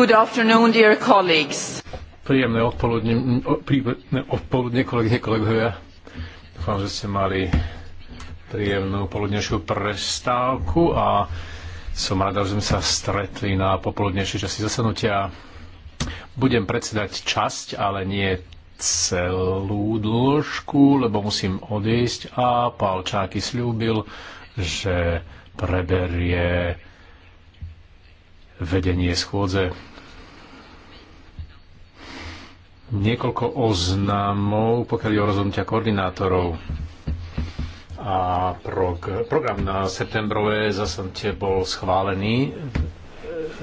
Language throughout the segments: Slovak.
Good afternoon, dear colleagues. Príjemné odpoludne, príjemné odpoludne kolegyne, kolegovia. Dúfam, že ste mali príjemnú poludnejšiu prestávku a som rada, že sme sa stretli na popoludnejšej časti zasadnutia. Budem predsedať časť, ale nie celú dĺžku, lebo musím odísť a Pál Čáky slúbil, že preberie vedenie schôdze niekoľko oznámov, pokiaľ je o rozhodnutia koordinátorov. A prog- program na septembrové zasadnutie bol schválený e,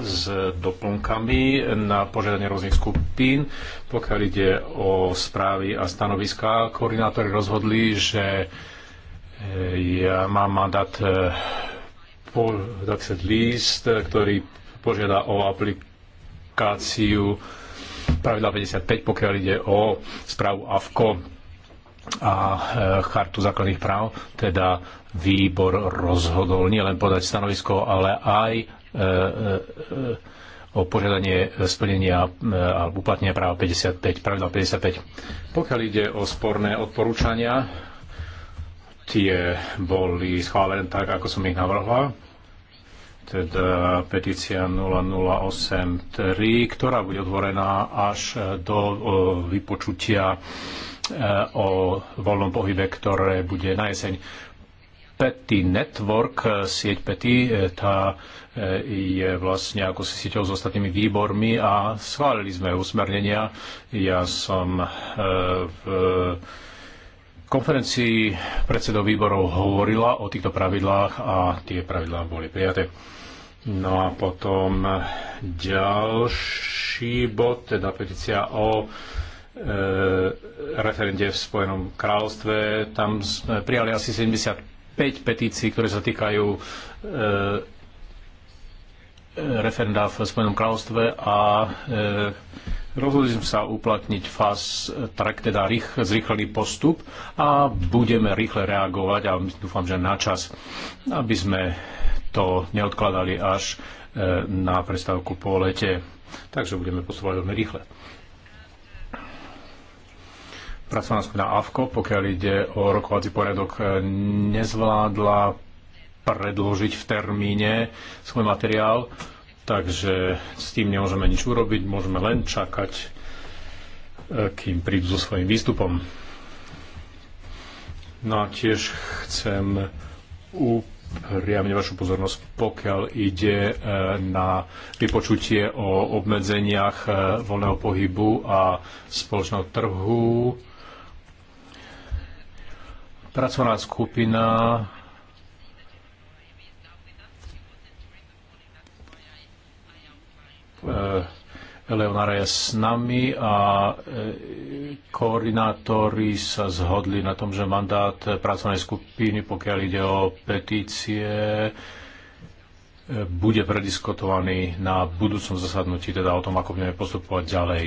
s doplnkami na požiadanie rôznych skupín. Pokiaľ ide o správy a stanoviská, koordinátori rozhodli, že e, ja mám mandát e, podať list, ktorý požiada o aplikáciu pravidla 55, pokiaľ ide o správu AFKO a e, chartu základných práv, teda výbor rozhodol nielen podať stanovisko, ale aj e, e, o požiadanie splnenia a uplatnenia práva 55, pravidla 55. Pokiaľ ide o sporné odporúčania, tie boli schválené tak, ako som ich navrhla teda petícia 0083, ktorá bude otvorená až do vypočutia e, o voľnom pohybe, ktoré bude na jeseň. Petty Network, sieť Petty, e, tá e, je vlastne ako si sieťou s ostatnými výbormi a schválili sme usmernenia. Ja som v konferencii predsedov výborov hovorila o týchto pravidlách a tie pravidlá boli prijaté. No a potom ďalší bod, teda petícia o e, referende v Spojenom kráľovstve. Tam sme prijali asi 75 petícií, ktoré sa týkajú e, e, referenda v Spojenom kráľovstve a e, rozhodli sme sa uplatniť fast track, teda rých, zrýchlený postup a budeme rýchle reagovať a dúfam, že na čas, aby sme to neodkladali až e, na prestávku po lete. Takže budeme postupovať veľmi rýchle. Pracovná skupina AFKO, pokiaľ ide o rokovací poriadok, e, nezvládla predložiť v termíne svoj materiál, takže s tým nemôžeme nič urobiť, môžeme len čakať, e, kým prídu so svojím výstupom. No a tiež chcem úplne riavne vašu pozornosť, pokiaľ ide e, na vypočutie o obmedzeniach e, voľného pohybu a spoločného trhu. Pracovná skupina e, Eleonara je s nami a e, koordinátori sa zhodli na tom, že mandát pracovnej skupiny, pokiaľ ide o petície, e, bude prediskutovaný na budúcom zasadnutí, teda o tom, ako budeme postupovať ďalej.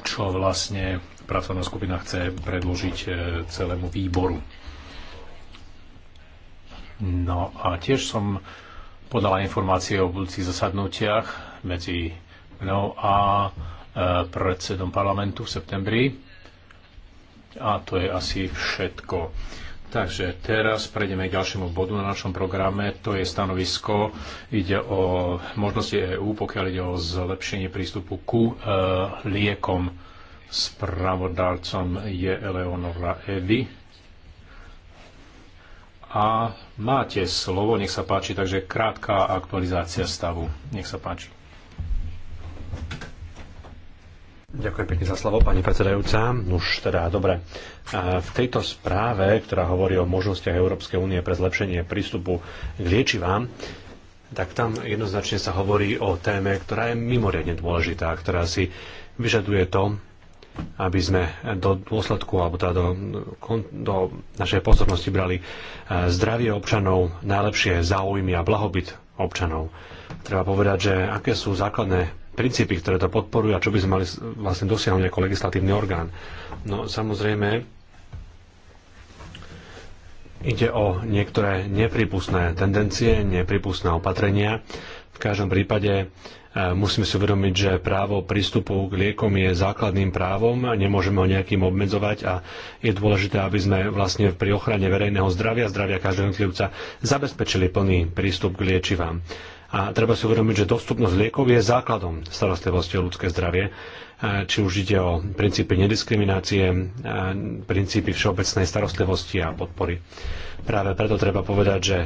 Čo vlastne pracovná skupina chce predložiť e, celému výboru. No a tiež som podala informácie o budúcich zasadnutiach medzi mnou a e, predsedom parlamentu v septembri. A to je asi všetko. Takže teraz prejdeme k ďalšiemu bodu na našom programe. To je stanovisko. Ide o možnosti EÚ, pokiaľ ide o zlepšenie prístupu ku e, liekom. Spravodárcom je Eleonora Evi a máte slovo, nech sa páči, takže krátka aktualizácia stavu. Nech sa páči. Ďakujem pekne za slovo, pani predsedajúca. Už teda dobre. V tejto správe, ktorá hovorí o možnostiach Európskej únie pre zlepšenie prístupu k liečivám, tak tam jednoznačne sa hovorí o téme, ktorá je mimoriadne dôležitá, ktorá si vyžaduje to, aby sme do dôsledku alebo teda do, do našej pozornosti brali eh, zdravie občanov, najlepšie záujmy a blahobyt občanov. Treba povedať, že aké sú základné princípy, ktoré to podporujú a čo by sme mali vlastne dosiahnuť ako legislatívny orgán. No samozrejme, ide o niektoré nepripustné tendencie, nepripustné opatrenia. V každom prípade Musíme si uvedomiť, že právo prístupu k liekom je základným právom, nemôžeme ho nejakým obmedzovať a je dôležité, aby sme vlastne pri ochrane verejného zdravia, zdravia každého jednotlivca zabezpečili plný prístup k liečivám. A treba si uvedomiť, že dostupnosť liekov je základom starostlivosti o ľudské zdravie, či už ide o princípy nediskriminácie, princípy všeobecnej starostlivosti a podpory. Práve preto treba povedať, že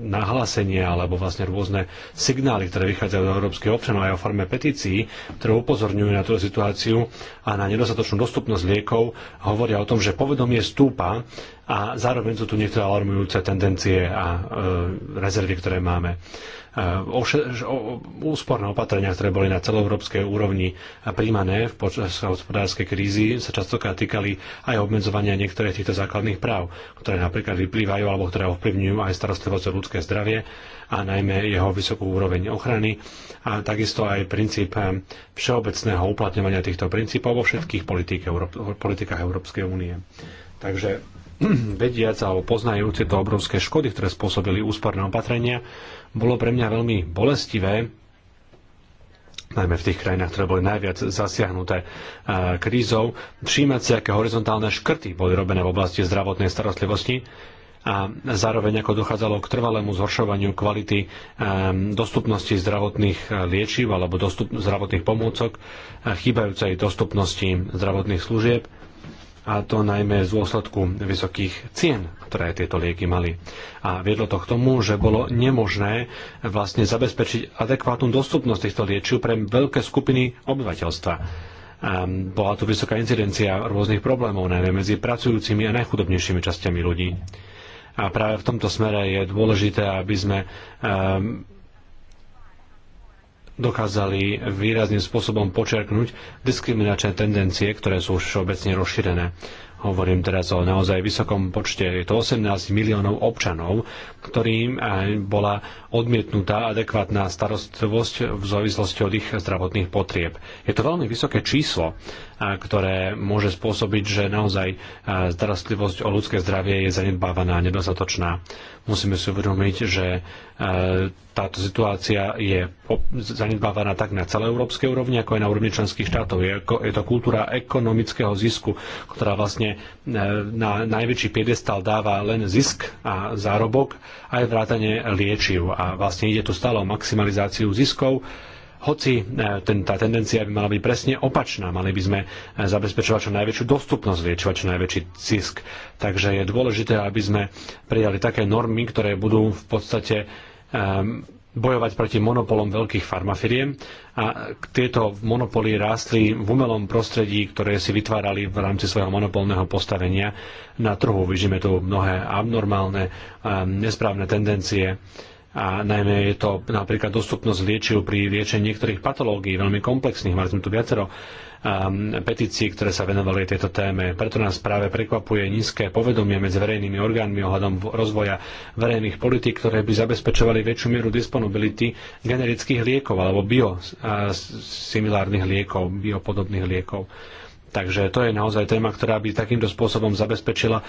nahlásenia alebo vlastne rôzne signály, ktoré vychádzajú do európskych občanov aj o forme petícií, ktoré upozorňujú na túto situáciu a na nedostatočnú dostupnosť liekov, hovoria o tom, že povedomie stúpa a zároveň sú tu niektoré alarmujúce tendencie a e, rezervy, ktoré máme. Eh, úsporné opatrenia, ktoré boli na celoeurópskej úrovni príjmané v počas hospodárskej krízy, sa častokrát týkali aj obmedzovania niektorých týchto základných práv, ktoré napríklad vyplývajú alebo ktoré ovplyvňujú aj starostlivosť o ľudské zdravie a najmä jeho vysokú úroveň ochrany a takisto aj princíp eh, všeobecného uplatňovania týchto princípov vo všetkých politikách Európskej únie. Takže vediac alebo poznajúci to obrovské škody, ktoré spôsobili úsporné opatrenia, bolo pre mňa veľmi bolestivé, najmä v tých krajinách, ktoré boli najviac zasiahnuté eh, krízou, všímať si, aké horizontálne škrty boli robené v oblasti zdravotnej starostlivosti a zároveň ako dochádzalo k trvalému zhoršovaniu kvality eh, dostupnosti zdravotných eh, liečiv alebo dostup, zdravotných pomôcok, chýbajúcej dostupnosti zdravotných služieb a to najmä z dôsledku vysokých cien, ktoré tieto lieky mali. A viedlo to k tomu, že bolo nemožné vlastne zabezpečiť adekvátnu dostupnosť týchto liečiv pre veľké skupiny obyvateľstva. A ehm, bola tu vysoká incidencia rôznych problémov, najmä medzi pracujúcimi a najchudobnejšími časťami ľudí. A práve v tomto smere je dôležité, aby sme um, dokázali výrazným spôsobom počerknúť diskriminačné tendencie, ktoré sú už všeobecne rozšírené. Hovorím teraz o naozaj vysokom počte, je to 18 miliónov občanov, ktorým eh, bola odmietnutá adekvátna starostlivosť v závislosti od ich zdravotných potrieb. Je to veľmi vysoké číslo ktoré môže spôsobiť, že naozaj starostlivosť o ľudské zdravie je zanedbávaná a nedostatočná. Musíme si uvedomiť, že táto situácia je zanedbávaná tak na celé európskej úrovni, ako aj na úrovni členských štátov. Je to kultúra ekonomického zisku, ktorá vlastne e, na najväčší piedestal dáva len zisk a zárobok, aj vrátane liečiv. A vlastne ide tu stále o maximalizáciu ziskov, hoci e, ten, tá tendencia by mala byť presne opačná, mali by sme e, zabezpečovať čo najväčšiu dostupnosť liečiva, čo najväčší zisk. Takže je dôležité, aby sme prijali také normy, ktoré budú v podstate um, bojovať proti monopolom veľkých farmafiriem a tieto monopoly rástli v umelom prostredí, ktoré si vytvárali v rámci svojho monopolného postavenia na trhu. Vidíme tu mnohé abnormálne, nesprávne tendencie a najmä je to napríklad dostupnosť liečiv pri liečení niektorých patológií, veľmi komplexných. Mali sme tu viacero um, petícií, ktoré sa venovali tejto téme. Preto nás práve prekvapuje nízke povedomie medzi verejnými orgánmi ohľadom rozvoja verejných politík, ktoré by zabezpečovali väčšiu mieru disponibility generických liekov alebo biosimilárnych liekov, biopodobných liekov. Takže to je naozaj téma, ktorá by takýmto spôsobom zabezpečila e,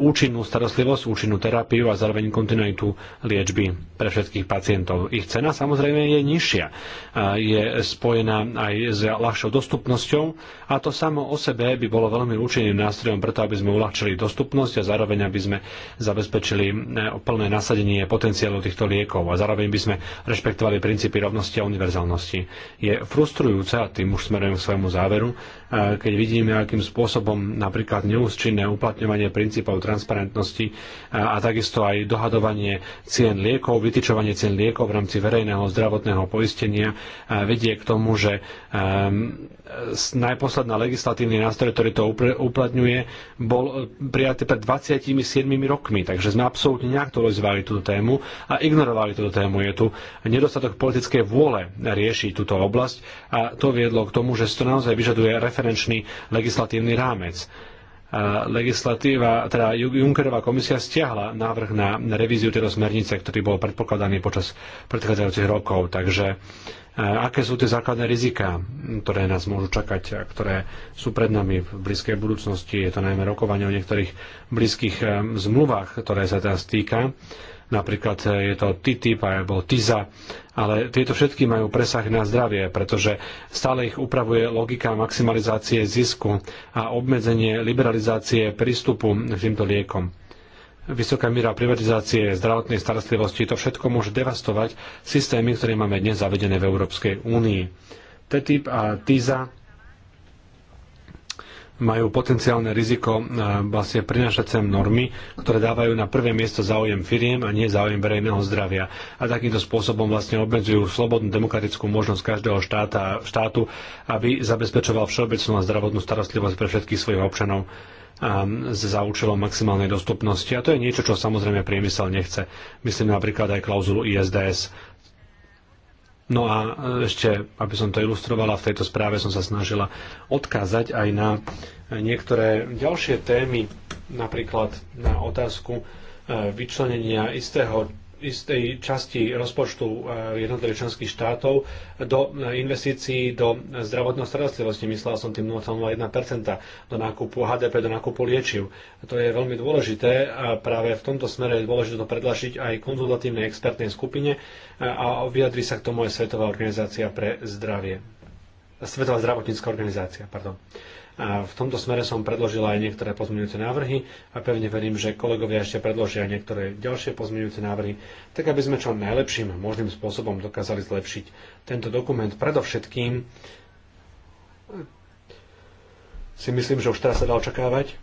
účinnú starostlivosť, účinnú terapiu a zároveň kontinuitu liečby pre všetkých pacientov. Ich cena samozrejme je nižšia. E, je spojená aj s ľahšou dostupnosťou a to samo o sebe by bolo veľmi účinným nástrojom preto, aby sme uľahčili dostupnosť a zároveň aby sme zabezpečili e, plné nasadenie potenciálu týchto liekov a zároveň by sme rešpektovali princípy rovnosti a univerzálnosti. Je frustrujúce, a tým už smerujem k svojmu záveru, keď vidíme, akým spôsobom napríklad neúčinné uplatňovanie princípov transparentnosti a takisto aj dohadovanie cien liekov, vytyčovanie cien liekov v rámci verejného zdravotného poistenia vedie k tomu, že ehm, najposledná legislatívny nástroj, ktorý to uplatňuje, bol e, prijatý pred 27 rokmi. Takže sme absolútne neaktualizovali túto tému a ignorovali túto tému. Je tu nedostatok politickej vôle riešiť túto oblasť a to viedlo k tomu, že to naozaj vyžaduje referendum referenčný legislatívny rámec legislatíva, teda Junckerová komisia stiahla návrh na revíziu tejto smernice, ktorý bol predpokladaný počas predchádzajúcich rokov. Takže e, aké sú tie základné rizika, ktoré nás môžu čakať a ktoré sú pred nami v blízkej budúcnosti. Je to najmä rokovanie o niektorých blízkych e, zmluvách, ktoré sa teraz týka Napríklad eh, je to TTIP alebo TISA, ale tieto všetky majú presah na zdravie, pretože stále ich upravuje logika maximalizácie zisku a obmedzenie liberalizácie prístupu k týmto liekom vysoká míra privatizácie zdravotnej starostlivosti, to všetko môže devastovať systémy, ktoré máme dnes zavedené v Európskej únii. TTIP a TISA majú potenciálne riziko e, vlastne prinašať sem normy, ktoré dávajú na prvé miesto záujem firiem a nie záujem verejného zdravia. A takýmto spôsobom vlastne obmedzujú slobodnú demokratickú možnosť každého štáta, štátu, aby zabezpečoval všeobecnú a zdravotnú starostlivosť pre všetkých svojich občanov e, za účelom maximálnej dostupnosti. A to je niečo, čo samozrejme priemysel nechce. Myslím napríklad aj klauzulu ISDS. No a e, ešte, aby som to ilustrovala, v tejto správe som sa snažila odkázať aj na niektoré ďalšie témy, napríklad na otázku e, vyčlenenia istého istej časti rozpočtu eh, jednotlivých členských štátov do eh, investícií do zdravotného starostlivosti. Myslel som tým 0,01% do nákupu HDP, do nákupu liečiv. To je veľmi dôležité a práve v tomto smere je dôležité to predlažiť aj konzultatívnej expertnej skupine eh, a vyjadri sa k tomu aj Svetová organizácia pre zdravie. Svetová zdravotnícká organizácia, pardon. A v tomto smere som predložila aj niektoré pozmeňujúce návrhy a pevne verím, že kolegovia ešte predložia niektoré ďalšie pozmeňujúce návrhy, tak aby sme čo najlepším možným spôsobom dokázali zlepšiť tento dokument. Predovšetkým eh, si myslím, že už teraz sa dá očakávať,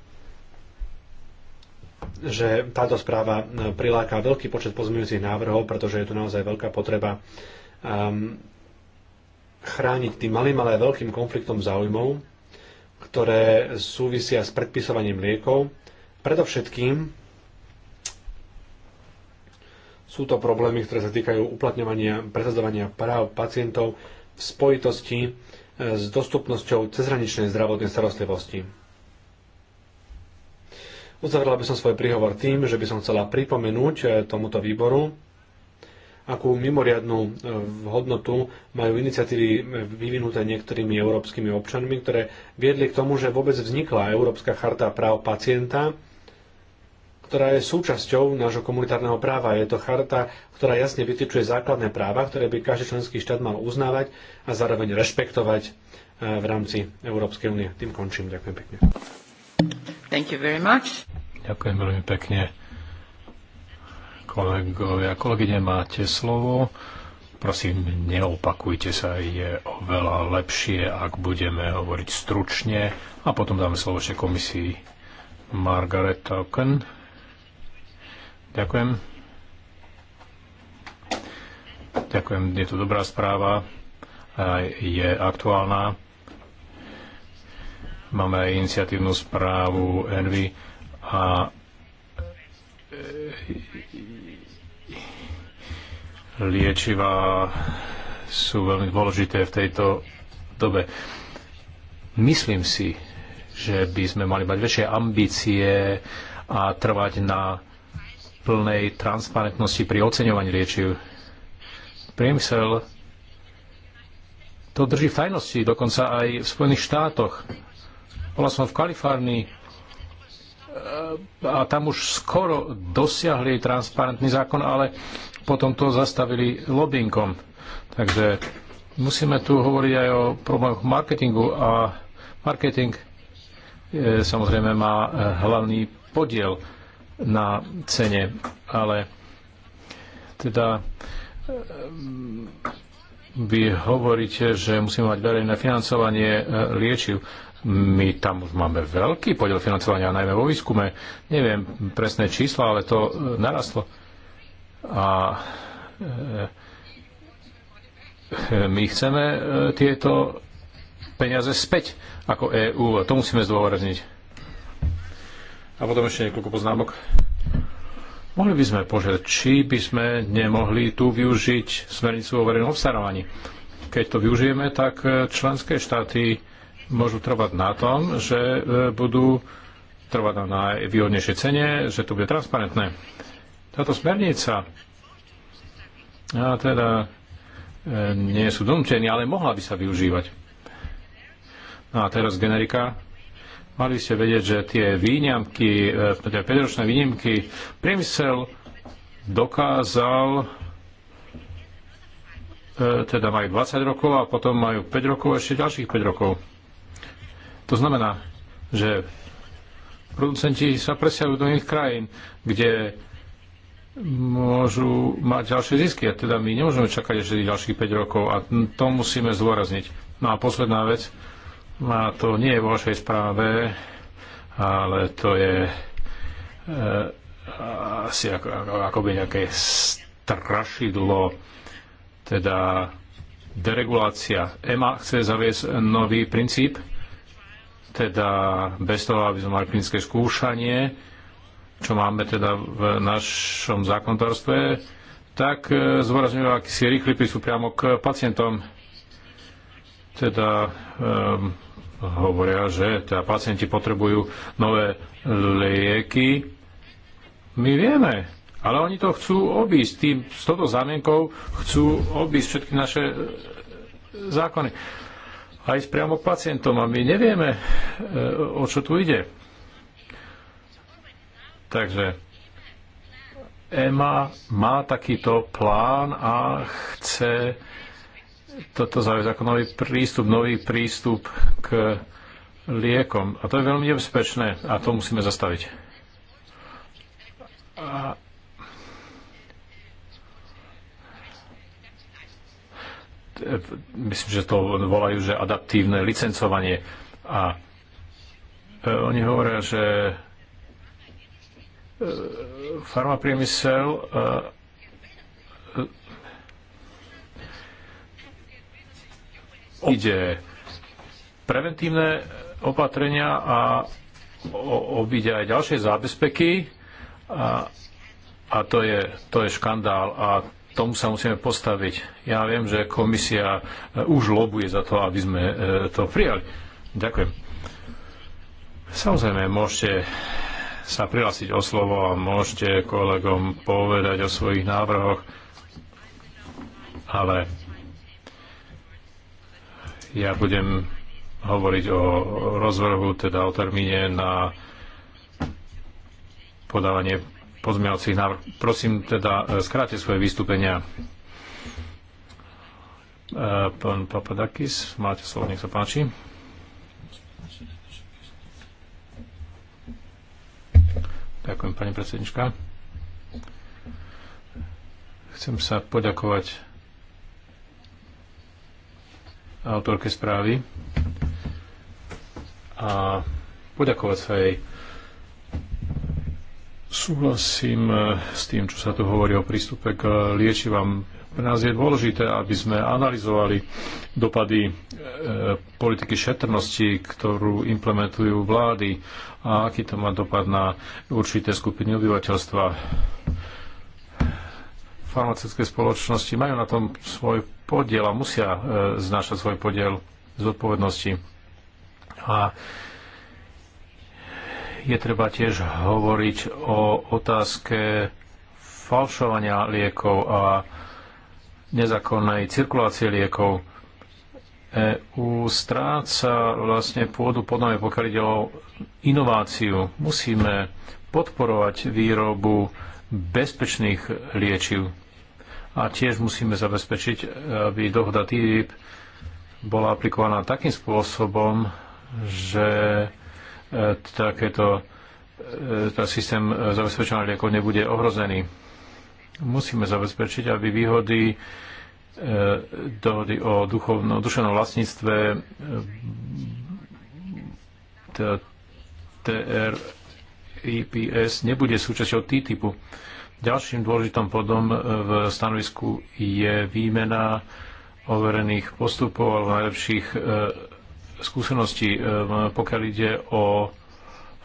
že táto správa eh, priláka veľký počet pozmeňujúcich návrhov, pretože je tu naozaj veľká potreba um, chrániť tým malým, ale aj veľkým konfliktom záujmov, ktoré súvisia s predpisovaním liekov. Predovšetkým sú to problémy, ktoré sa týkajú uplatňovania, presadzovania práv pacientov v spojitosti e, s dostupnosťou cezhraničnej zdravotnej starostlivosti. Uzavrela by som svoj príhovor tým, že by som chcela pripomenúť e, tomuto výboru, akú mimoriadnú e, hodnotu majú iniciatívy e, vyvinuté niektorými európskymi občanmi, ktoré viedli k tomu, že vôbec vznikla Európska charta práv pacienta, ktorá je súčasťou nášho komunitárneho práva. Je to charta, ktorá jasne vytýčuje základné práva, ktoré by každý členský štát mal uznávať a zároveň rešpektovať e, v rámci Európskej únie. Tým končím. Ďakujem pekne. Thank you very much. Ďakujem veľmi pekne. Kolegovia, kolegyne, máte slovo. Prosím, neopakujte sa, je oveľa lepšie, ak budeme hovoriť stručne a potom dáme slovo ešte komisii Margaret Token. Ďakujem. Ďakujem, je to dobrá správa, je aktuálna. Máme aj iniciatívnu správu Envy a Liečivá sú veľmi dôležité v tejto dobe. Myslím si, že by sme mali mať väčšie ambície a trvať na plnej transparentnosti pri oceňovaní liečiv. Priemysel to drží v tajnosti, dokonca aj v Spojených štátoch. Bola som v Kalifornii a tam už skoro dosiahli transparentný zákon, ale potom to zastavili lobbyingom. Takže musíme tu hovoriť aj o problémoch marketingu a marketing e, samozrejme má e, hlavný podiel na cene, ale teda e, vy hovoríte, že musíme mať verejné financovanie liečiv. My tam už máme veľký podiel financovania, najmä vo výskume. Neviem presné čísla, ale to e, narastlo. A e, e, my chceme tieto peniaze späť ako EÚ a to musíme zdôrazniť. A potom ešte niekoľko poznámok. Mohli by sme požiadať, či by sme nemohli tu využiť smernicu o verejnom obstarávaní. Keď to využijeme, tak členské štáty môžu trvať na tom, že e, budú trvať na najvýhodnejšej cene, že to bude transparentné. Táto smernica a teda e, nie sú donútení, ale mohla by sa využívať. No a teraz generika. Mali ste vedieť, že tie výňamky, e, teda 5-ročné výnimky, priemysel dokázal, e, teda majú 20 rokov a potom majú 5 rokov, ešte ďalších 5 rokov. To znamená, že producenti sa presiahujú do iných krajín, kde môžu mať ďalšie zisky. A teda my nemôžeme čakať ešte ďalších 5 rokov a to musíme zdôrazniť. No a posledná vec, a to nie je vo vašej správe, ale to je e, asi ako, by nejaké strašidlo, teda deregulácia. EMA chce zaviesť nový princíp, teda bez toho, aby sme mali klinické skúšanie, čo máme teda v našom zákonodárstve, tak e, zvorazňujú akýsi rýchly prístup priamo k pacientom. Teda um, hovoria, že teda pacienti potrebujú nové lieky. My vieme, ale oni to chcú obísť. Tým, s touto zámienkou chcú obísť všetky naše e, zákony. Aj priamo k pacientom a my nevieme, e, o čo tu ide. Takže EMA má takýto plán a chce toto zaujať ako nový prístup, nový prístup k liekom. A to je veľmi nebezpečné a to musíme zastaviť. A myslím, že to volajú, že adaptívne licencovanie. A e, oni hovoria, že e, farmapriemysel e, ide preventívne opatrenia a obíde aj ďalšie zábezpeky a, a to, je, to je škandál a tomu sa musíme postaviť. Ja viem, že komisia e, už lobuje za to, aby sme e, to prijali. Ďakujem. Samozrejme, môžete sa prihlásiť o slovo a môžete kolegom povedať o svojich návrhoch, ale ja budem hovoriť o rozvrhu, teda o termíne na podávanie pozmeňovacích návrh. Prosím teda, e, skráte svoje vystúpenia. E, pán Papadakis, máte slovo, nech sa páči. Ďakujem, pani predsednička. Chcem sa poďakovať autorke správy a poďakovať sa jej Súhlasím eh, s tým, čo sa tu hovorí o prístupe k liečivám. Pre nás je dôležité, aby sme analyzovali dopady e, politiky šetrnosti, ktorú implementujú vlády a aký to má dopad na určité skupiny obyvateľstva. Farmaceutické spoločnosti majú na tom svoj podiel a musia e, eh, znášať svoj podiel zodpovednosti. A je treba tiež hovoriť o otázke falšovania liekov a nezákonnej cirkulácie liekov. EU stráca vlastne pôdu pod nami, pokiaľ ide o inováciu. Musíme podporovať výrobu bezpečných liečiv. A tiež musíme zabezpečiť, aby dohoda TTIP bola aplikovaná takým spôsobom, že E, takéto e, tá systém e, zabezpečovania liekov nebude ohrozený. Musíme zabezpečiť, aby výhody dohody o duchovno, duševnom vlastníctve TRIPS nebude súčasťou typu. Ďalším dôležitým podom v stanovisku je výmena overených postupov alebo najlepších skúsenosti, e, pokiaľ ide o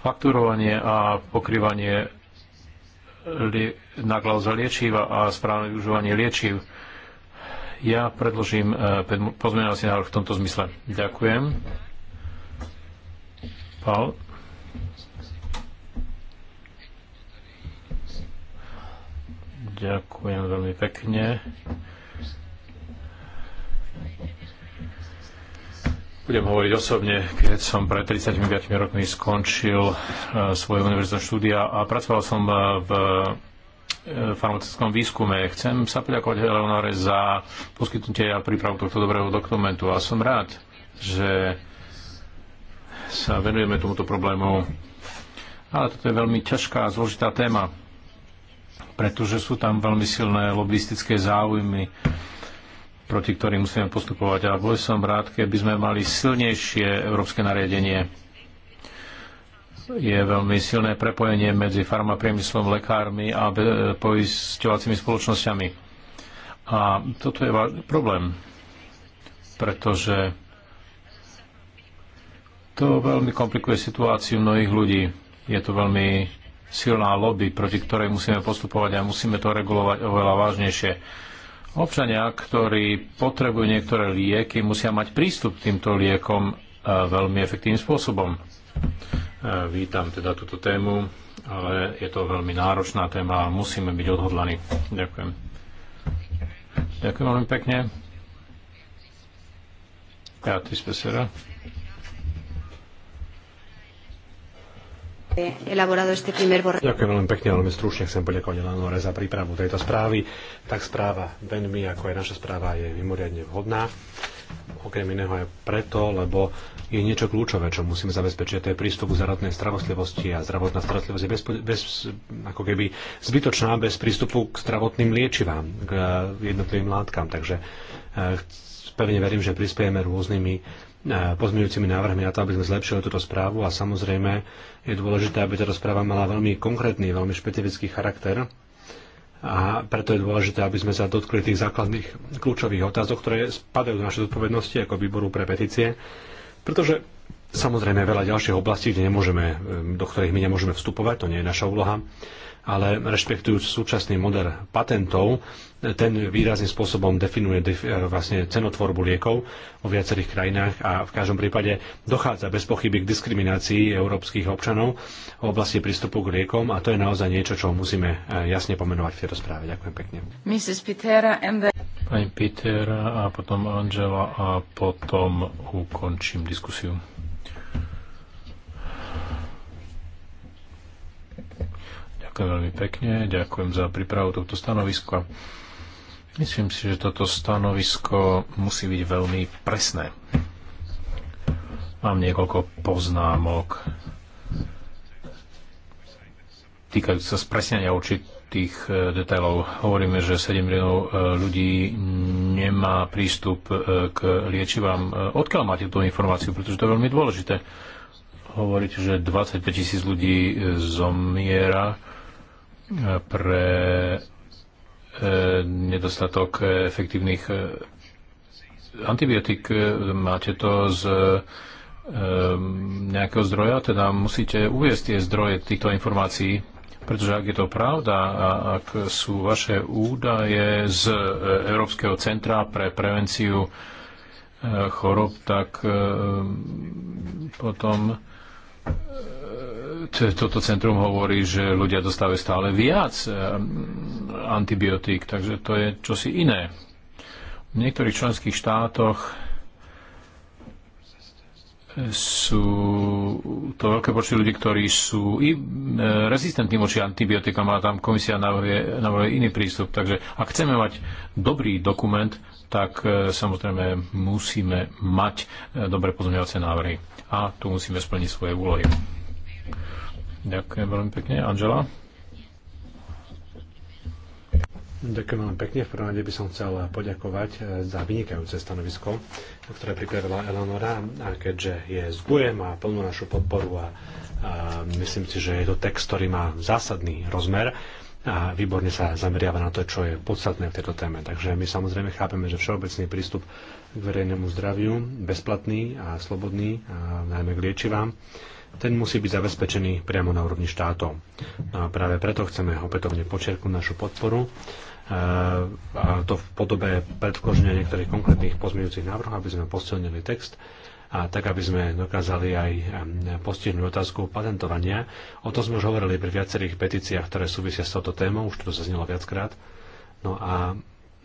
fakturovanie a pokrývanie náklad za liečiva a správne využívanie liečiv. Ja predložím e, pozmeňovací návrh v tomto zmysle. Ďakujem. Pál. Ďakujem veľmi pekne. Budem hovoriť osobne, keď som pred 35 rokmi skončil e, svoje univerzitné štúdia a pracoval som e, v e, farmaceutickom výskume. Chcem sa poďakovať Eleonore za poskytnutie a prípravu tohto dobrého dokumentu a som rád, že sa venujeme tomuto problému. Ale toto je veľmi ťažká a zložitá téma, pretože sú tam veľmi silné lobbystické záujmy proti ktorým musíme postupovať. A bol som rád, keby sme mali silnejšie európske nariadenie. Je veľmi silné prepojenie medzi farmapriemyslom, lekármi a poisťovacími spoločnosťami. A toto je problém, pretože to veľmi komplikuje situáciu mnohých ľudí. Je to veľmi silná lobby, proti ktorej musíme postupovať a musíme to regulovať oveľa vážnejšie Občania, ktorí potrebujú niektoré lieky, musia mať prístup k týmto liekom e, veľmi efektívnym spôsobom. E, vítam teda túto tému, ale je to veľmi náročná téma a musíme byť odhodlaní. Ďakujem. Ďakujem veľmi pekne. Ja, ty spesera. Ďakujem veľmi pekne, veľmi stručne chcem poďakovať Lanore za prípravu tejto správy. Tak správa veľmi, ako aj naša správa, je mimoriadne vhodná. Okrem iného aj preto, lebo je niečo kľúčové, čo musíme zabezpečiť, to je prístup k zdravotnej starostlivosti a zdravotná starostlivosť je bez, bez, ako keby zbytočná bez prístupu k zdravotným liečivám, k jednotlivým látkam. Takže eh, pevne verím, že prispiejeme rôznymi E, pozmeňujúcimi návrhmi na to, aby sme zlepšili túto správu a samozrejme je dôležité, aby táto správa mala veľmi konkrétny, veľmi špecifický charakter a preto je dôležité, aby sme sa dotkli tých základných kľúčových otázok, ktoré spadajú do našej zodpovednosti ako výboru pre petície, pretože samozrejme veľa ďalších oblastí, kde nemôžeme, e, do ktorých my nemôžeme vstupovať, to nie je naša úloha, ale rešpektujúc súčasný model patentov, ten výrazným spôsobom definuje e, vlastne cenotvorbu liekov vo viacerých krajinách a v každom prípade dochádza bez pochyby k diskriminácii európskych občanov v oblasti prístupu k liekom a to je naozaj niečo, čo musíme e, jasne pomenovať v tejto správe. Ďakujem pekne. Mrs. Pitera and the... Pani Pitera a potom Angela a potom ukončím diskusiu. Ďakujem veľmi pekne, ďakujem za prípravu tohto stanoviska. Myslím si, že toto stanovisko musí byť veľmi presné. Mám niekoľko poznámok týkajúce sa spresňania určitých e, detailov. Hovoríme, že 7 miliónov e, ľudí nemá prístup e, k liečivám. Odkiaľ máte tú informáciu? Pretože to je veľmi dôležité. Hovoríte, že 25 tisíc ľudí zomiera pre E, nedostatok efektívnych e, antibiotík. E, máte to z nejakého zdroja, teda musíte uviezť tie zdroje týchto informácií, pretože ak je to pravda a ak sú vaše údaje z Európskeho centra pre prevenciu chorob, tak potom toto centrum hovorí, že ľudia dostávajú stále viac eh, antibiotík, takže to je čosi iné. V niektorých členských štátoch sú to veľké počty ľudí, ktorí sú i e, rezistentní voči antibiotikám, ale tam komisia navrhuje, iný prístup. Takže ak chceme mať dobrý dokument, tak e, samozrejme musíme mať e, dobre pozmeňovacie návrhy. A tu musíme splniť svoje úlohy. Ďakujem veľmi pekne. Angela? Ďakujem veľmi pekne. V prvom rade by som chcel poďakovať eh, za vynikajúce stanovisko, ktoré pripravila Eleonora, a keďže je zbujem a plnú našu podporu a, a myslím si, že je to text, ktorý má zásadný rozmer a výborne sa zameriava na to, čo je podstatné v tejto téme. Takže my samozrejme chápeme, že všeobecný prístup k verejnému zdraviu, bezplatný a slobodný, a najmä k liečivám, ten musí byť zabezpečený priamo na úrovni štátov. No a práve preto chceme opätovne počerknúť našu podporu eh, a to v podobe predkoženia niektorých konkrétnych pozmeňujúcich návrhov, aby sme posilnili text a tak, aby sme dokázali aj eh, postihnúť otázku patentovania. O tom sme už hovorili pri viacerých petíciách, ktoré súvisia s touto témou, už to zaznelo viackrát. No a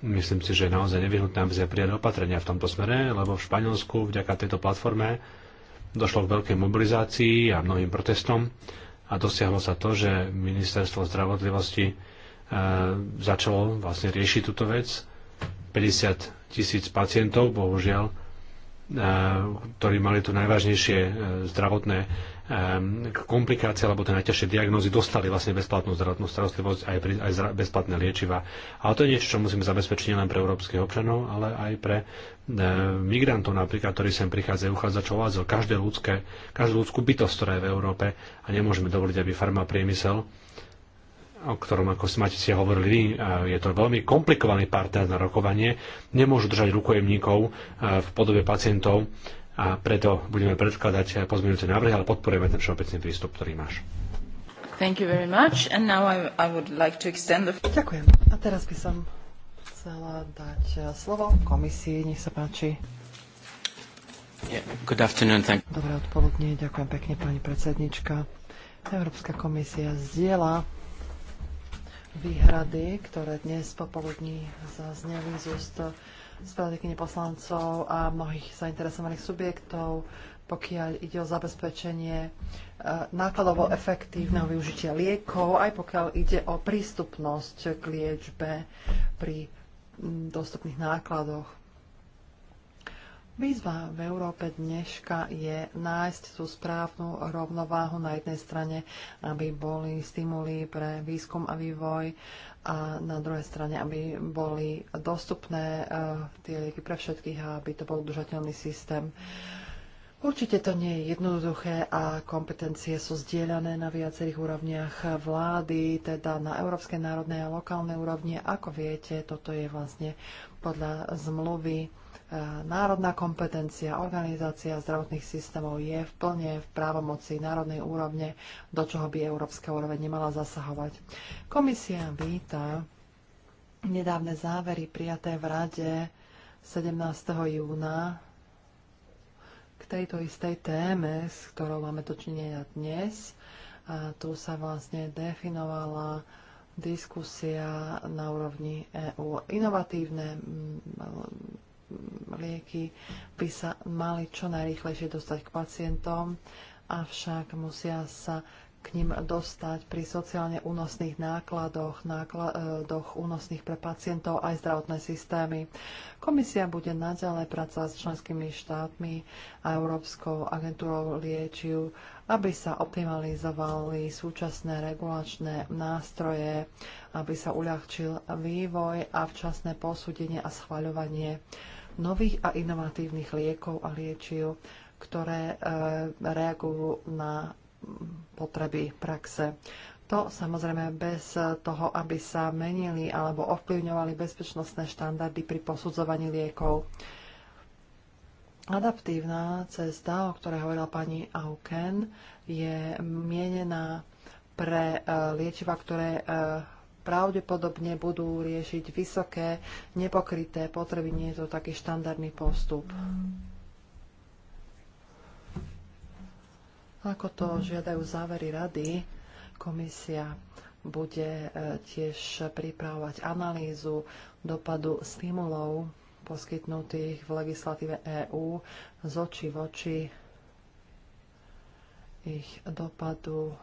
myslím si, že je naozaj nevyhnutné, aby sme prijali opatrenia v tomto smere, lebo v Španielsku vďaka tejto platforme Došlo k veľkej mobilizácii a mnohým protestom a dosiahlo sa to, že ministerstvo zdravotlivosti e, začalo vlastne riešiť túto vec. 50 tisíc pacientov, bohužiaľ, ktorí mali tu najvážnejšie e, zdravotné e, komplikácie alebo tie najťažšie diagnózy dostali vlastne bezplatnú zdravotnú starostlivosť aj, pri, aj bezplatné liečiva. A to je niečo, čo musíme zabezpečiť nielen pre európskych občanov, ale aj pre e, migrantov napríklad, ktorí sem prichádzajú uchádzačov o azyl. Každé ľudské, každú ľudskú bytosť, ktorá je v Európe a nemôžeme dovoliť, aby farma priemysel o ktorom, ako máte ste hovorili vy, je to veľmi komplikovaný partner na rokovanie, nemôžu držať rukojemníkov e, v podobe pacientov a preto budeme predkladať pozmeňujúce návrhy, ale podporujeme ten všeobecný prístup, ktorý máš. Thank you very much. And now I, I would like to extend the... Ďakujem. A teraz by som chcela dať e, slovo komisii. Nech sa páči. Yeah. Good afternoon. Thank... Dobré odpoludne. Ďakujem pekne, pani predsednička. Európska komisia zdieľa výhrady, ktoré dnes popoludní zazneli z úst spravodajkyne poslancov a mnohých zainteresovaných subjektov, pokiaľ ide o zabezpečenie e, nákladovo efektívneho využitia liekov, aj pokiaľ ide o prístupnosť k liečbe pri dostupných nákladoch. Výzva v Európe dneška je nájsť tú správnu rovnováhu na jednej strane, aby boli stimuly pre výskum a vývoj a na druhej strane, aby boli dostupné uh, tie lieky pre všetkých a aby to bol udržateľný systém. Určite to nie je jednoduché a kompetencie sú zdieľané na viacerých úrovniach vlády, teda na európskej, národnej a lokálnej úrovni. Ako viete, toto je vlastne podľa zmluvy E, národná kompetencia, organizácia zdravotných systémov je v plne v právomoci národnej úrovne, do čoho by európska úroveň nemala zasahovať. Komisia víta nedávne závery prijaté v Rade 17. júna k tejto istej téme, s ktorou máme dočinenia dnes. A tu sa vlastne definovala diskusia na úrovni EÚ. Inovatívne lieky by sa mali čo najrýchlejšie dostať k pacientom, avšak musia sa k ním dostať pri sociálne únosných nákladoch, nákladoch únosných pre pacientov aj zdravotné systémy. Komisia bude naďalej pracovať s členskými štátmi a Európskou agentúrou liečiv, aby sa optimalizovali súčasné regulačné nástroje, aby sa uľahčil vývoj a včasné posúdenie a schvaľovanie nových a inovatívnych liekov a liečiv, ktoré e, reagujú na potreby praxe. To samozrejme bez toho, aby sa menili alebo ovplyvňovali bezpečnostné štandardy pri posudzovaní liekov. Adaptívna cesta, o ktorej hovorila pani Auken, je mienená pre e, liečiva, ktoré e, pravdepodobne budú riešiť vysoké, nepokryté potreby. Nie je to taký štandardný postup. Ako to žiadajú závery rady, komisia bude e, tiež pripravovať analýzu dopadu stimulov poskytnutých v legislatíve EÚ z oči v oči ich dopadu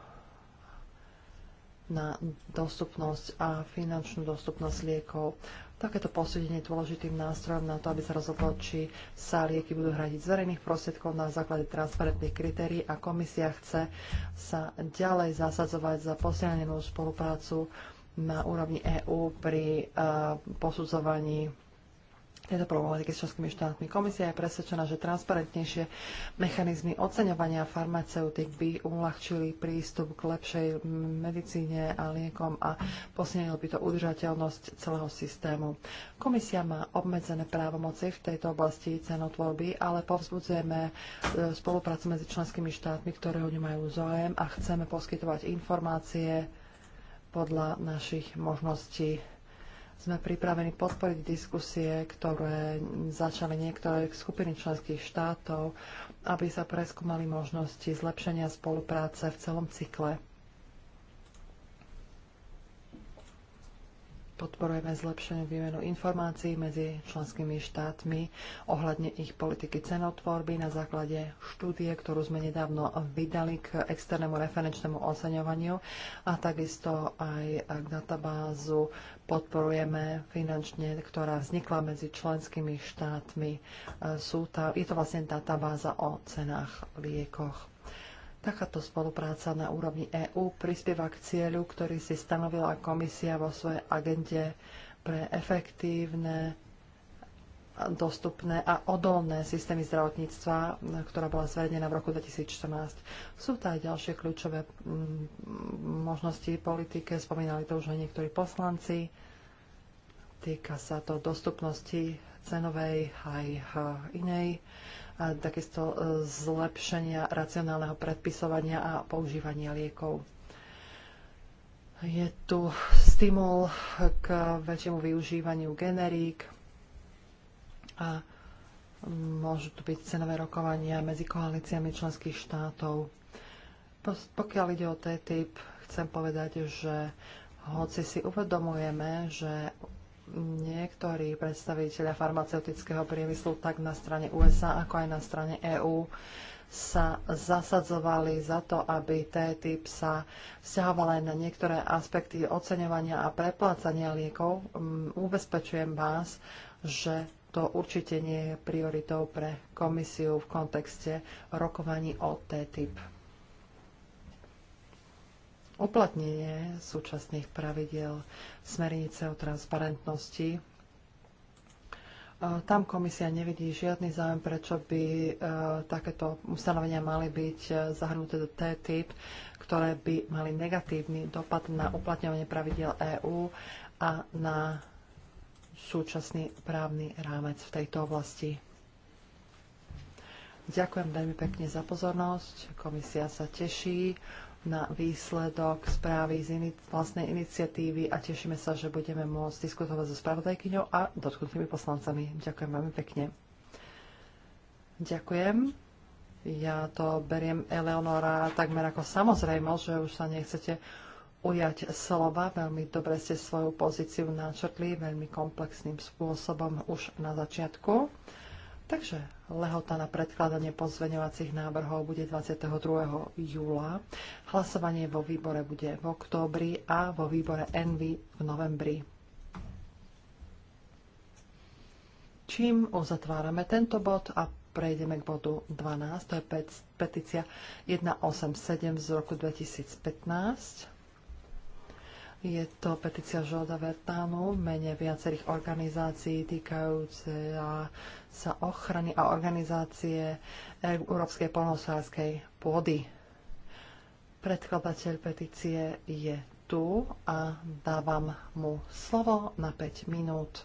na dostupnosť a finančnú dostupnosť liekov. Takéto posúdenie je dôležitým nástrojom na to, aby sa rozhodlo, či sa lieky budú hradiť z verejných prostriedkov na základe transparentných kritérií a komisia chce sa ďalej zasadzovať za posilnenú spoluprácu na úrovni EÚ pri uh, posudzovaní tejto problematiky s českými štátmi. Komisia je presvedčená, že transparentnejšie mechanizmy oceňovania farmaceutík by uľahčili prístup k lepšej medicíne a liekom a posilnil by to udržateľnosť celého systému. Komisia má obmedzené právomoci v tejto oblasti cenotvorby, ale povzbudzujeme e, spoluprácu medzi členskými štátmi, ktoré o ňu majú záujem a chceme poskytovať informácie podľa našich možností sme pripravení podporiť diskusie, ktoré začali niektoré skupiny členských štátov, aby sa preskúmali možnosti zlepšenia spolupráce v celom cykle. Podporujeme zlepšenie výmenu informácií medzi členskými štátmi ohľadne ich politiky cenotvorby na základe štúdie, ktorú sme nedávno vydali k externému referenčnému oceňovaniu a takisto aj k databázu podporujeme finančne, ktorá vznikla medzi členskými štátmi. E, sú tá, je to vlastne databáza o cenách liekoch. Takáto spolupráca na úrovni EÚ prispieva k cieľu, ktorý si stanovila komisia vo svojej agende pre efektívne dostupné a odolné systémy zdravotníctva, ktorá bola zverejnená v roku 2014. Sú to aj ďalšie kľúčové mm, možnosti politike, spomínali to už aj niektorí poslanci. Týka sa to dostupnosti cenovej aj eh, inej, a takisto eh, zlepšenia racionálneho predpisovania a používania liekov. Je tu stimul k väčšiemu využívaniu generík, a môžu tu byť cenové rokovania medzi koalíciami členských štátov. Pokiaľ ide o TTIP, chcem povedať, že hoci si uvedomujeme, že niektorí predstaviteľia farmaceutického priemyslu tak na strane USA, ako aj na strane EÚ sa zasadzovali za to, aby TTIP sa vzťahovala aj na niektoré aspekty oceňovania a preplácania liekov. Mm, ubezpečujem vás, že to určite nie je prioritou pre komisiu v kontexte rokovaní o TTIP. Uplatnenie súčasných pravidel smernice o transparentnosti. E, tam komisia nevidí žiadny záujem, prečo by e, takéto ustanovenia mali byť e, zahrnuté do TTIP, ktoré by mali negatívny dopad na uplatňovanie pravidel EÚ a na súčasný právny rámec v tejto oblasti. Ďakujem veľmi pekne za pozornosť. Komisia sa teší na výsledok správy z ini- vlastnej iniciatívy a tešíme sa, že budeme môcť diskutovať so spravodajkyňou a dotknutými poslancami. Ďakujem veľmi pekne. Ďakujem. Ja to beriem, Eleonora, takmer ako samozrejmo, že už sa nechcete ujať slova. Veľmi dobre ste svoju pozíciu načrtli veľmi komplexným spôsobom už na začiatku. Takže lehota na predkladanie pozveňovacích návrhov bude 22. júla. Hlasovanie vo výbore bude v októbri a vo výbore Envy v novembri. Čím uzatvárame tento bod a prejdeme k bodu 12, to je petícia 187 z roku 2015 je to petícia Žolda Vertánu v mene viacerých organizácií týkajúce sa ochrany a organizácie Európskej polnohospodárskej pôdy. Predkladateľ petície je tu a dávam mu slovo na 5 minút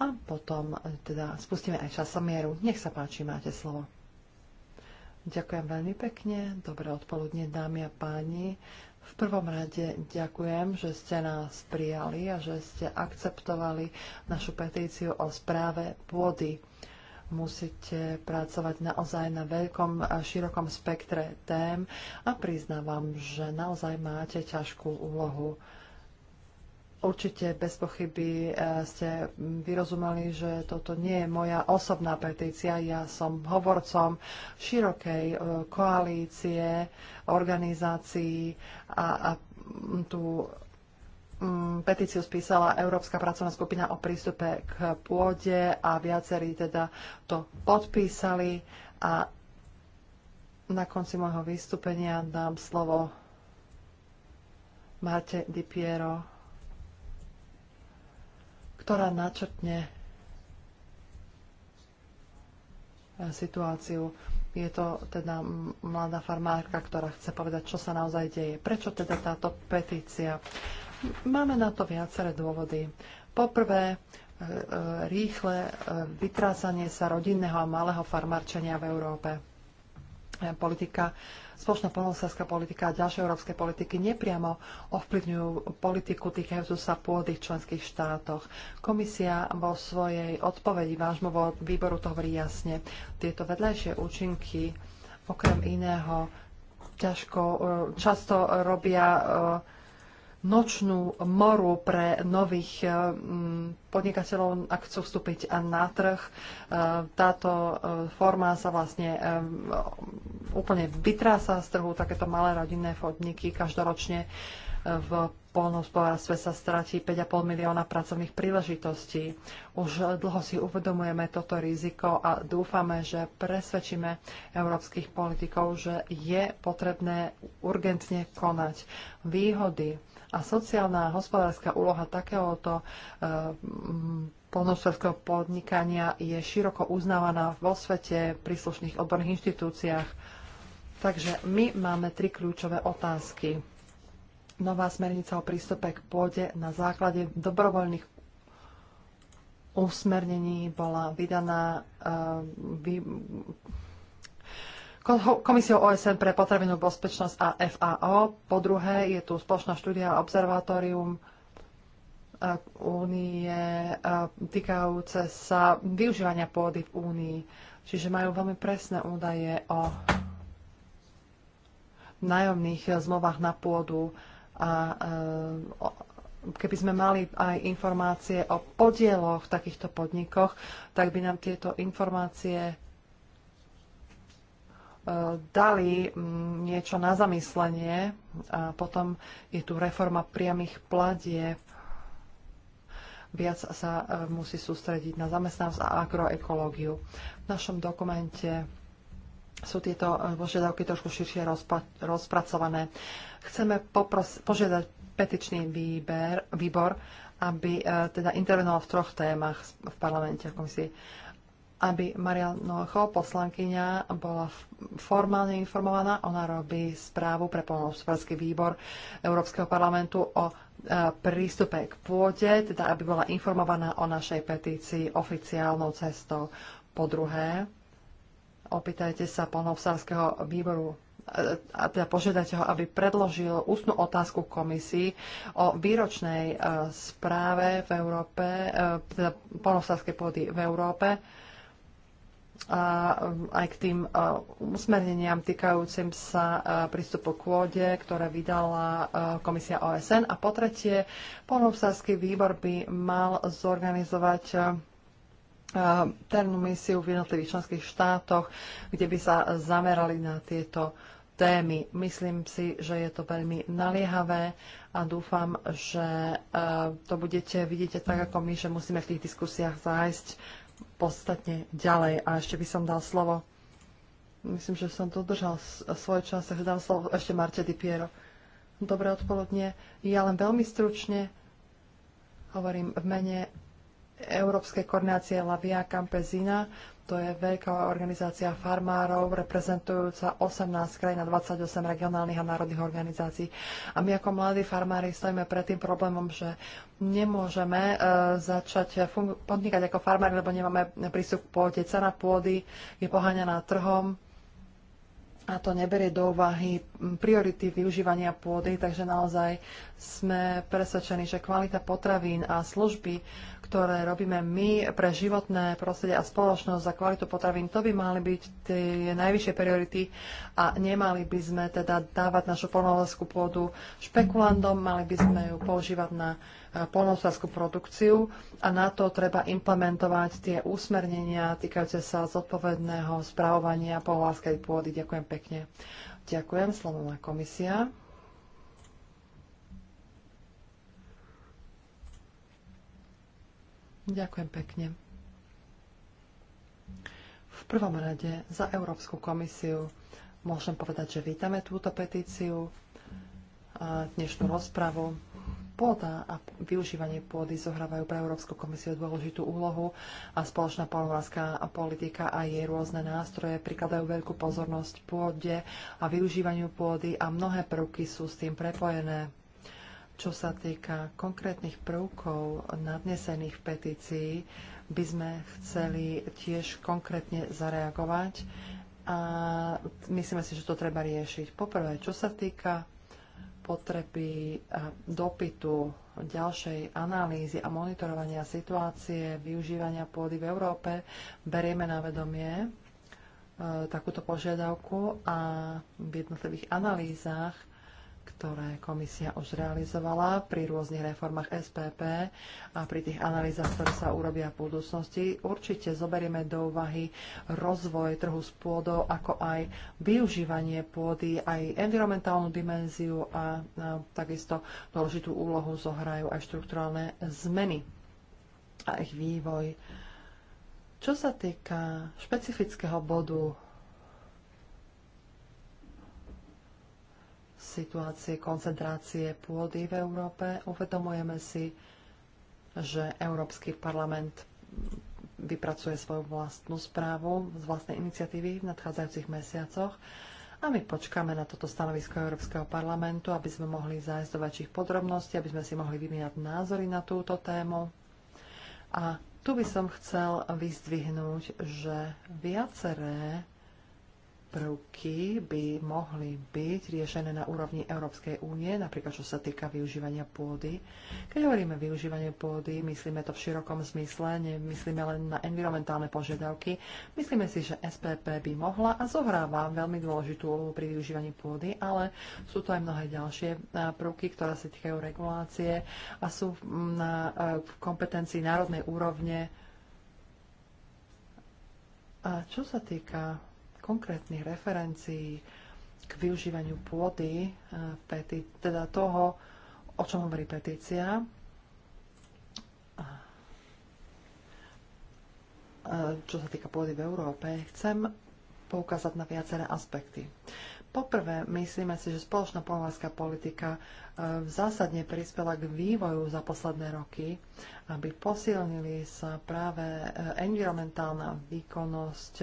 a potom teda spustíme aj časomieru. Nech sa páči, máte slovo. Ďakujem veľmi pekne. Dobré odpoludne, dámy a páni. V prvom rade ďakujem, že ste nás prijali a že ste akceptovali našu petíciu o správe pôdy. Musíte pracovať naozaj na veľkom a širokom spektre tém a priznávam, že naozaj máte ťažkú úlohu Určite bez pochyby e, ste vyrozumeli, že toto nie je moja osobná petícia. Ja som hovorcom širokej e, koalície, organizácií a, a tú mm, petíciu spísala Európska pracovná skupina o prístupe k pôde a viacerí teda to podpísali a na konci môjho vystúpenia dám slovo Marte Di Piero ktorá načrtne situáciu. Je to teda mladá farmárka, ktorá chce povedať, čo sa naozaj deje. Prečo teda táto petícia? Máme na to viaceré dôvody. Poprvé, e, e, rýchle e, vytrácanie sa rodinného a malého farmárčenia v Európe Eh, politika, spoločná polnohospodárska politika a ďalšie európske politiky nepriamo ovplyvňujú politiku týkajúcu sa pôdy v členských štátoch. Komisia vo svojej odpovedi vášmu výboru to hovorí jasne. Tieto vedľajšie účinky okrem iného ťažko, eh, často robia eh, nočnú moru pre nových eh, podnikateľov, ak chcú vstúpiť na trh. Eh, táto eh, forma sa vlastne úplne vytrása z trhu. Takéto malé rodinné podniky každoročne v polnohospodárstve sa stratí 5,5 milióna pracovných príležitostí. Už dlho si uvedomujeme toto riziko a dúfame, že presvedčíme európskych politikov, že je potrebné urgentne konať. Výhody a sociálna a hospodárska úloha takéhoto e, polnohospodárskeho podnikania je široko uznávaná vo svete príslušných odborných inštitúciách. Takže my máme tri kľúčové otázky. Nová smernica o prístupe k pôde na základe dobrovoľných usmernení bola vydaná, e, vy, Komisiou OSN pre potravinovú bezpečnosť a FAO. Po druhé je tu spoločná štúdia Observatórium e, únie e, týkajúce sa využívania pôdy v únii. Čiže majú veľmi presné údaje o nájomných zmluvách na pôdu a e, keby sme mali aj informácie o podieloch v takýchto podnikoch, tak by nám tieto informácie dali mm, niečo na zamyslenie. A potom je tu reforma priamých pladieb. Viac sa e, musí sústrediť na zamestnanosť a agroekológiu. V našom dokumente sú tieto e, požiadavky trošku širšie rozpa- rozpracované. Chceme popros- požiadať petičný výber, výbor, aby e, teda intervenoval v troch témach v parlamente v komisii aby Maria Nocho, poslankyňa, bola formálne informovaná. Ona robí správu pre polnohospodársky výbor Európskeho parlamentu o e, prístupe k pôde, teda aby bola informovaná o našej petícii oficiálnou cestou. Po druhé, opýtajte sa polnohospodárskeho výboru e, a teda požiadate ho, aby predložil ústnu otázku komisii o výročnej e, správe v Európe, teda pôdy v Európe, a mm, aj k tým usmerneniam týkajúcim sa prístupu k vode, ktoré vydala komisia OSN. A po tretie, polnohospodársky výbor by mal zorganizovať ternú misiu v jednotlivých členských štátoch, kde by sa zamerali na tieto témy. Myslím si, že je to veľmi naliehavé a dúfam, že to budete vidieť tak ako my, že musíme v tých diskusiách zájsť podstatne ďalej. A ešte by som dal slovo, myslím, že som držal svoj čas, takže dám slovo ešte Marte Di Piero. Dobré odpoludne. Ja len veľmi stručne hovorím v mene Európskej koordinácie Lavia Campesina. To je veľká organizácia farmárov, reprezentujúca 18 krajín a 28 regionálnych a národných organizácií. A my ako mladí farmári stojíme pred tým problémom, že nemôžeme e, začať podnikať ako farmári, lebo nemáme prístup k pôde. Cena pôdy je poháňaná trhom a to neberie do úvahy priority využívania pôdy, takže naozaj sme presvedčení, že kvalita potravín a služby, ktoré robíme my pre životné prostredie a spoločnosť za kvalitu potravín, to by mali byť tie najvyššie priority a nemali by sme teda dávať našu polnohospodárskú pôdu špekulantom, mali by sme ju používať na e, polnohospodárskú produkciu a na to treba implementovať tie úsmernenia týkajúce sa zodpovedného správovania polnohospodárskej pôdy. Ďakujem pekne. Ďakujem, slovo má komisia. Ďakujem pekne. V prvom rade za Európsku komisiu môžem povedať, že vítame túto petíciu a dnešnú rozpravu. Pôda a využívanie pôdy zohrávajú pre Európsku komisiu dôležitú úlohu a spoločná polnohospodárska politika a jej rôzne nástroje prikladajú veľkú pozornosť pôde a využívaniu pôdy a mnohé prvky sú s tým prepojené. Čo sa týka konkrétnych prvkov nadnesených v petícii, by sme chceli tiež konkrétne zareagovať a myslíme si, že to treba riešiť. Poprvé, čo sa týka potreby dopytu ďalšej analýzy a monitorovania situácie využívania pôdy v Európe, berieme na vedomie e, takúto požiadavku a v jednotlivých analýzach ktoré komisia už realizovala pri rôznych reformách SPP a pri tých analýzach, ktoré sa urobia v budúcnosti. Určite zoberieme do úvahy rozvoj trhu s pôdou, ako aj využívanie pôdy, aj environmentálnu dimenziu a, a takisto dôležitú úlohu zohrajú aj štrukturálne zmeny a ich vývoj. Čo sa týka špecifického bodu situácie koncentrácie pôdy v Európe. Uvedomujeme si, že Európsky parlament vypracuje svoju vlastnú správu z vlastnej iniciatívy v nadchádzajúcich mesiacoch a my počkáme na toto stanovisko Európskeho parlamentu, aby sme mohli zájsť do väčších podrobností, aby sme si mohli vymieňať názory na túto tému. A tu by som chcel vyzdvihnúť, že viaceré prvky by mohli byť riešené na úrovni Európskej únie, napríklad čo sa týka využívania pôdy. Keď hovoríme využívanie pôdy, myslíme to v širokom zmysle, nemyslíme len na environmentálne požiadavky. Myslíme si, že SPP by mohla a zohráva veľmi dôležitú úlohu pri využívaní pôdy, ale sú to aj mnohé ďalšie prvky, ktoré sa týkajú regulácie a sú na, v kompetencii národnej úrovne. A čo sa týka konkrétnych referencií k využívaniu pôdy, e, teda toho, o čom hovorí petícia. E, čo sa týka pôdy v Európe, chcem poukázať na viaceré aspekty. Poprvé, myslíme si, že spoločná pohľadská politika e, zásadne prispela k vývoju za posledné roky, aby posilnili sa práve environmentálna výkonnosť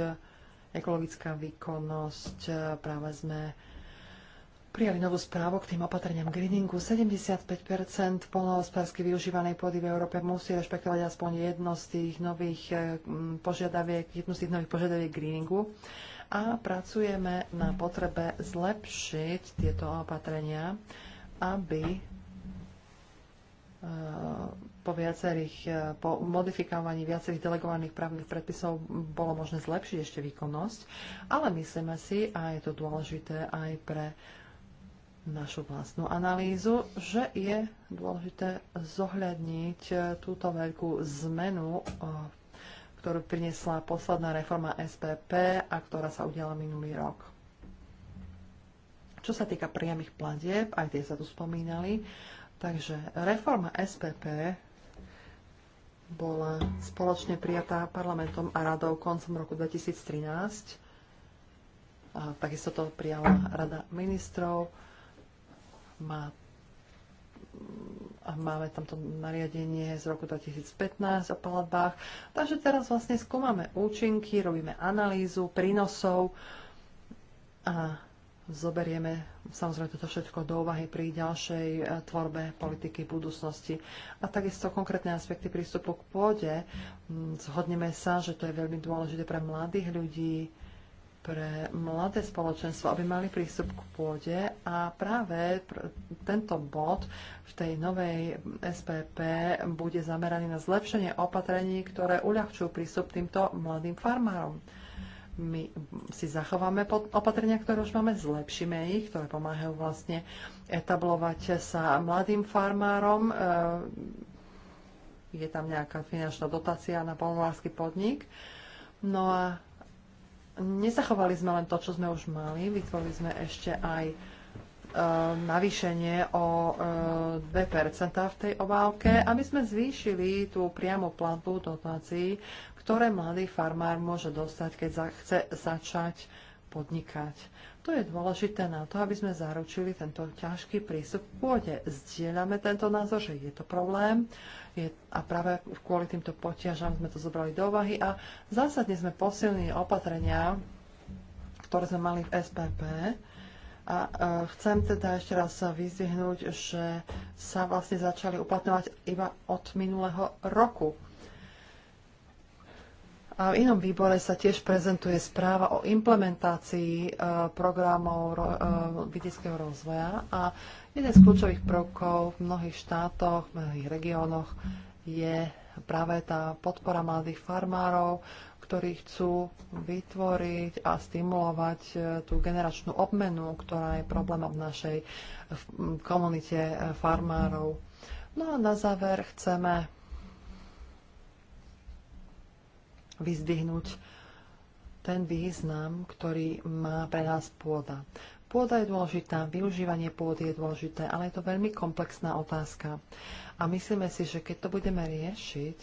ekologická výkonnosť. E, práve sme prijali novú správu k tým opatreniam greeningu. 75 polnohospodársky využívanej pôdy v Európe musí rešpektovať aspoň jedno z tých nových e, požiadaviek, jednu z tých nových požiadaviek greeningu. A pracujeme na potrebe zlepšiť tieto opatrenia, aby e, po viacerých, e, po modifikovaní viacerých delegovaných právnych predpisov bolo možné zlepšiť ešte výkonnosť, ale myslíme si, a je to dôležité aj pre našu vlastnú analýzu, že je dôležité zohľadniť e, túto veľkú zmenu, e, ktorú priniesla posledná reforma SPP a ktorá sa udiala minulý rok. Čo sa týka priamých platieb, aj tie sa tu spomínali, Takže reforma SPP bola spoločne prijatá parlamentom a radou koncom roku 2013. A takisto to prijala rada ministrov. Má, a máme tam to nariadenie z roku 2015 o palatbách. Takže teraz vlastne skúmame účinky, robíme analýzu prínosov a zoberieme samozrejme toto všetko do úvahy pri ďalšej e, tvorbe politiky budúcnosti. A takisto konkrétne aspekty prístupu k pôde. Mm, zhodneme sa, že to je veľmi dôležité pre mladých ľudí, pre mladé spoločenstvo, aby mali prístup k pôde a práve tento bod v tej novej SPP bude zameraný na zlepšenie opatrení, ktoré uľahčujú prístup týmto mladým farmárom my si zachováme opatrenia, ktoré už máme, zlepšíme ich, ktoré pomáhajú vlastne etablovať sa mladým farmárom. E, je tam nejaká finančná dotácia na polnovársky podnik. No a nezachovali sme len to, čo sme už mali, vytvorili sme ešte aj e, navýšenie o 2% e, v tej obálke, aby sme zvýšili tú priamu platbu dotácií ktoré mladý farmár môže dostať, keď chce začať podnikať. To je dôležité na to, aby sme zaručili tento ťažký prístup k pôde. Zdieľame tento názor, že je to problém je, a práve kvôli týmto potiažam sme to zobrali do úvahy a zásadne sme posilnili opatrenia, ktoré sme mali v SPP, a e, chcem teda ešte raz vyzdvihnúť, že sa vlastne začali uplatňovať iba od minulého roku. A v inom výbore sa tiež prezentuje správa o implementácii e, programov e, vidieckého rozvoja a jeden z kľúčových prvkov v mnohých štátoch, v mnohých regiónoch je práve tá podpora mladých farmárov, ktorí chcú vytvoriť a stimulovať e, tú generačnú obmenu, ktorá je problémom v našej komunite farmárov. No a na záver chceme vyzdvihnúť ten význam, ktorý má pre nás pôda. Pôda je dôležitá, využívanie pôdy je dôležité, ale je to veľmi komplexná otázka. A myslíme si, že keď to budeme riešiť,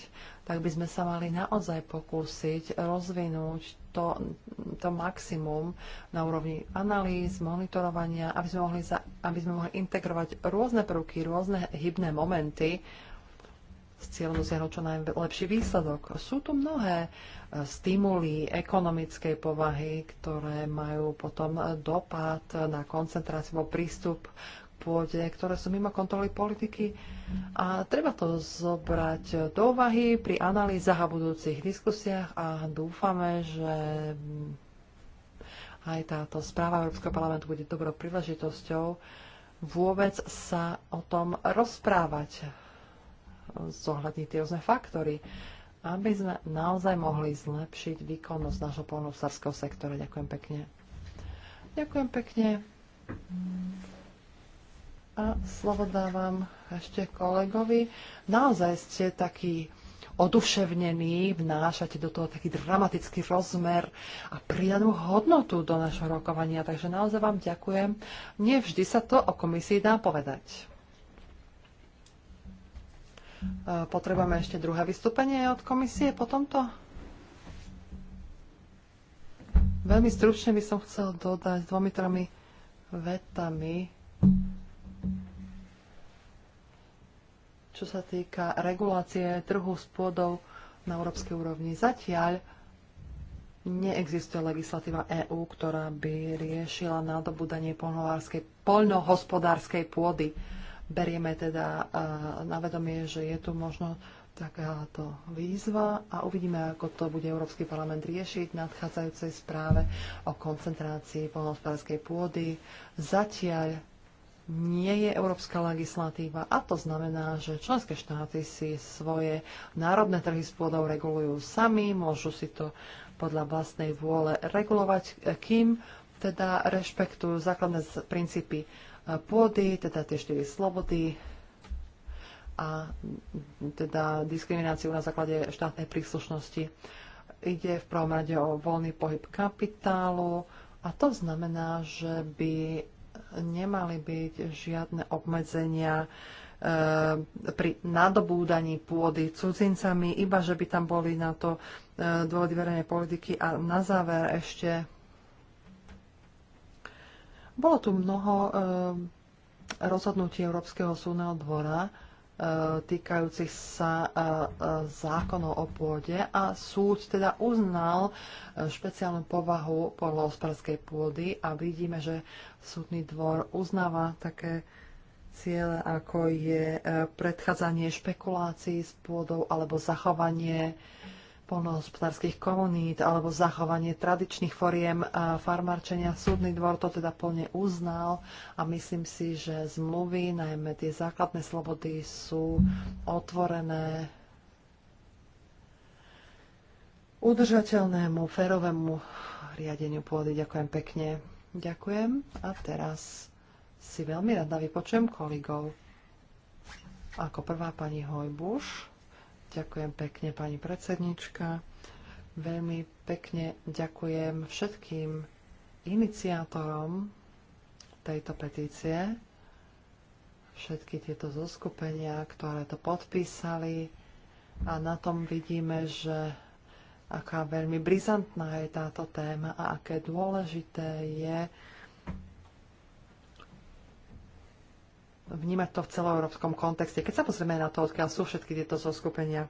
tak by sme sa mali naozaj pokúsiť rozvinúť to, to maximum na úrovni analýz, monitorovania, aby sme, mohli za, aby sme mohli integrovať rôzne prvky, rôzne hybné momenty, s cieľom dosiahnuť čo najlepší výsledok. Sú tu mnohé e, stimuly ekonomickej povahy, ktoré majú potom dopad na koncentráciu alebo prístup k pôde, ktoré sú mimo kontroly politiky. A treba to zobrať do úvahy pri analýzach a budúcich diskusiách a dúfame, že aj táto správa Európskeho parlamentu bude dobrou príležitosťou vôbec sa o tom rozprávať zohľadniť tie rôzne faktory, aby sme naozaj mohli zlepšiť výkonnosť nášho polnohospodárskeho sektora. Ďakujem pekne. Ďakujem pekne. A slovo dávam ešte kolegovi. Naozaj ste taký oduševnený, vnášate do toho taký dramatický rozmer a pridanú hodnotu do našho rokovania. Takže naozaj vám ďakujem. Nevždy vždy sa to o komisii dá povedať. E, potrebujeme ešte druhé vystúpenie od komisie po tomto? Veľmi stručne by som chcel dodať dvomi, tromi vetami, čo sa týka regulácie trhu s pôdou na európskej úrovni. Zatiaľ neexistuje legislatíva EÚ, ktorá by riešila nádobudanie poľnohospodárskej pôdy. Berieme teda na vedomie, že je tu možno takáto výzva a uvidíme, ako to bude Európsky parlament riešiť v nadchádzajúcej správe o koncentrácii polnohospodárskej pôdy. Zatiaľ nie je európska legislatíva a to znamená, že členské štáty si svoje národné trhy s pôdou regulujú sami, môžu si to podľa vlastnej vôle regulovať, kým teda rešpektujú základné princípy pôdy, teda tie štyri slobody a teda diskrimináciu na základe štátnej príslušnosti. Ide v prvom rade o voľný pohyb kapitálu a to znamená, že by nemali byť žiadne obmedzenia e, pri nadobúdaní pôdy cudzincami, iba že by tam boli na to e, dôvody verejnej politiky. A na záver ešte bolo tu mnoho e, rozhodnutí Európskeho súdneho dvora e, týkajúcich sa e, e, zákonov o pôde a súd teda uznal e, špeciálnu povahu polnohospodárskej pôdy a vidíme, že súdny dvor uznáva také ciele, ako je predchádzanie špekulácií s pôdou alebo zachovanie e, polnohospodárských komunít alebo zachovanie tradičných foriem farmárčenia. Súdny dvor to teda plne uznal a myslím si, že zmluvy, najmä tie základné slobody, sú otvorené udržateľnému, férovému riadeniu pôdy. Ďakujem pekne. Ďakujem. A teraz si veľmi rada vypočujem kolegov. Ako prvá pani Hojbuš. Ďakujem pekne, pani predsednička. Veľmi pekne ďakujem všetkým iniciátorom tejto petície, všetky tieto zoskupenia, ktoré to podpísali. A na tom vidíme, že aká veľmi brizantná je táto téma a aké dôležité je vnímať to v celoeurópskom kontexte, keď sa pozrieme na to, odkiaľ sú všetky tieto zoskupenia.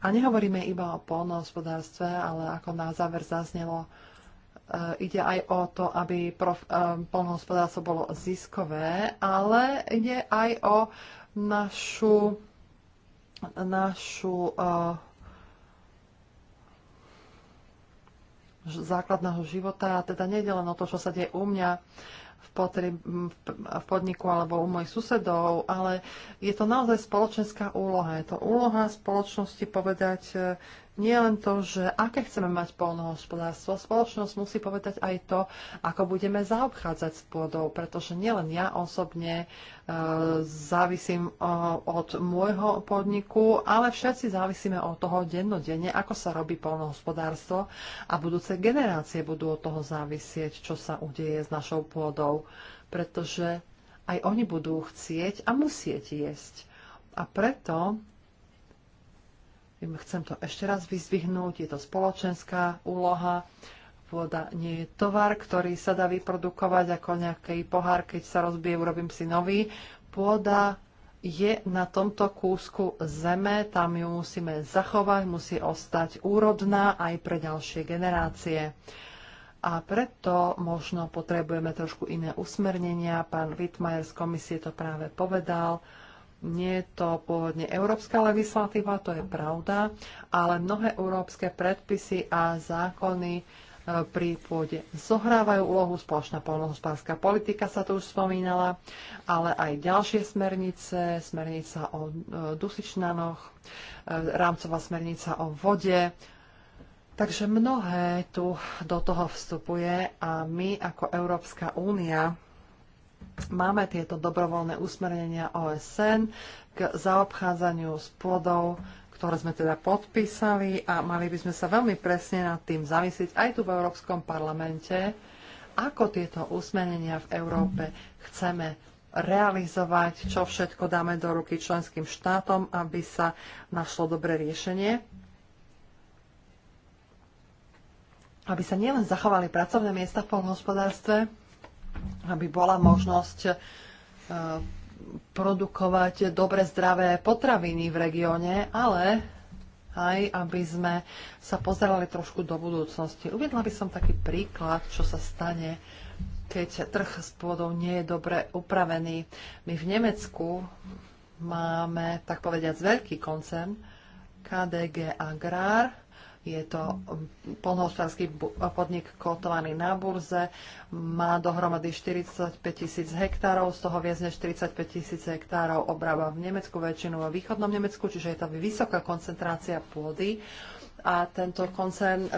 A nehovoríme iba o polnohospodárstve, ale ako na záver zaznelo, e, ide aj o to, aby e, polnohospodárstvo bolo ziskové, ale ide aj o našu, našu e, základného života. Teda nejde len o to, čo sa deje u mňa, v podniku alebo u mojich susedov, ale je to naozaj spoločenská úloha. Je to úloha spoločnosti povedať, nie len to, že aké chceme mať polnohospodárstvo, spoločnosť musí povedať aj to, ako budeme zaobchádzať s pôdou, pretože nielen ja osobne e, závisím e, od môjho podniku, ale všetci závisíme od toho dennodenne, ako sa robí polnohospodárstvo a budúce generácie budú od toho závisieť, čo sa udeje s našou pôdou, pretože aj oni budú chcieť a musieť jesť. A preto Chcem to ešte raz vyzvihnúť, je to spoločenská úloha. Voda nie je tovar, ktorý sa dá vyprodukovať ako nejaký pohár, keď sa rozbije, urobím si nový. Pôda je na tomto kúsku zeme, tam ju musíme zachovať, musí ostať úrodná aj pre ďalšie generácie. A preto možno potrebujeme trošku iné usmernenia. Pán Wittmeier z komisie to práve povedal nie je to pôvodne európska legislatíva, to je pravda, ale mnohé európske predpisy a zákony e, pri pôde zohrávajú úlohu spoločná polnohospodárska politika, sa to už spomínala, ale aj ďalšie smernice, smernica o e, dusičnanoch, e, rámcová smernica o vode. Takže mnohé tu do toho vstupuje a my ako Európska únia Máme tieto dobrovoľné usmernenia OSN k zaobchádzaniu s pôdou, ktoré sme teda podpísali a mali by sme sa veľmi presne nad tým zamyslieť aj tu v Európskom parlamente, ako tieto usmernenia v Európe chceme realizovať, čo všetko dáme do ruky členským štátom, aby sa našlo dobré riešenie. Aby sa nielen zachovali pracovné miesta v polnohospodárstve, aby bola možnosť e, produkovať dobre zdravé potraviny v regióne, ale aj aby sme sa pozerali trošku do budúcnosti. Uviedla by som taký príklad, čo sa stane, keď trh s pôdou nie je dobre upravený. My v Nemecku máme, tak povediať, veľký koncern KDG Agrar, je to um, polnohospodársky podnik kotovaný na burze, má dohromady 45 tisíc hektárov, z toho viac než 45 tisíc hektárov obrába v Nemecku, väčšinu vo východnom Nemecku, čiže je to vysoká koncentrácia pôdy a tento koncern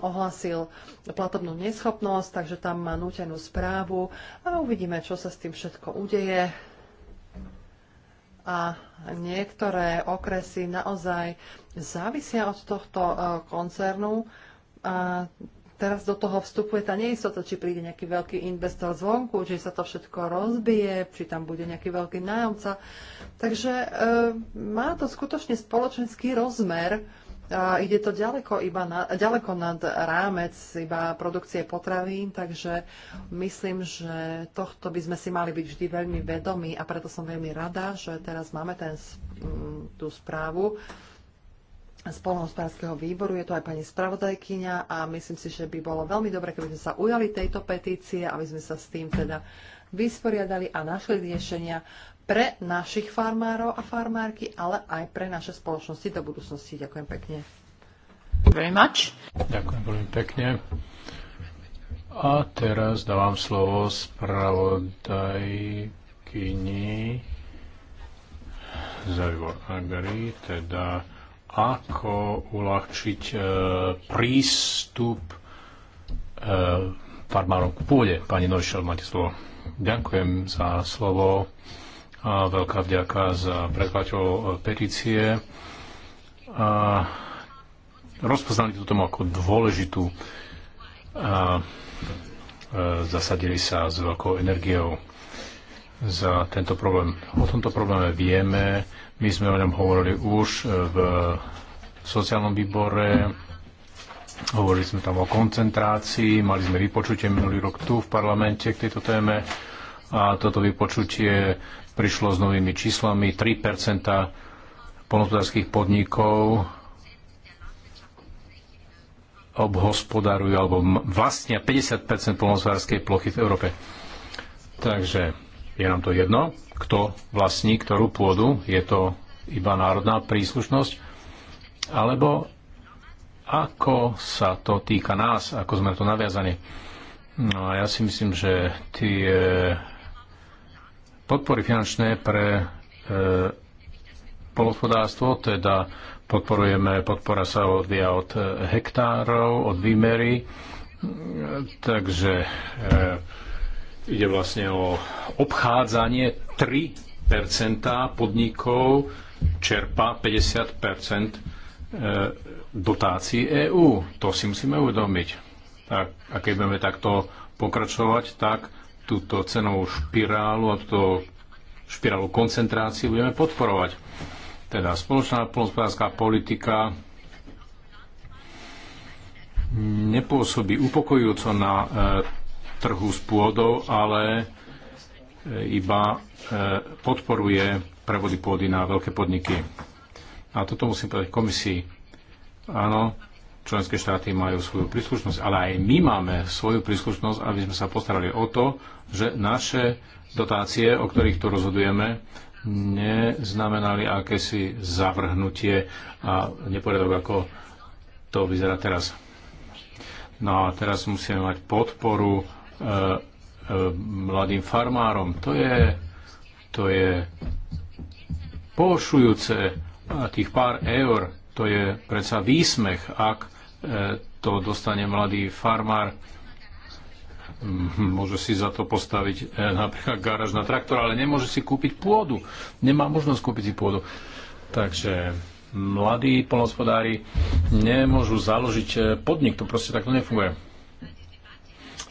ohlasil platobnú neschopnosť, takže tam má nútenú správu a uvidíme, čo sa s tým všetko udeje a niektoré okresy naozaj závisia od tohto e, koncernu. A teraz do toho vstupuje tá neistota, či príde nejaký veľký investor zvonku, či sa to všetko rozbije, či tam bude nejaký veľký nájomca. Takže e, má to skutočne spoločenský rozmer ide to ďaleko, iba na, ďaleko nad rámec iba produkcie potravín, takže myslím, že tohto by sme si mali byť vždy veľmi vedomí a preto som veľmi rada, že teraz máme ten, tú správu z polnohospodárskeho výboru, je to aj pani spravodajkyňa a myslím si, že by bolo veľmi dobre, keby sme sa ujali tejto petície, aby sme sa s tým teda vysporiadali a našli riešenia, pre našich farmárov a farmárky, ale aj pre naše spoločnosti do budúcnosti. Ďakujem pekne. Very much. Ďakujem veľmi pekne. A teraz dávam slovo spravodajkyni Zavivor Agri, teda ako uľahčiť e, prístup e, farmárom k pôde. Pani Nošel, máte slovo. Ďakujem za slovo a veľká vďaka za prekladateľov petície. A rozpoznali tomu ako dôležitú a e, zasadili sa s veľkou energiou za tento problém. O tomto probléme vieme, my sme o ňom hovorili už e, v sociálnom výbore, hovorili sme tam o koncentrácii, mali sme vypočutie minulý rok tu v parlamente k tejto téme a toto vypočutie prišlo s novými číslami 3 polnospodárských podnikov obhospodarujú alebo vlastnia 50 polnospodárskej plochy v Európe. Takže je nám to jedno, kto vlastní ktorú pôdu, je to iba národná príslušnosť, alebo ako sa to týka nás, ako sme to naviazaní. No a ja si myslím, že tie podpory finančné pre e, polospodárstvo, teda podporujeme, podpora sa odvia od e, hektárov, od výmery, takže e, ide vlastne o obchádzanie 3% podnikov čerpa 50% e, dotácií EÚ. To si musíme uvedomiť. Tak, a keď budeme takto pokračovať, tak túto cenovú špirálu a túto špirálu koncentrácií budeme podporovať. Teda spoločná polnospodárska politika nepôsobí upokojujúco na e, trhu s pôdou, ale e, iba e, podporuje prevody pôdy na veľké podniky. A toto musím povedať komisii. Áno, členské štáty majú svoju príslušnosť, ale aj my máme svoju príslušnosť, aby sme sa postarali o to, že naše dotácie, o ktorých tu rozhodujeme, neznamenali akési zavrhnutie a neporiadok, ako to vyzerá teraz. No a teraz musíme mať podporu e, e, mladým farmárom. To je, to je pošujúce tých pár eur, to je predsa výsmech, ak to dostane mladý farmár. Mm, môže si za to postaviť eh, napríklad garáž na traktor, ale nemôže si kúpiť pôdu. Nemá možnosť kúpiť si pôdu. Takže mladí polnospodári nemôžu založiť eh, podnik. To proste takto nefunguje.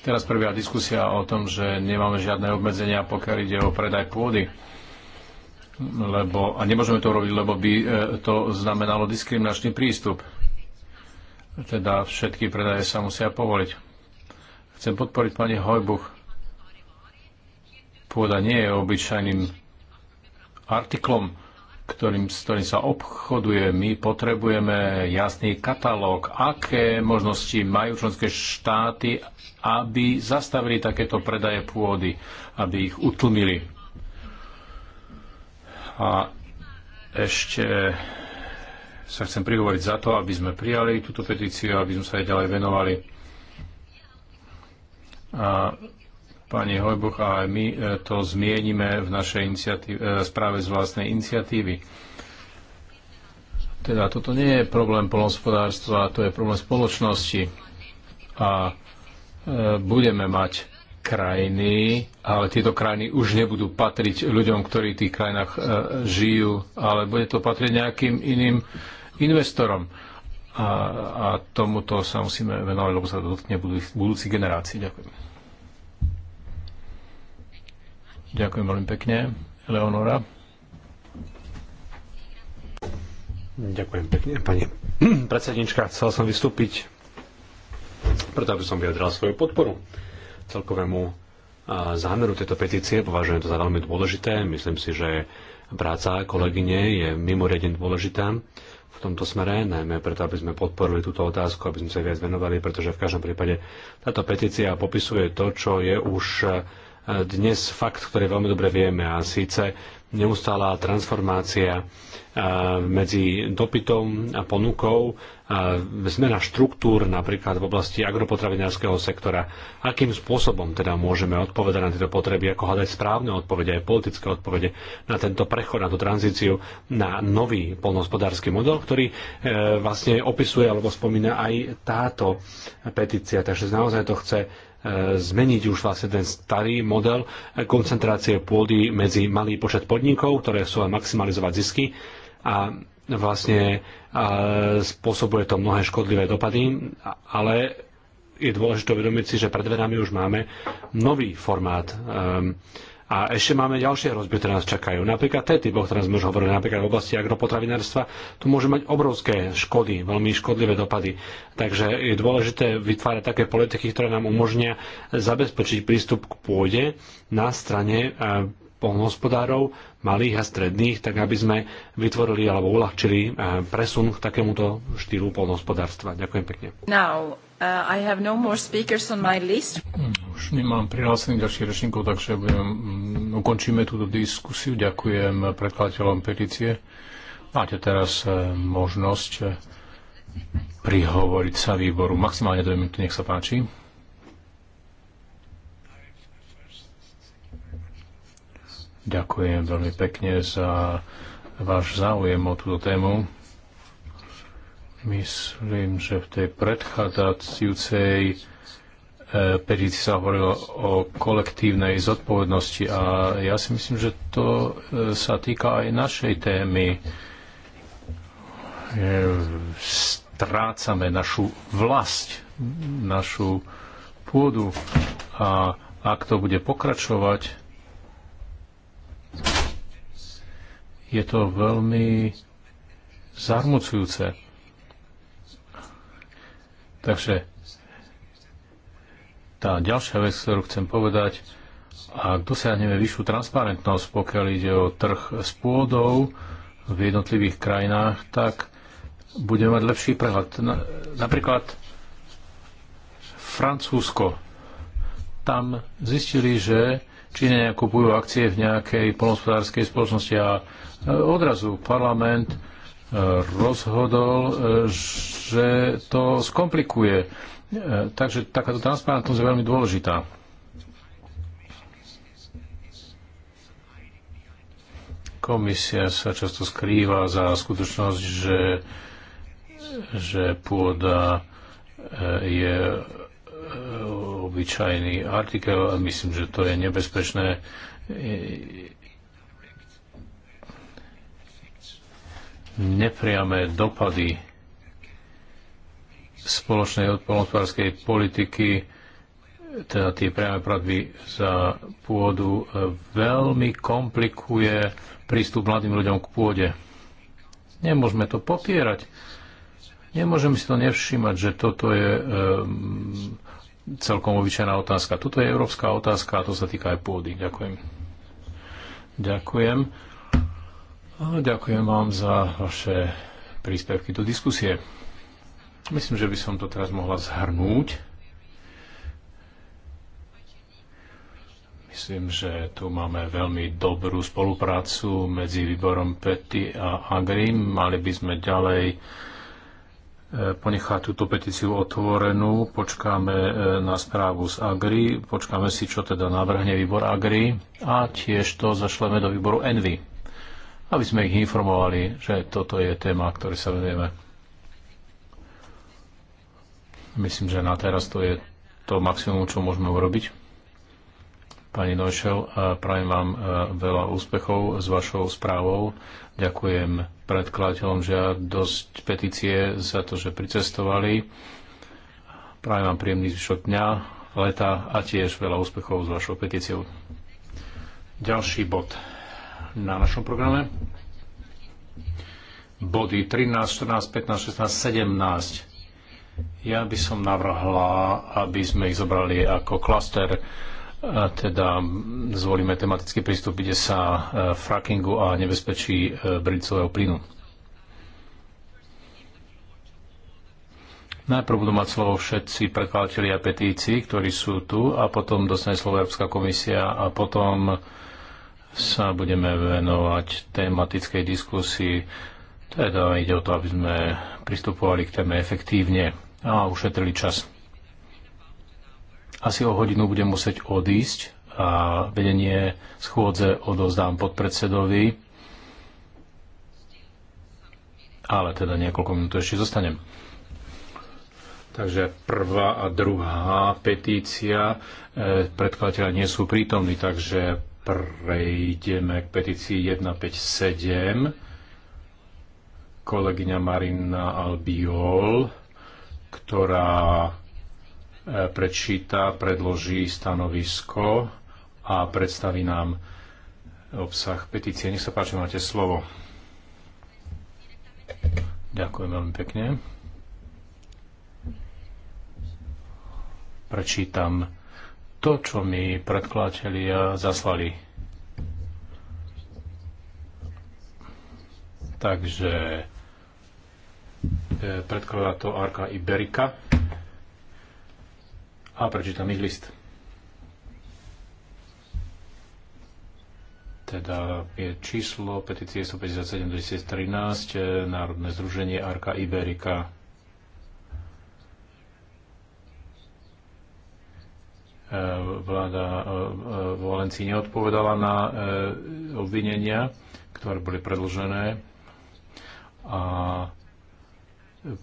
Teraz prebieha diskusia o tom, že nemáme žiadne obmedzenia, pokiaľ ide o predaj pôdy. Lebo, a nemôžeme to robiť, lebo by eh, to znamenalo diskriminačný prístup teda všetky predaje sa musia povoliť. Chcem podporiť pani Hojbuch. Pôda nie je obyčajným artiklom, ktorým, s ktorým sa obchoduje. My potrebujeme jasný katalóg, aké možnosti majú členské štáty, aby zastavili takéto predaje pôdy, aby ich utlmili. A ešte sa chcem prihovoriť za to, aby sme prijali túto petíciu, aby sme sa aj ďalej venovali. A pani Hojbuch a aj my e, to zmienime v našej e, správe z vlastnej iniciatívy. Teda toto nie je problém polnospodárstva, to je problém spoločnosti. A e, budeme mať krajiny, ale tieto krajiny už nebudú patriť ľuďom, ktorí v tých krajinách e, žijú, ale bude to patriť nejakým iným investorom. A, a tomuto sa musíme venovať, lebo sa to dotkne budúci generácií. Ďakujem. Ďakujem veľmi pekne. Leonora. Ďakujem pekne, pani predsednička. Chcel som vystúpiť, preto aby som vyjadral svoju podporu celkovému zámeru tejto petície. Považujem to za veľmi dôležité. Myslím si, že práca kolegyne je mimoriadne dôležitá v tomto smere, najmä preto, aby sme podporili túto otázku, aby sme sa viac venovali, pretože v každom prípade táto petícia popisuje to, čo je už eh, dnes fakt, ktorý veľmi dobre vieme a síce neustálá transformácia medzi dopytom a ponukou, zmena štruktúr napríklad v oblasti agropotravinárskeho sektora. Akým spôsobom teda môžeme odpovedať na tieto potreby, ako hľadať správne odpovede, aj politické odpovede na tento prechod, na tú tranzíciu na nový polnohospodársky model, ktorý e, vlastne opisuje alebo spomína aj táto petícia. Takže naozaj to chce E, zmeniť už vlastne ten starý model koncentrácie pôdy medzi malý počet podnikov, ktoré sú maximalizovať zisky a vlastne e, spôsobuje to mnohé škodlivé dopady, ale je dôležité uvedomiť si, že pred verami už máme nový formát um, a ešte máme ďalšie hrozby, ktoré nás čakajú. Napríklad TTIP, o ktorých sme už hovorili, napríklad v oblasti agropotravinárstva, tu môže mať obrovské škody, veľmi škodlivé dopady. Takže je dôležité vytvárať také politiky, ktoré nám umožnia zabezpečiť prístup k pôde na strane eh, polnohospodárov, malých a stredných, tak aby sme vytvorili alebo uľahčili eh, presun k takémuto štýlu polnohospodárstva. Ďakujem pekne. Now, Uh, I have no more speakers on my list. Hmm, už nemám prihlásených ďalších rečníkov, takže budem, mm, ukončíme túto diskusiu. Ďakujem predkladateľom petície. Máte teraz eh, možnosť eh, prihovoriť sa výboru. Maximálne dve minúty, nech sa páči. Ďakujem veľmi pekne za váš záujem o túto tému. Myslím, že v tej predchádzajúcej e, petícii sa hovorilo o kolektívnej zodpovednosti a ja si myslím, že to e, sa týka aj našej témy. E, strácame našu vlast, našu pôdu a ak to bude pokračovať, je to veľmi zarmucujúce. Takže tá ďalšia vec, ktorú chcem povedať, ak dosiahneme vyššiu transparentnosť, pokiaľ ide o trh s pôdou v jednotlivých krajinách, tak budeme mať lepší prehľad. Napríklad Francúzsko. Tam zistili, že Číňania kupujú akcie v nejakej polnospodárskej spoločnosti a e, odrazu parlament rozhodol, e, že to skomplikuje. E, takže takáto transparentnosť je veľmi dôležitá. Komisia sa často skrýva za skutočnosť, že, že pôda e, je obyčajný artikel a myslím, že to je nebezpečné nepriame dopady spoločnej odpolnotvárskej politiky, teda tie priame pradby za pôdu, veľmi komplikuje prístup mladým ľuďom k pôde. Nemôžeme to popierať. Nemôžeme si to nevšímať, že toto je um, celkom obyčajná otázka. Toto je európska otázka a to sa týka aj pôdy. Ďakujem. Ďakujem ďakujem vám za vaše príspevky do diskusie. Myslím, že by som to teraz mohla zhrnúť. Myslím, že tu máme veľmi dobrú spoluprácu medzi výborom PETI a AGRI. Mali by sme ďalej e, ponechať túto petíciu otvorenú, počkáme e, na správu z Agri, počkáme si, čo teda navrhne výbor Agri a tiež to zašleme do výboru Envy aby sme ich informovali, že toto je téma, ktoré sa vedieme. Myslím, že na teraz to je to maximum, čo môžeme urobiť. Pani Nošel, prajem vám e, veľa úspechov s vašou správou. Ďakujem predkladateľom dosť petície za to, že pricestovali. Prajem vám príjemný zvyšok dňa, leta a tiež veľa úspechov s vašou petíciou. Ďalší bod na našom programe. Body 13, 14, 15, 16, 17. Ja by som navrhla, aby sme ich zobrali ako klaster, e, teda zvolíme tematický prístup, kde sa e, frackingu a nebezpečí e, brilicového plynu. Najprv budú mať slovo všetci predkladatelia petícií, ktorí sú tu, a potom dostane slovo Európska komisia a potom sa budeme venovať tematickej diskusii, teda ide o to, aby sme pristupovali k téme efektívne a ušetrili čas. Asi o hodinu budem musieť odísť a vedenie schôdze odozdám podpredsedovi, ale teda niekoľko minút ešte zostanem. Takže prvá a druhá petícia, eh, predkladateľa nie sú prítomní, takže prejdeme k petícii 157. Kolegyňa Marina Albiol, ktorá e, prečíta, predloží stanovisko a predstaví nám obsah petície. Nech sa páči, máte slovo. Ďakujem veľmi pekne. Prečítam to, čo mi predkladatelia eh, zaslali. Takže eh, predkladá to Arka Iberika a prečítam ich list. Teda je číslo petície 157 2013 eh, Národné združenie Arka Iberika Eh, vláda v eh, Valencii neodpovedala na eh, obvinenia, ktoré boli predlžené a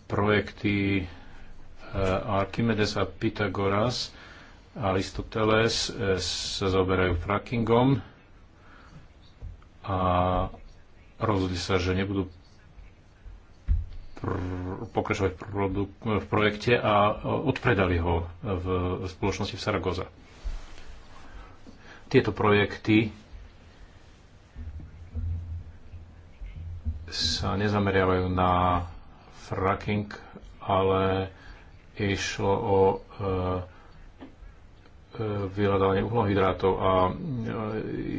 projekty Archimedes a Pythagoras a Aristoteles sa zaoberajú frackingom a rozhodli sa, že nebudú pr- pokračovať produ- v projekte a e, odpredali ho v spoločnosti v Saragoza. Tieto projekty sa nezameriavajú na fracking, ale išlo o e, e vyhľadávanie uhlohydrátov a e,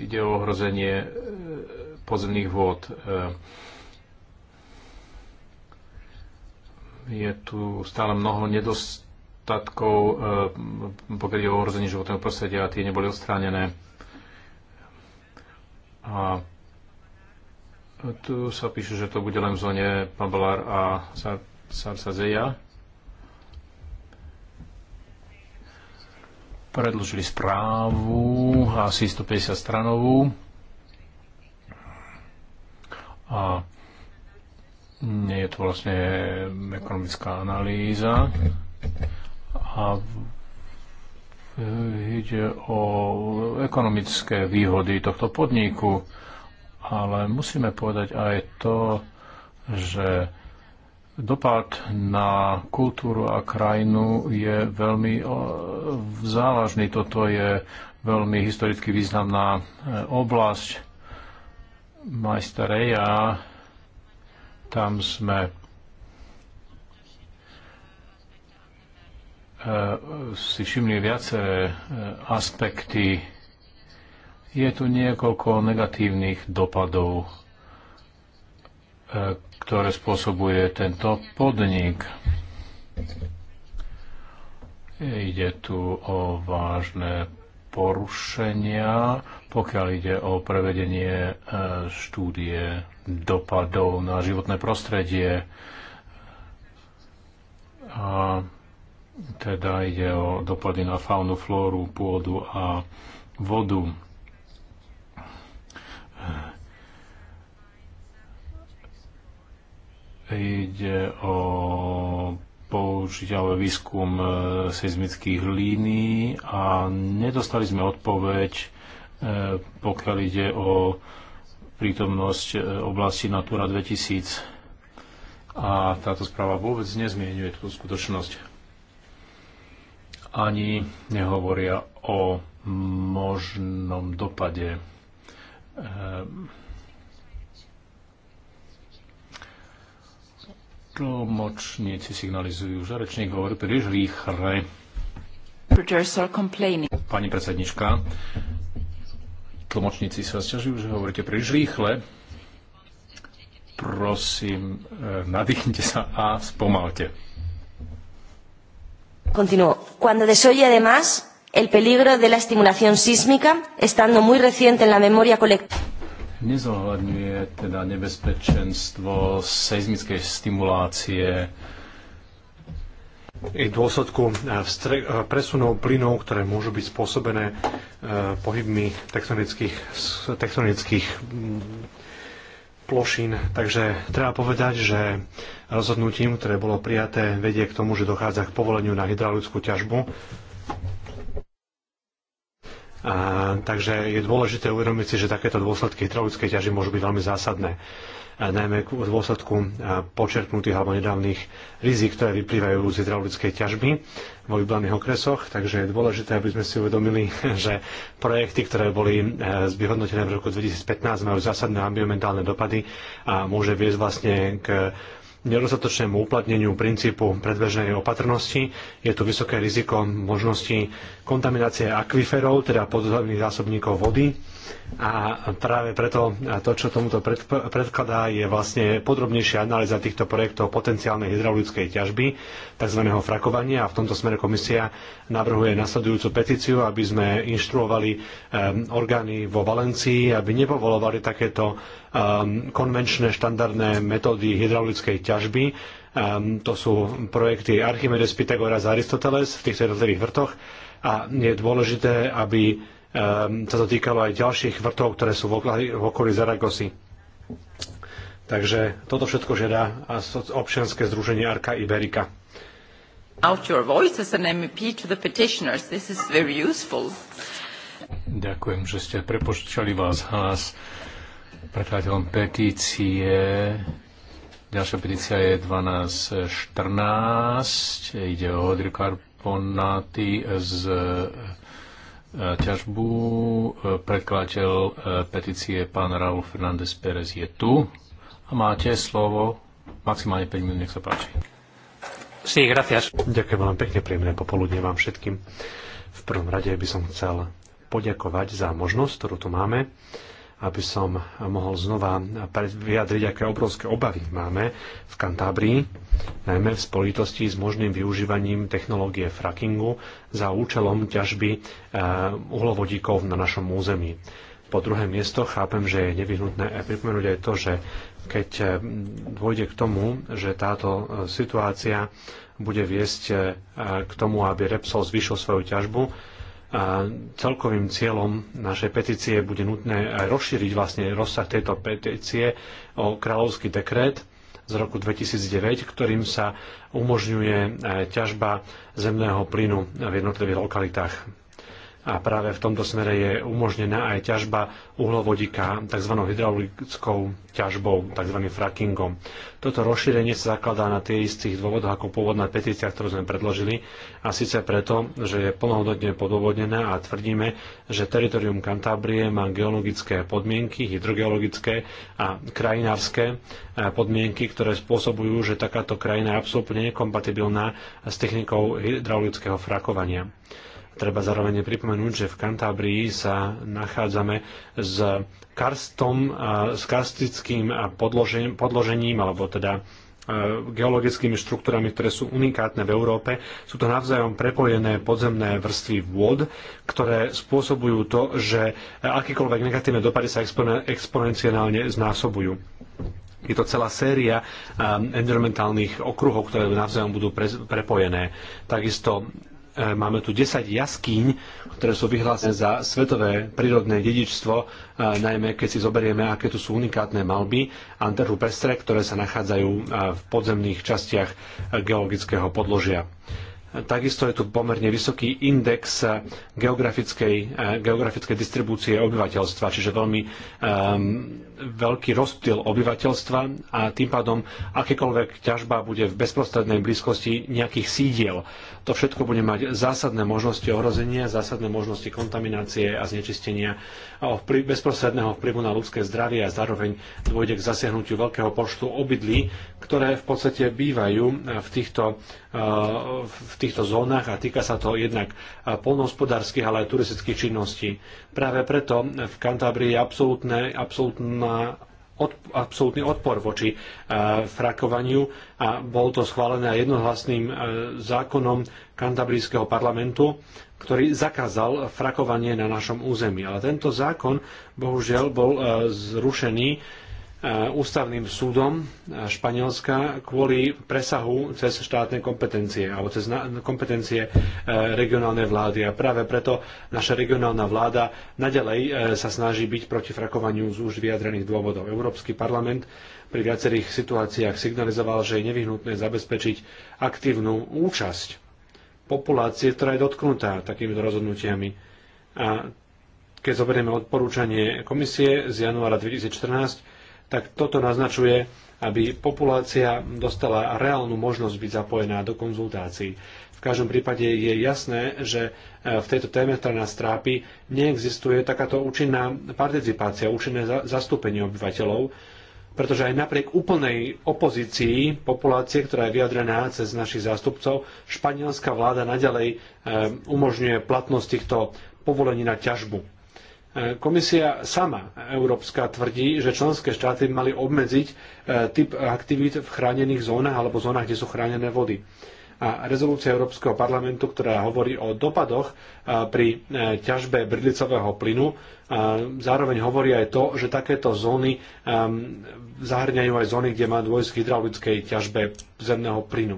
ide o ohrozenie podzemných vôd. je tu stále mnoho nedostatkov, eh, pokiaľ je o ohrození životného prostredia a tie neboli odstránené. A tu sa píše, že to bude len v zóne Babalar a Sarsazeja. Predložili správu, asi 150 stranovú. A nie je to vlastne ekonomická analýza a ide o ekonomické výhody tohto podniku, ale musíme povedať aj to, že dopad na kultúru a krajinu je veľmi závažný. Toto je veľmi historicky významná e, oblasť. Majster Eja tam sme e, si všimli viaceré e, aspekty. Je tu niekoľko negatívnych dopadov, e, ktoré spôsobuje tento podnik. Ide tu o vážne porušenia, pokiaľ ide o prevedenie e, štúdie dopadov na životné prostredie. A teda ide o dopady na faunu, flóru, pôdu a vodu. Ide o použil výskum e, seizmických línií a nedostali sme odpoveď, e, pokiaľ ide o prítomnosť e, oblasti Natura 2000. A táto správa vôbec nezmienuje tú skutočnosť. Ani nehovoria o možnom dopade Tlmočníci signalizujú, že rečník hovorí príliš rýchle. Pani predsednička, tlmočníci sa sťažujú, že hovoríte príliš rýchle. Prosím, eh, nadýchnite sa a spomalte. Continúo. Cuando desoye además el peligro de la estimulación sísmica, estando muy reciente en la memoria colectiva nezohľadňuje teda nebezpečenstvo seizmickej stimulácie i dôsledku eh, eh, presunov plynov, ktoré môžu byť spôsobené eh, pohybmi tektonických, tektonických mm, plošín. Takže treba povedať, že rozhodnutím, ktoré bolo prijaté, vedie k tomu, že dochádza k povoleniu na hydraulickú ťažbu takže je dôležité uvedomiť si, že takéto dôsledky hydraulickej ťaži môžu byť veľmi zásadné najmä v dôsledku počerpnutých alebo nedávnych rizik, ktoré vyplývajú z hydraulickej ťažby vo vybraných okresoch. Takže je dôležité, aby sme si uvedomili, že projekty, ktoré boli e, vyhodnotené v roku 2015, majú zásadné ambientálne dopady a môže viesť vlastne k nedostatočnému uplatneniu princípu predbežnej opatrnosti. Je tu vysoké riziko možnosti kontaminácie akviferov, teda podzemných zásobníkov vody. A práve preto to, čo tomuto predkladá, je vlastne podrobnejšia analýza týchto projektov potenciálnej hydraulickej ťažby, tzv. frakovania. A v tomto smere komisia navrhuje nasledujúcu petíciu, aby sme inštruovali eh, orgány vo Valencii, aby nepovolovali takéto Um, konvenčné štandardné metódy hydraulickej ťažby. Um, To sú projekty Archimedes, Pythagoras, a Aristoteles v týchto jednotlivých vrtoch a je dôležité, aby um, sa to týkalo aj ďalších vrtov, ktoré sú v okolí Zaragosy. Takže toto všetko žiada občianske združenie Arka Iberika out your voice as an MEP to the petitioners. This is very useful. Ďakujem, že ste prepočítali vás hlas predkladateľom petície. Ďalšia petícia je 1214. Ide o hydrokarbonáty z e, ťažbu. Predkladateľ e, petície pán Raúl Fernández Pérez je tu. A máte slovo maximálne 5 minút, nech sa páči. Sí, gracias. Ďakujem vám pekne, príjemné popoludne vám všetkým. V prvom rade by som chcel poďakovať za možnosť, ktorú tu máme aby som mohol znova vyjadriť, aké obrovské obavy máme v Kantábrii, najmä v spolitosti s možným využívaním technológie frackingu za účelom ťažby e, uhlovodíkov na našom území. Po druhé miesto chápem, že je nevyhnutné pripomenúť aj to, že keď e, dôjde k tomu, že táto e, situácia bude viesť k tomu, aby Repsol zvyšil svoju ťažbu, celkovým cieľom našej petície bude nutné rozšíriť vlastne rozsah tejto petície o kráľovský dekret z roku 2009, ktorým sa umožňuje e, ťažba zemného plynu v jednotlivých lokalitách a práve v tomto smere je umožnená aj ťažba uhlovodika tzv. hydraulickou ťažbou, tzv. frackingom. Toto rozšírenie sa zakladá na tie istých dôvodoch ako pôvodná petícia, ktorú sme predložili a síce preto, že je plnohodnotne podôvodnená a tvrdíme, že teritorium Kantábrie má geologické podmienky, hydrogeologické a krajinárske e, podmienky, ktoré spôsobujú, že takáto krajina je absolútne nekompatibilná s technikou hydraulického frakovania. Treba zároveň pripomenúť, že v Kantábrii sa nachádzame s karstom, s karstickým podložením, alebo teda e, geologickými štruktúrami, ktoré sú unikátne v Európe. Sú to navzájom prepojené podzemné vrstvy vôd, ktoré spôsobujú to, že akýkoľvek negatívne dopady sa exponenciálne znásobujú. Je to celá séria environmentálnych okruhov, ktoré navzájom budú prepojené. Takisto E, máme tu 10 jaskýň, ktoré sú vyhlásené za svetové prírodné dedičstvo, e, najmä keď si zoberieme, aké tu sú unikátne malby Anterhu pestre, ktoré sa nachádzajú e, v podzemných častiach geologického podložia. Takisto je tu pomerne vysoký index geografickej, geografickej distribúcie obyvateľstva, čiže veľmi um, veľký rozptyl obyvateľstva a tým pádom akékoľvek ťažba bude v bezprostrednej blízkosti nejakých sídiel. To všetko bude mať zásadné možnosti ohrozenia, zásadné možnosti kontaminácie a znečistenia a bezprostredného vplyvu na ľudské zdravie a zároveň dôjde k zasiahnutiu veľkého počtu obydlí, ktoré v podstate bývajú e, v týchto, e, v týchto zónach a týka sa to jednak e, polnohospodárskych, ale aj turistických činností. Práve preto v Kantábrii je absolútne, absolútna absolútny odpor voči e, frakovaniu a bol to schválené jednohlasným e, zákonom kantabrijského parlamentu, ktorý zakázal frakovanie na našom území. Ale tento zákon bohužiaľ bol e, zrušený E, ústavným súdom e, Španielska kvôli presahu cez štátne kompetencie alebo cez kompetencie e, regionálnej vlády. A práve preto naša regionálna vláda nadalej sa snaží byť proti frakovaniu z už vyjadrených dôvodov. Európsky parlament pri viacerých situáciách signalizoval, že je nevyhnutné zabezpečiť aktívnu účasť populácie, ktorá je dotknutá takýmito rozhodnutiami. A keď zoberieme odporúčanie komisie z januára 2014, tak toto naznačuje, aby populácia dostala reálnu možnosť byť zapojená do konzultácií. V každom prípade je jasné, že e, v tejto téme, ktorá nás trápi, neexistuje takáto účinná participácia, účinné zastúpenie obyvateľov, pretože aj napriek úplnej opozícii populácie, ktorá je vyjadrená cez našich zástupcov, španielská vláda nadalej e, umožňuje platnosť týchto povolení na ťažbu Komisia sama európska tvrdí, že členské štáty mali obmedziť e, typ aktivít v chránených zónach alebo zónach, kde sú chránené vody. A rezolúcia Európskeho parlamentu, ktorá hovorí o dopadoch e, pri e, ťažbe bridlicového plynu, zároveň hovorí aj to, že takéto zóny zahrňajú aj zóny, kde má dôjsť k hydraulickej ťažbe zemného plynu.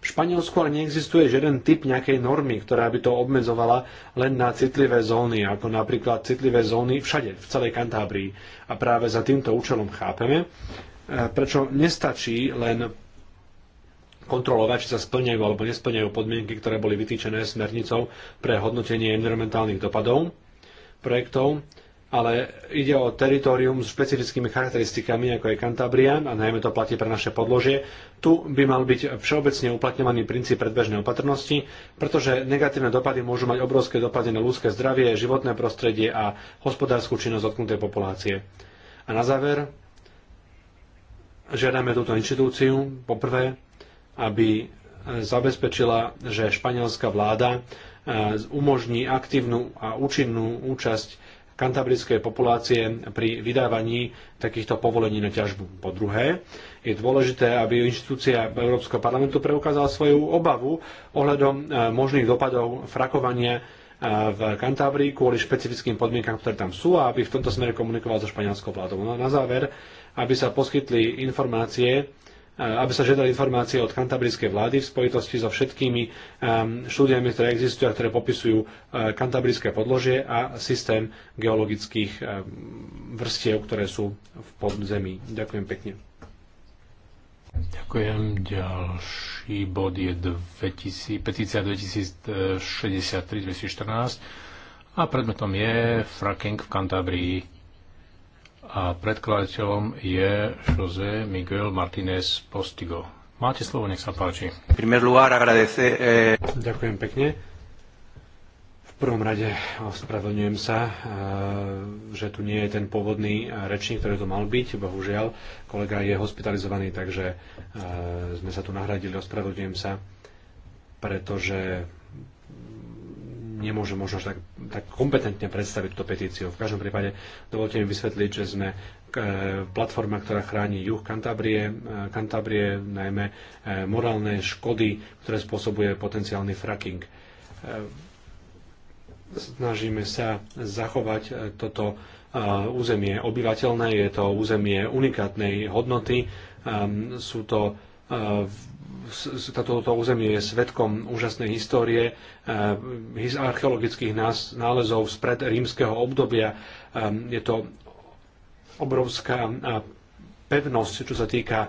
V Španielsku ale neexistuje žiaden typ nejakej normy, ktorá by to obmedzovala len na citlivé zóny, ako napríklad citlivé zóny všade, v celej Kantábrii. A práve za týmto účelom chápeme, e, prečo nestačí len kontrolovať, či sa splňajú alebo nesplňajú podmienky, ktoré boli vytýčené smernicou pre hodnotenie environmentálnych dopadov projektov, ale ide o teritorium s špecifickými charakteristikami, ako je Kantabria, a najmä to platí pre naše podložie. Tu by mal byť všeobecne uplatňovaný princíp predbežnej opatrnosti, pretože negatívne dopady môžu mať obrovské dopady na ľudské zdravie, životné prostredie a hospodárskú činnosť dotknutej populácie. A na záver, žiadame túto inštitúciu, poprvé, aby zabezpečila, že španielská vláda eh, umožní aktívnu a účinnú účasť kantabrické populácie pri vydávaní takýchto povolení na ťažbu. Po druhé, je dôležité, aby inštitúcia Európskeho parlamentu preukázala svoju obavu ohľadom e, možných dopadov frakovania e, v Kantábrii kvôli špecifickým podmienkam, ktoré tam sú a aby v tomto smere komunikoval so španielskou vládou. No na záver, aby sa poskytli informácie aby sa žiadali informácie od kantabrickej vlády v spojitosti so všetkými um, štúdiami, ktoré existujú a ktoré popisujú uh, kantabrické podložie a systém geologických um, vrstiev, ktoré sú v podzemí. Ďakujem pekne. Ďakujem. Ďalší bod je 2000, petícia 2063-2014 a predmetom je fracking v Kantabrii a predkladateľom je José Miguel Martínez Postigo. Máte slovo, nech sa páči. Eh, Ďakujem pekne. V prvom rade ospravedlňujem sa, eh, že tu nie je ten pôvodný eh, rečník, ktorý to mal byť. Bohužiaľ, kolega je hospitalizovaný, takže sme sa tu nahradili. Ospravedlňujem sa, pretože Nemôže možno tak, tak kompetentne predstaviť túto petíciu. V každom prípade dovolte mi vysvetliť, že sme e, platforma, ktorá chráni juh Kantabrie, e, Kantabrie najmä e, morálne škody, ktoré spôsobuje potenciálny fracking. Snažíme sa zachovať toto územie obyvateľné, je to územie unikátnej hodnoty, sú to toto územie je svetkom úžasnej histórie, eh, archeologických nálezov spred rímskeho obdobia. Eh, je to obrovská eh, pevnosť, čo sa týka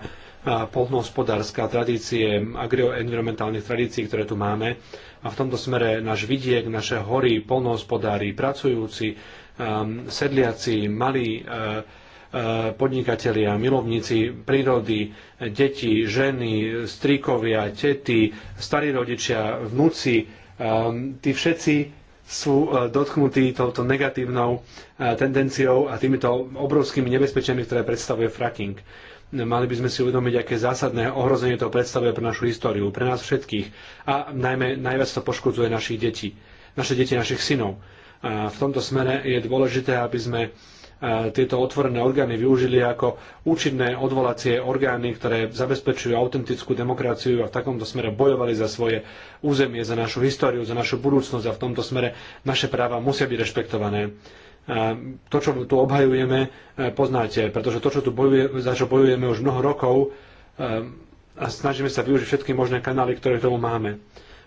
polnohospodárska tradície, agroenvironmentálnych tradícií, ktoré tu máme. A v tomto smere náš vidiek, naše hory, polnohospodári, pracujúci, sedliaci, malí, podnikatelia, milovníci prírody, deti, ženy, strikovia, tety, starí rodičia, vnúci, um, tí všetci sú uh, dotknutí touto negatívnou uh, tendenciou a týmito obrovskými nebezpečami, ktoré predstavuje fracking. Mali by sme si uvedomiť, aké zásadné ohrozenie to predstavuje pre našu históriu, pre nás všetkých a najmä najviac to poškodzuje našich detí, naše deti, našich synov. A v tomto smere je dôležité, aby sme tieto otvorené orgány využili ako účinné odvolacie orgány, ktoré zabezpečujú autentickú demokraciu a v takomto smere bojovali za svoje územie, za našu históriu, za našu budúcnosť a v tomto smere naše práva musia byť rešpektované to, čo tu obhajujeme, e, poznáte, pretože to, čo tu bojuje, za čo bojujeme už mnoho rokov e, a snažíme sa využiť všetky možné kanály, ktoré k tomu máme.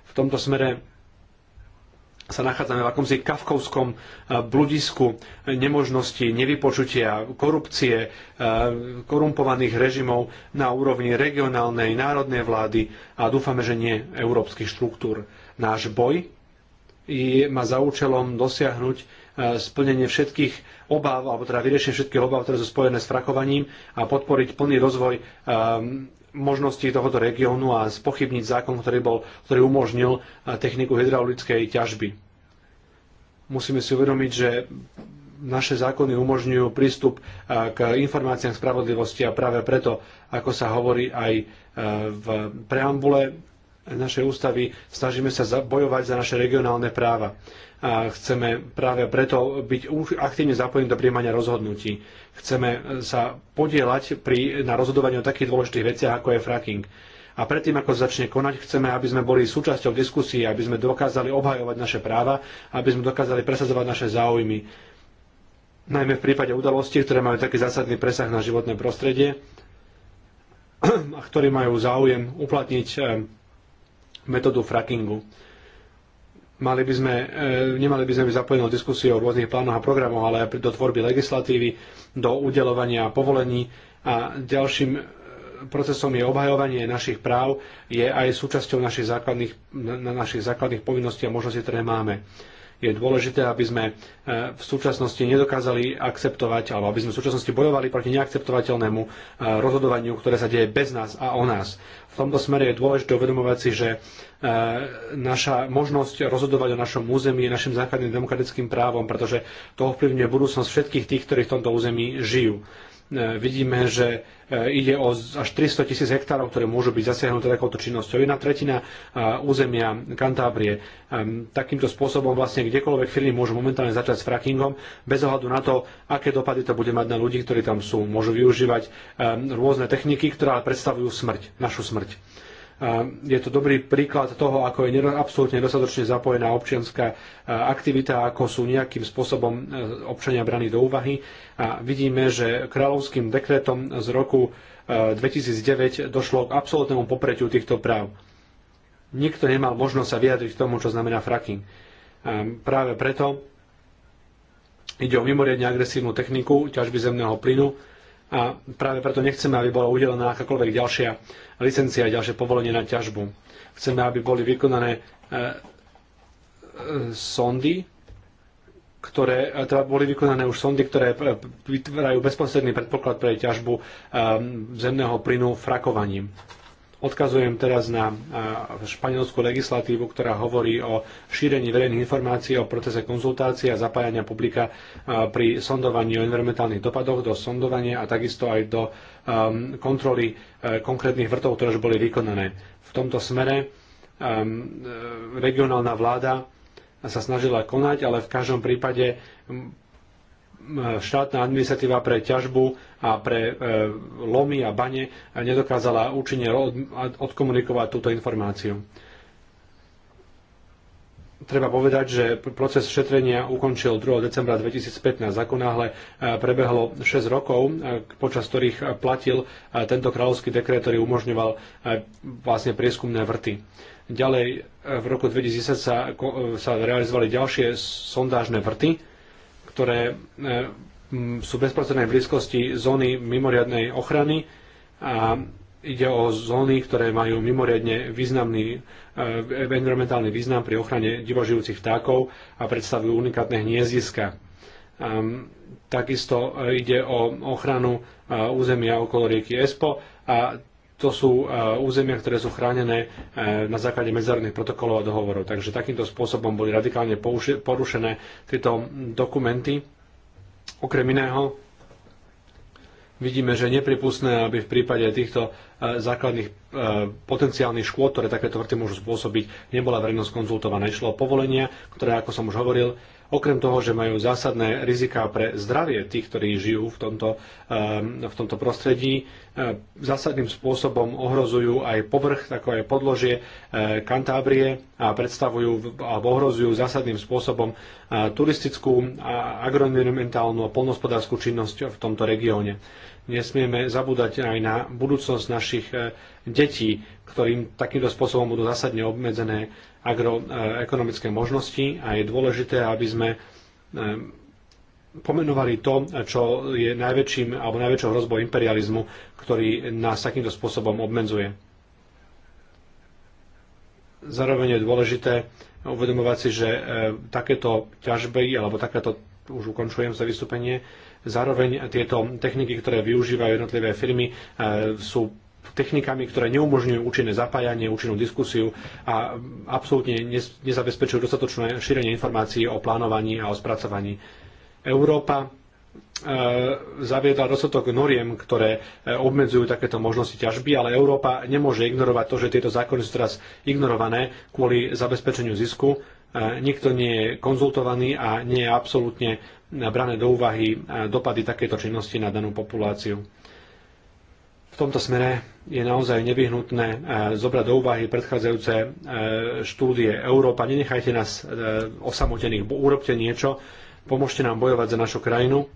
V tomto smere sa nachádzame v akomsi kafkovskom e, bludisku nemožnosti, nevypočutia, korupcie, e, korumpovaných režimov na úrovni regionálnej, národnej vlády a dúfame, že nie európskych štruktúr. Náš boj má za účelom dosiahnuť e, splnenie všetkých obáv, alebo teda vyriešenie všetkých obáv, ktoré sú spojené s frakovaním a podporiť plný rozvoj možnosti tohoto regiónu a spochybniť zákon, ktorý, bol, ktorý umožnil e, techniku hydraulickej ťažby. Musíme si uvedomiť, že naše zákony umožňujú prístup e, k informáciám spravodlivosti a práve preto, ako sa hovorí aj e, v preambule našej ústavy, snažíme sa bojovať za naše regionálne práva. A chceme práve preto byť aktívne zapojení do príjmania rozhodnutí Chceme e, sa podielať pri, na rozhodovaní o takých dôležitých veciach, ako je fracking. A predtým, ako začne konať, chceme, aby sme boli súčasťou diskusie, aby sme dokázali obhajovať naše práva, aby sme dokázali presadzovať naše záujmy. Najmä v prípade udalostí, ktoré majú taký zásadný presah na životné prostredie a ktorí majú záujem uplatniť e, metódu frackingu. Mali by sme, e, nemali by sme byť zapojení do diskusie o rôznych plánoch a programoch, ale aj do tvorby legislatívy, do udelovania povolení a ďalším e, procesom je obhajovanie našich práv, je aj súčasťou našich základných, našich základných povinností a možností, ktoré máme. Je dôležité, aby sme e, v súčasnosti nedokázali akceptovať, alebo aby sme v súčasnosti bojovali proti neakceptovateľnému e, rozhodovaniu, ktoré sa deje bez nás a o nás. V tomto smere je dôležité uvedomovať si, že e, naša možnosť rozhodovať o našom území je našim základným demokratickým právom, pretože to ovplyvňuje budúcnosť všetkých tých, ktorí v tomto území žijú. E, vidíme, že e, ide o až 300 tisíc hektárov, ktoré môžu byť zasiahnuté takouto činnosťou. Jedna tretina e, územia Kantábrie. Takýmto spôsobom vlastne kdekoľvek firmy môžu momentálne začať s frackingom, bez ohľadu na to, aké dopady to bude mať na ľudí, ktorí tam sú. Môžu využívať rôzne techniky, ktoré predstavujú smrť, našu smrť. Je to dobrý príklad toho, ako je absolútne dostatočne zapojená občianská e, aktivita, ako sú nejakým spôsobom e, občania braní do úvahy. A vidíme, že kráľovským dekretom z roku 2009 e, došlo k absolútnemu popretiu týchto práv. Nikto nemal možnosť sa vyjadriť k tomu, čo znamená fracking. Práve preto ide o mimoriadne agresívnu techniku ťažby zemného plynu, a práve preto nechceme, aby bola udelená akákoľvek ďalšia licencia, ďalšie povolenie na ťažbu. Chceme, aby boli vykonané e, e, sondy, ktoré e, teda boli vykonané už sondy, ktoré vytvárajú bezprostredný predpoklad pre ťažbu zemného plynu frakovaním. Odkazujem teraz na španielskú legislatívu, ktorá hovorí o šírení verejných informácií o procese konzultácie a zapájania publika pri sondovaní o environmentálnych dopadoch do sondovania a takisto aj do um, kontroly e, konkrétnych vrtov, ktoré už boli vykonané. V tomto smere um, e, regionálna vláda sa snažila konať, ale v každom prípade štátna administratíva pre ťažbu a pre e, lomy a bane nedokázala účinne odkomunikovať túto informáciu treba povedať, že proces šetrenia ukončil 2. decembra 2015. zakonáhle e, prebehlo 6 rokov, e, počas ktorých platil tento kráľovský dekret, ktorý umožňoval vlastne prieskumné vrty. Ďalej v roku 2010 sa, sa realizovali ďalšie sondážne vrty, ktoré sú v bezprostrednej blízkosti zóny mimoriadnej ochrany a ide o zóny, ktoré majú mimoriadne významný e, environmentálny význam pri ochrane divožijúcich vtákov a predstavujú unikátne hniezdiska. Ehm, takisto ide o ochranu e, územia okolo rieky Espo a to sú e, územia, ktoré sú chránené na základe medzinárodných protokolov a dohovorov. Takže takýmto spôsobom boli radikálne porušené tieto dokumenty Okrem iného, vidíme, že je nepripustné, aby v prípade týchto e, základných e, potenciálnych škôd, ktoré takéto vrty môžu spôsobiť, nebola verejnosť konzultovaná. Išlo o povolenia, ktoré, ako som už hovoril, okrem toho, že majú zásadné riziká pre zdravie tých, ktorí žijú v tomto, e, v tomto prostredí, E, zásadným spôsobom ohrozujú aj povrch, ako aj podložie e, Kantábrie a predstavujú alebo ohrozujú zásadným spôsobom e, turistickú, agroenvironmentálnu a polnospodárskú činnosť v tomto regióne. Nesmieme zabúdať aj na budúcnosť našich detí, ktorým takýmto spôsobom budú zásadne obmedzené agroekonomické možnosti a je dôležité, aby sme pomenovali to, čo je najväčším alebo najväčšou hrozbou imperializmu, ktorý nás takýmto spôsobom obmedzuje. Zároveň je dôležité uvedomovať si, že e, takéto ťažby alebo takéto už ukončujem za vystúpenie. Zároveň tieto techniky, ktoré využívajú jednotlivé firmy, e, sú technikami, ktoré neumožňujú účinné zapájanie, účinnú diskusiu a absolútne nezabezpečujú dostatočné šírenie informácií o plánovaní a o spracovaní Európa e, zaviedla dostatok noriem, ktoré e, obmedzujú takéto možnosti ťažby, ale Európa nemôže ignorovať to, že tieto zákony sú teraz ignorované kvôli zabezpečeniu zisku. E, nikto nie je konzultovaný a nie je absolútne brané do úvahy dopady takéto činnosti na danú populáciu. V tomto smere je naozaj nevyhnutné zobrať do úvahy predchádzajúce štúdie Európa. Nenechajte nás osamotených, urobte niečo, pomôžte nám bojovať za našu krajinu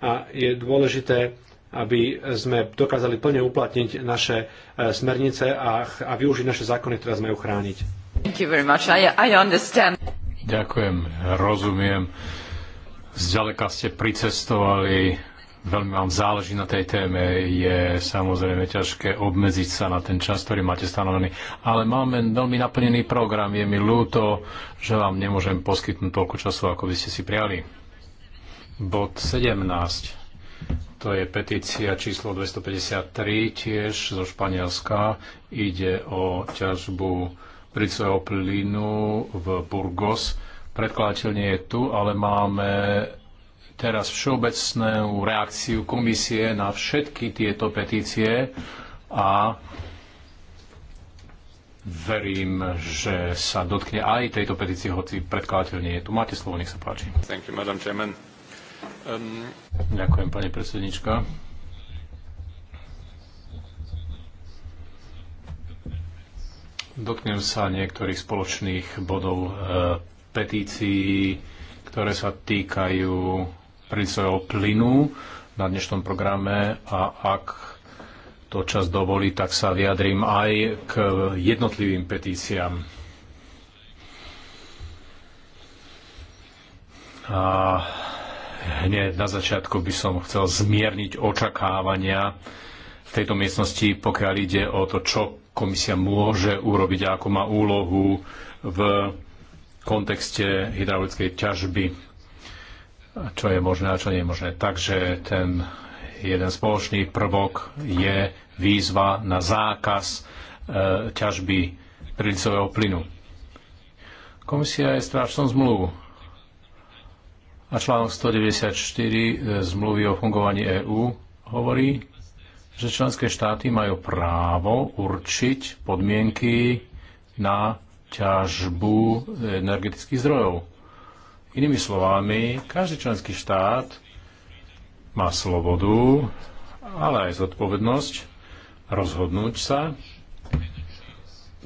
a je dôležité, aby sme dokázali plne uplatniť naše e, smernice a, a využiť naše zákony, ktoré sme ju chrániť. I, I Ďakujem, rozumiem. Zďaleka ste pricestovali veľmi vám záleží na tej téme, je samozrejme ťažké obmedziť sa na ten čas, ktorý máte stanovený. Ale máme veľmi naplnený program. Je mi ľúto, že vám nemôžem poskytnúť toľko času, ako by ste si prijali. Bod 17. To je petícia číslo 253, tiež zo Španielska. Ide o ťažbu bricového plynu v Burgos. Predkladateľ nie je tu, ale máme teraz všeobecnú reakciu komisie na všetky tieto petície a verím, že sa dotkne aj tejto petície, hoci predkladateľ nie je tu. Máte slovo, nech sa páči. Thank you, Madam Chairman. Um... Ďakujem, pani predsednička. Dotknem sa niektorých spoločných bodov e, petícií, ktoré sa týkajú prísojov plynu na dnešnom programe a ak to čas dovolí, tak sa vyjadrím aj k jednotlivým petíciám. A hneď na začiatku by som chcel zmierniť očakávania v tejto miestnosti, pokiaľ ide o to, čo komisia môže urobiť a má úlohu v kontexte hydraulickej ťažby čo je možné a čo nie je možné. Takže ten jeden spoločný prvok je výzva na zákaz e, ťažby prílicového plynu. Komisia je strážcom zmluvu a článok 194 e, zmluvy o fungovaní EÚ hovorí, že členské štáty majú právo určiť podmienky na ťažbu energetických zdrojov. Inými slovami, každý členský štát má slobodu, ale aj zodpovednosť rozhodnúť sa,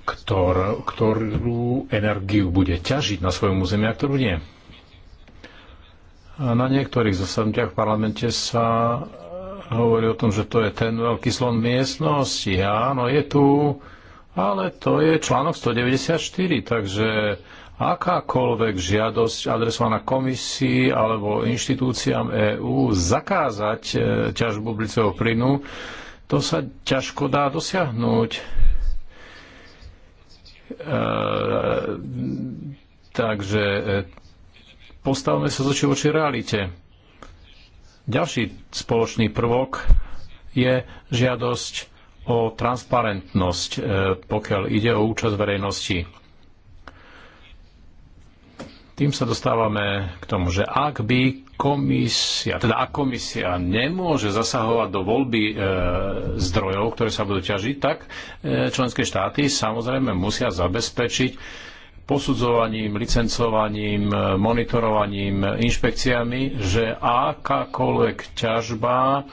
ktor, ktorú energiu bude ťažiť na svojom území a ktorú nie. A na niektorých zasadnutiach v parlamente sa hovorí o tom, že to je ten veľký slon miestnosti. Áno, je tu, ale to je článok 194, takže akákoľvek žiadosť adresovaná komisii alebo inštitúciám EÚ zakázať e, ťažbu blicového plynu, to sa ťažko dá dosiahnuť. E, takže e, postavme sa zoči voči realite. Ďalší spoločný prvok je žiadosť o transparentnosť, e, pokiaľ ide o účasť verejnosti tým sa dostávame k tomu, že ak by komisia, teda ak komisia nemôže zasahovať do voľby e, zdrojov, ktoré sa budú ťažiť, tak e, členské štáty samozrejme musia zabezpečiť posudzovaním, licencovaním, e, monitorovaním, inšpekciami, že akákoľvek ťažba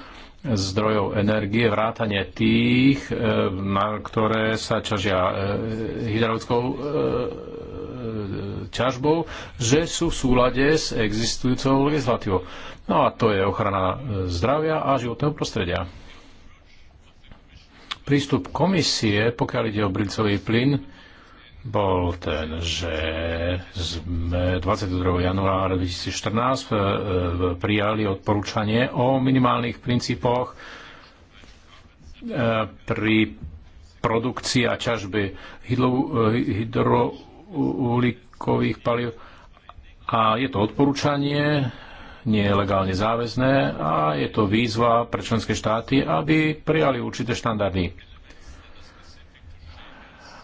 zdrojov energie, vrátanie tých, e, na ktoré sa čažia e, hydraulickou ťažbou, e, že sú v súlade s existujúcou legislatívou. No a to je ochrana zdravia a životného prostredia. Prístup komisie, pokiaľ ide o bricový plyn, bol ten, že sme 22. januára 2014 e, e, prijali odporúčanie o minimálnych princípoch e, pri produkcii a ťažbe hydrouhlíkových palív. A je to odporúčanie, nie je legálne záväzné a je to výzva pre členské štáty, aby prijali určité štandardy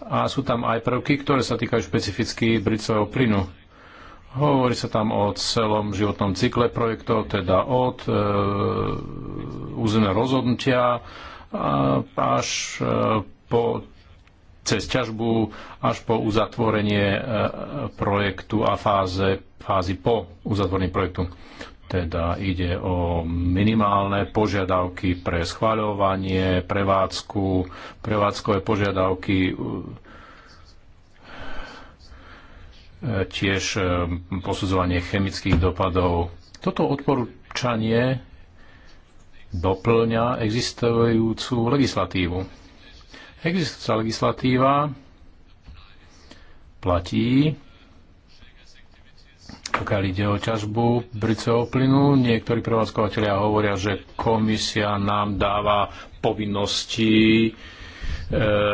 a sú tam aj prvky, ktoré sa týkajú špecificky bricového plynu. Hovorí sa tam o celom životnom cykle projektov, teda od e, územného rozhodnutia a, až e, po cez ťažbu až po uzatvorenie e, projektu a fáze, fázy po uzatvorení projektu. Teda ide o minimálne požiadavky pre schváľovanie, prevádzku, prevádzkové požiadavky, e, tiež e, posudzovanie chemických dopadov. Toto odporúčanie doplňa existujúcu legislatívu. Existujúca legislatíva platí pokiaľ ide o ťažbu britského plynu. Niektorí prevádzkovateľia hovoria, že komisia nám dáva povinnosti e,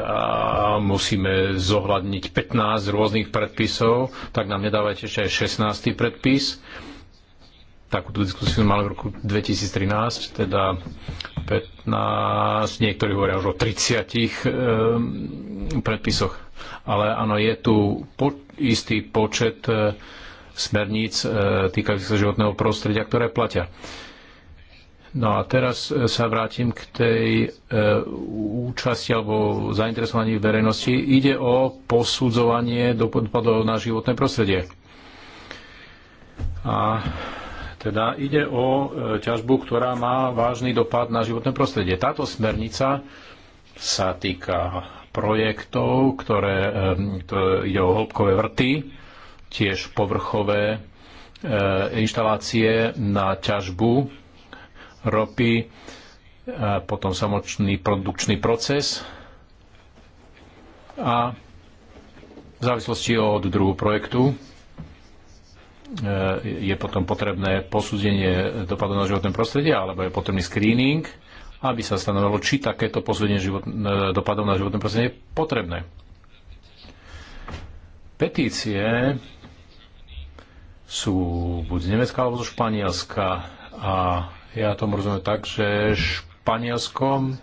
a musíme zohľadniť 15 rôznych predpisov, tak nám nedávajte ešte aj 16. predpis. Takúto diskusiu sme mali v roku 2013, teda 15, niektorí hovoria už o 30 e, predpisoch. Ale áno, je tu po, istý počet e, smerníc e, týkajúcich sa životného prostredia, ktoré platia. No a teraz e, sa vrátim k tej e, účasti alebo zainteresovaní verejnosti. Ide o posudzovanie dopadov na životné prostredie. A teda ide o e, ťažbu, ktorá má vážny dopad na životné prostredie. Táto smernica sa týka projektov, ktoré, e, to ide o hĺbkové vrty, tiež povrchové e, inštalácie na ťažbu ropy, e, potom samotný produkčný proces a v závislosti od druhu projektu e, je potom potrebné posúdenie dopadu na životné prostredie alebo je potrebný screening, aby sa stanovilo, či takéto posúdenie život, dopadov na životné prostredie je potrebné. Petície sú buď z Nemecka alebo zo Španielska. A ja tomu rozumiem tak, že Španielsko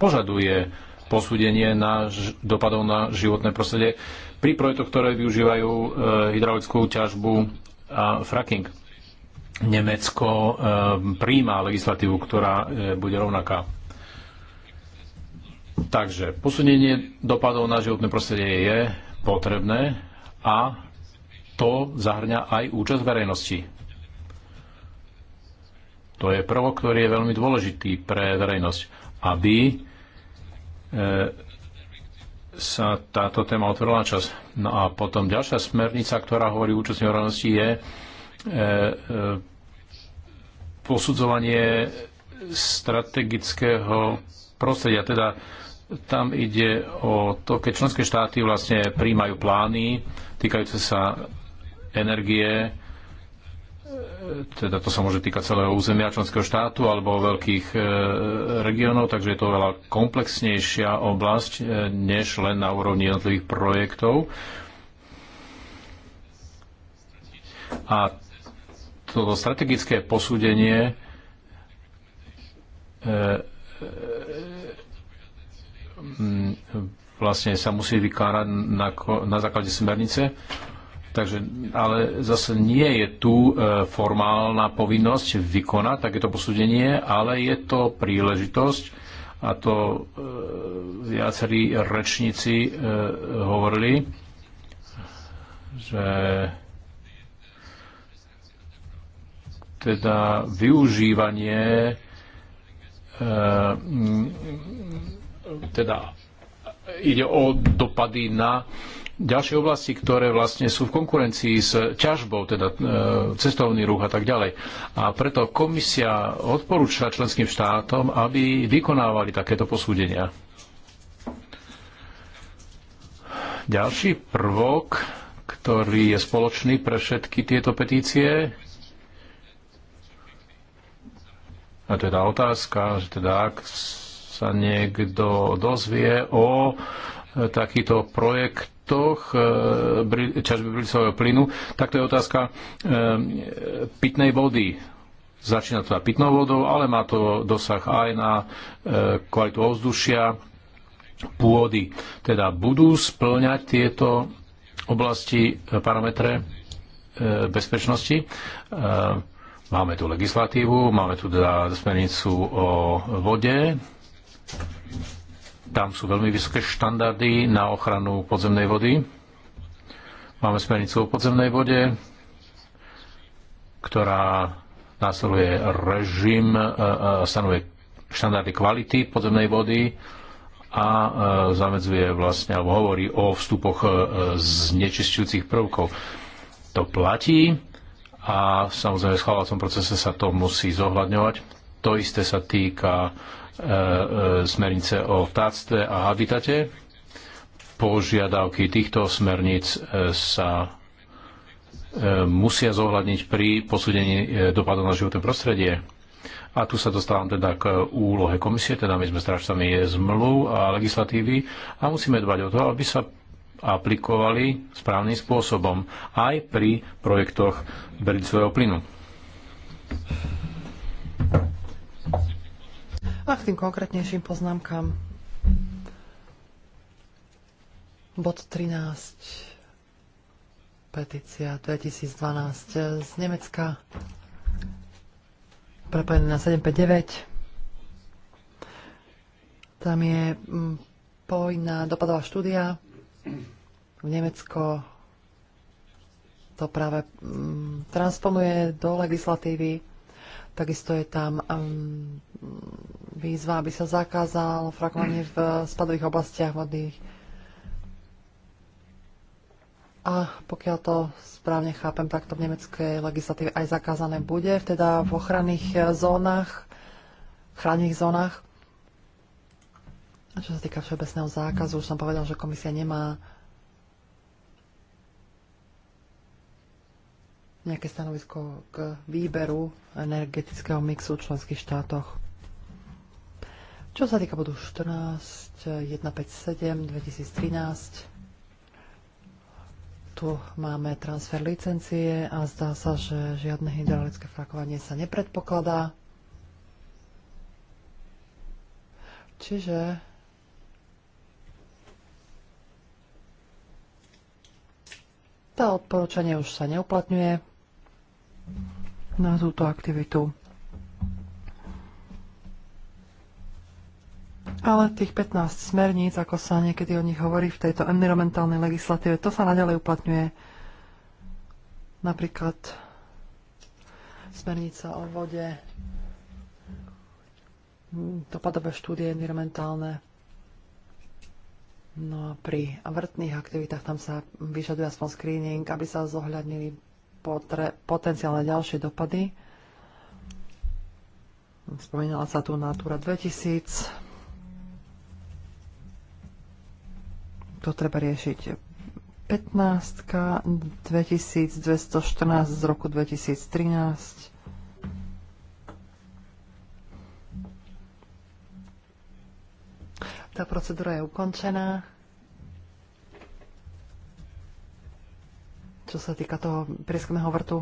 požaduje posúdenie na, dopadov na životné prostredie pri projektoch, ktoré využívajú e, hydraulickú ťažbu a fracking. Nemecko e, príjma legislatívu, ktorá e, bude rovnaká. Takže posúdenie dopadov na životné prostredie je potrebné a to zahrňa aj účasť verejnosti. To je prvok, ktorý je veľmi dôležitý pre verejnosť, aby e, sa táto téma otvorila čas. No a potom ďalšia smernica, ktorá hovorí o účastnej verejnosti, je e, e, posudzovanie strategického prostredia. Teda tam ide o to, keď členské štáty vlastne príjmajú plány týkajúce sa energie, teda to sa môže týkať celého územia členského štátu alebo veľkých e, regiónov, takže je to veľa komplexnejšia oblasť e, než len na úrovni jednotlivých projektov. A toto strategické posúdenie e, e vlastne sa musí vykárať na, na základe smernice Takže, ale zase nie je tu e, formálna povinnosť vykonať takéto posúdenie, ale je to príležitosť, a to e, viacerí rečníci e, hovorili, že teda využívanie teda ide o dopady na ďalšie oblasti, ktoré vlastne sú v konkurencii s ťažbou, teda e, cestovný ruch a tak ďalej. A preto komisia odporúča členským štátom, aby vykonávali takéto posúdenia. Ďalší prvok, ktorý je spoločný pre všetky tieto petície, a to tá otázka, že teda ak sa niekto dozvie o e, takýto projekt štátoch ťažby e, bridlicového plynu, tak to je otázka e, pitnej vody. Začína to teda pitnou vodou, ale má to dosah aj na e, kvalitu ovzdušia, pôdy. Teda budú splňať tieto oblasti parametre bezpečnosti. Máme tu legislatívu, máme tu teda smernicu o vode, tam sú veľmi vysoké štandardy na ochranu podzemnej vody. Máme smernicu o podzemnej vode, ktorá následuje režim, e, e, stanovuje štandardy kvality podzemnej vody a e, zamedzuje vlastne, alebo hovorí o vstupoch znečistujúcich prvkov. To platí a samozrejme v schváľovacom procese sa to musí zohľadňovať. To isté sa týka E, e, smernice o vtáctve a habitate. Požiadavky týchto smerníc e, sa musia zohľadniť pri posúdení dopadov na životné prostredie. A tu sa dostávam teda k úlohe komisie, teda my sme strážcami zmluv a legislatívy a musíme dbať o to, aby sa aplikovali správnym spôsobom aj pri projektoch berlicového plynu. No a k tým konkrétnejším poznámkam. Bod 13 petícia 2012 z Nemecka prepojené na 759. Tam je mm, pojná dopadová štúdia v Nemecko to práve mm, transponuje do legislatívy. Takisto je tam mm, výzva, aby sa zakázal frakovanie v spadových oblastiach vodných. A pokiaľ to správne chápem, tak to v nemeckej legislatíve aj zakázané bude, teda v ochranných eh, zónach, chránnych zónach. A čo sa týka všeobecného zákazu, už som povedal, že komisia nemá nejaké stanovisko k výberu energetického mixu v členských štátoch. Čo sa týka bodu 14, 157, 2013, tu máme transfer licencie a zdá sa, že žiadne hydraulické frakovanie sa nepredpokladá. Čiže tá odporúčanie už sa neuplatňuje na túto aktivitu. Ale tých 15 smerníc, ako sa niekedy o nich hovorí v tejto environmentálnej legislatíve, to sa naďalej uplatňuje napríklad smernica o vode, dopadové štúdie environmentálne. No a pri vrtných aktivitách tam sa vyžaduje aspoň screening, aby sa zohľadnili potenciálne ďalšie dopady. Spomínala sa tu Natura 2000, to treba riešiť. 15. 2214 z roku 2013. Tá procedúra je ukončená. Čo sa týka toho prieskumného vrtu.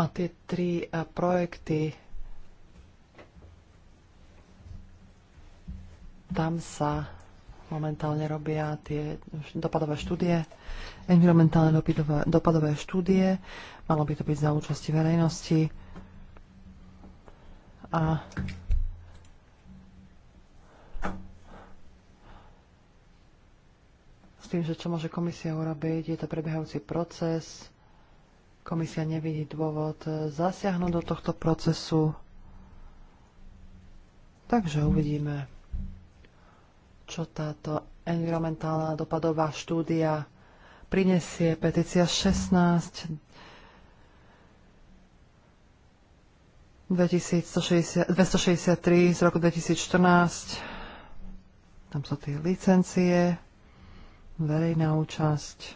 A tie tri eh, projekty, tam sa momentálne robia tie dopadové štúdie, environmentálne dopadové, dopadové štúdie. Malo by to byť za účasti verejnosti. A s tým, že čo môže komisia urobiť, je to prebiehajúci proces. Komisia nevidí dôvod zasiahnuť do tohto procesu. Takže uvidíme čo táto environmentálna dopadová štúdia prinesie. Petícia 16 263 z roku 2014. Tam sú tie licencie, verejná účasť.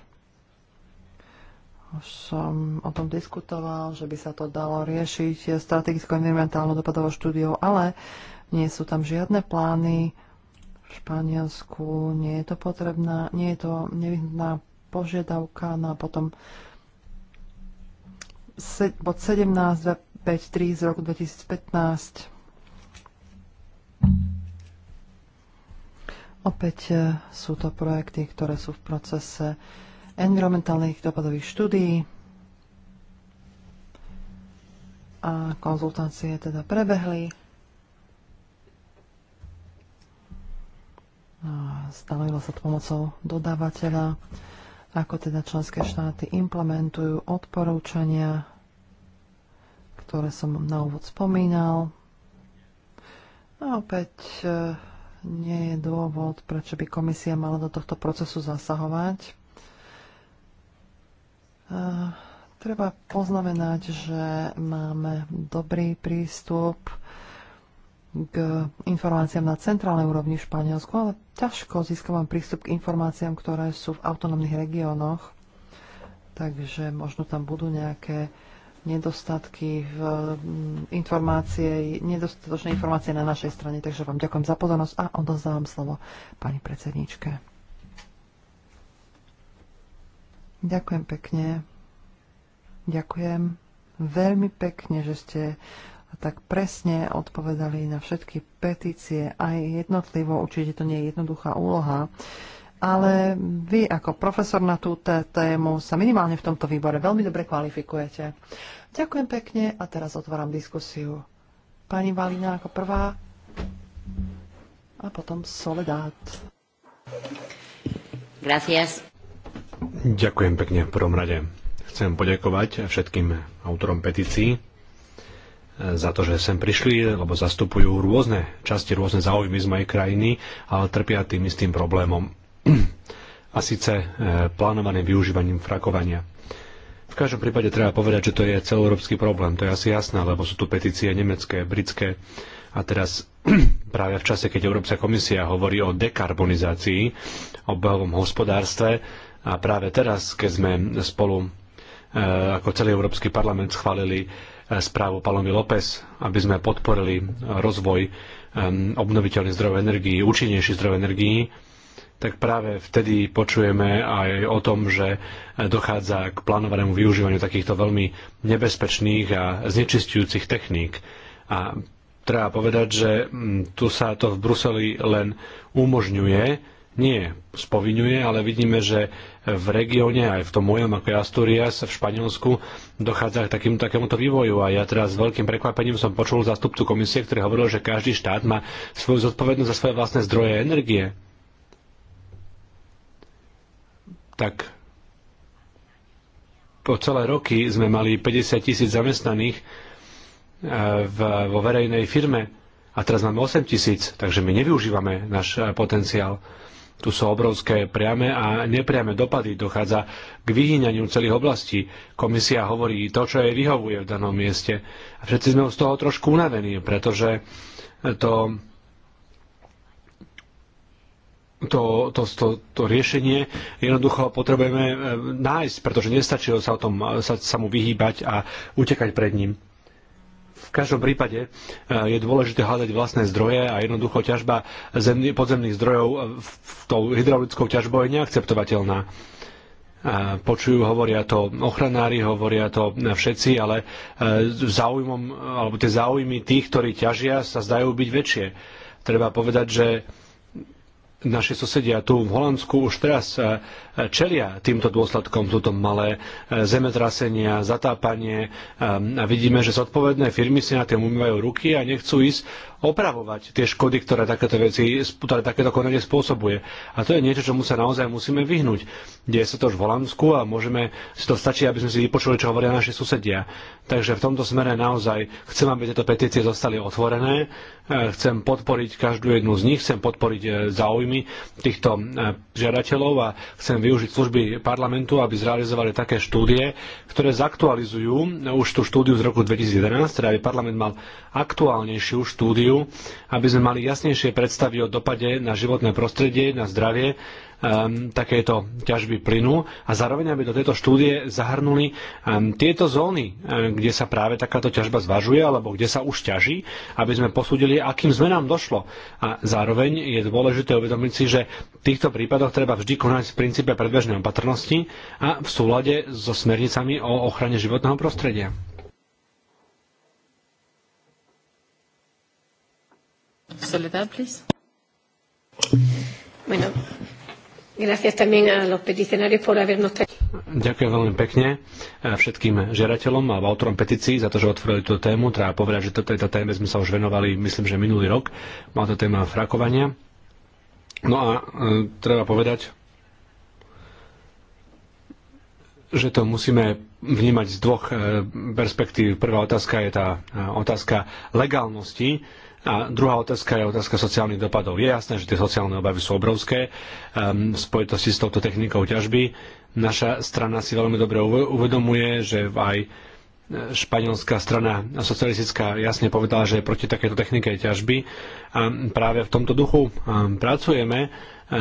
Už som o tom diskutoval, že by sa to dalo riešiť strategicko-environmentálnou dopadovou štúdiou, ale nie sú tam žiadne plány Španielsku. Nie je to potrebná, nie je to nevyhnutná požiadavka na no potom bod 17 53 z roku 2015. Opäť e, sú to projekty, ktoré sú v procese environmentálnych dopadových štúdií a konzultácie teda prebehli. stanovilo sa to pomocou dodávateľa, ako teda členské štáty implementujú odporúčania, ktoré som na úvod spomínal. A opäť e, nie je dôvod, prečo by komisia mala do tohto procesu zasahovať. A e, treba poznamenať, že máme dobrý prístup k informáciám na centrálnej úrovni v Španielsku, ale ťažko získavam prístup k informáciám, ktoré sú v autonómnych regiónoch. Takže možno tam budú nejaké nedostatky v mm, informácie, nedostatočné informácie na našej strane. Takže vám ďakujem za pozornosť a odozdávam slovo pani predsedničke. Ďakujem pekne. Ďakujem veľmi pekne, že ste tak presne odpovedali na všetky petície, aj jednotlivo, určite to nie je jednoduchá úloha, ale vy ako profesor na túto tému sa minimálne v tomto výbore veľmi dobre kvalifikujete. Ďakujem pekne a teraz otváram diskusiu. Pani Valina ako prvá a potom Soledát. Gracias. Ďakujem pekne v prvom rade. Chcem poďakovať všetkým autorom petícií, za to, že sem prišli, lebo zastupujú rôzne časti, rôzne záujmy z mojej krajiny, ale trpia tým istým problémom. A síce e, plánovaným využívaním frakovania. V každom prípade treba povedať, že to je celoeurópsky problém, to je asi jasné, lebo sú tu petície nemecké, britské a teraz práve v čase, keď Európska komisia hovorí o dekarbonizácii, o behovom hospodárstve a práve teraz, keď sme spolu e, ako celý Európsky parlament schválili správu Palomy López, aby sme podporili rozvoj um, obnoviteľných zdrojov energií, účinnejších zdrojov energií, tak práve vtedy počujeme aj o tom, že dochádza k plánovanému využívaniu takýchto veľmi nebezpečných a znečistujúcich techník. A treba povedať, že mm, tu sa to v Bruseli len umožňuje, nie spovinuje, ale vidíme, že v regióne, aj v tom mojom, ako Asturias, v Španielsku, dochádza k takým, takémuto vývoju. A ja teraz s veľkým prekvapením som počul zástupcu komisie, ktorý hovoril, že každý štát má svoju zodpovednosť za svoje vlastné zdroje energie. Tak po celé roky sme mali 50 tisíc zamestnaných e, v, vo verejnej firme a teraz máme 8 tisíc, takže my nevyužívame náš e, potenciál. Tu sú obrovské priame a nepriame dopady. Dochádza k vyhýňaniu celých oblastí. Komisia hovorí to, čo jej vyhovuje v danom mieste. A všetci sme z toho trošku unavení, pretože to to, to, to, to riešenie jednoducho potrebujeme eh, nájsť, pretože nestačilo sa, o tom, eh, sa, sa mu vyhýbať a utekať pred ním. V každom prípade e, je dôležité hľadať vlastné zdroje a jednoducho ťažba podzemných zdrojov e, tou hydraulickou ťažbou je neakceptovateľná e, počujú, hovoria to ochranári, hovoria to všetci, ale záujmom, alebo tie záujmy tých, ktorí ťažia, sa zdajú byť väčšie. Treba povedať, že naši susedia tu v Holandsku už teraz e, e, čelia týmto dôsledkom, sú to malé e, zemetrasenia, zatápanie a vidíme, že zodpovedné firmy si na tým umývajú ruky a nechcú ísť opravovať tie škody, ktoré takéto veci, ktoré takéto konanie spôsobuje. A to je niečo, čomu sa naozaj musíme vyhnúť. Deje sa to už v Holandsku a môžeme si to stačí, aby sme si vypočuli, čo hovoria naši susedia. Takže v tomto smere naozaj chcem, aby tieto petície zostali otvorené, chcem podporiť každú jednu z nich, chcem podporiť záujmy záujmy týchto e, žiadateľov a chcem využiť služby parlamentu, aby zrealizovali také štúdie, ktoré zaktualizujú e, už tú štúdiu z roku 2011, teda aby parlament mal aktuálnejšiu štúdiu, aby sme mali jasnejšie predstavy o dopade na životné prostredie, na zdravie um, takéto ťažby plynu a zároveň, aby do tejto štúdie zahrnuli um, tieto zóny, um, kde sa práve takáto ťažba zvažuje alebo kde sa už ťaží, aby sme posúdili, akým zmenám došlo. A zároveň je dôležité uvedomiť si, že v týchto prípadoch treba vždy konať v princípe predbežnej opatrnosti a v súlade so smernicami o ochrane životného prostredia. Soledad, please. Bueno, Ďakujem veľmi pekne eh, všetkým žiadateľom a autorom petícií za to, že otvorili túto tému. Treba povedať, že tejto téme sme sa už venovali, myslím, že minulý rok. Bola to téma frakovania. No a eh, treba povedať, že to musíme vnímať z dvoch eh, perspektív. Prvá otázka je tá otázka legálnosti a druhá otázka je otázka sociálnych dopadov. Je jasné, že tie sociálne obavy sú obrovské um, v spojitosti s touto technikou ťažby. Naša strana si veľmi dobre uvedomuje, že aj e, španielská strana socialistická jasne povedala, že je proti takéto technike ťažby a práve v tomto duchu ehm, pracujeme, e,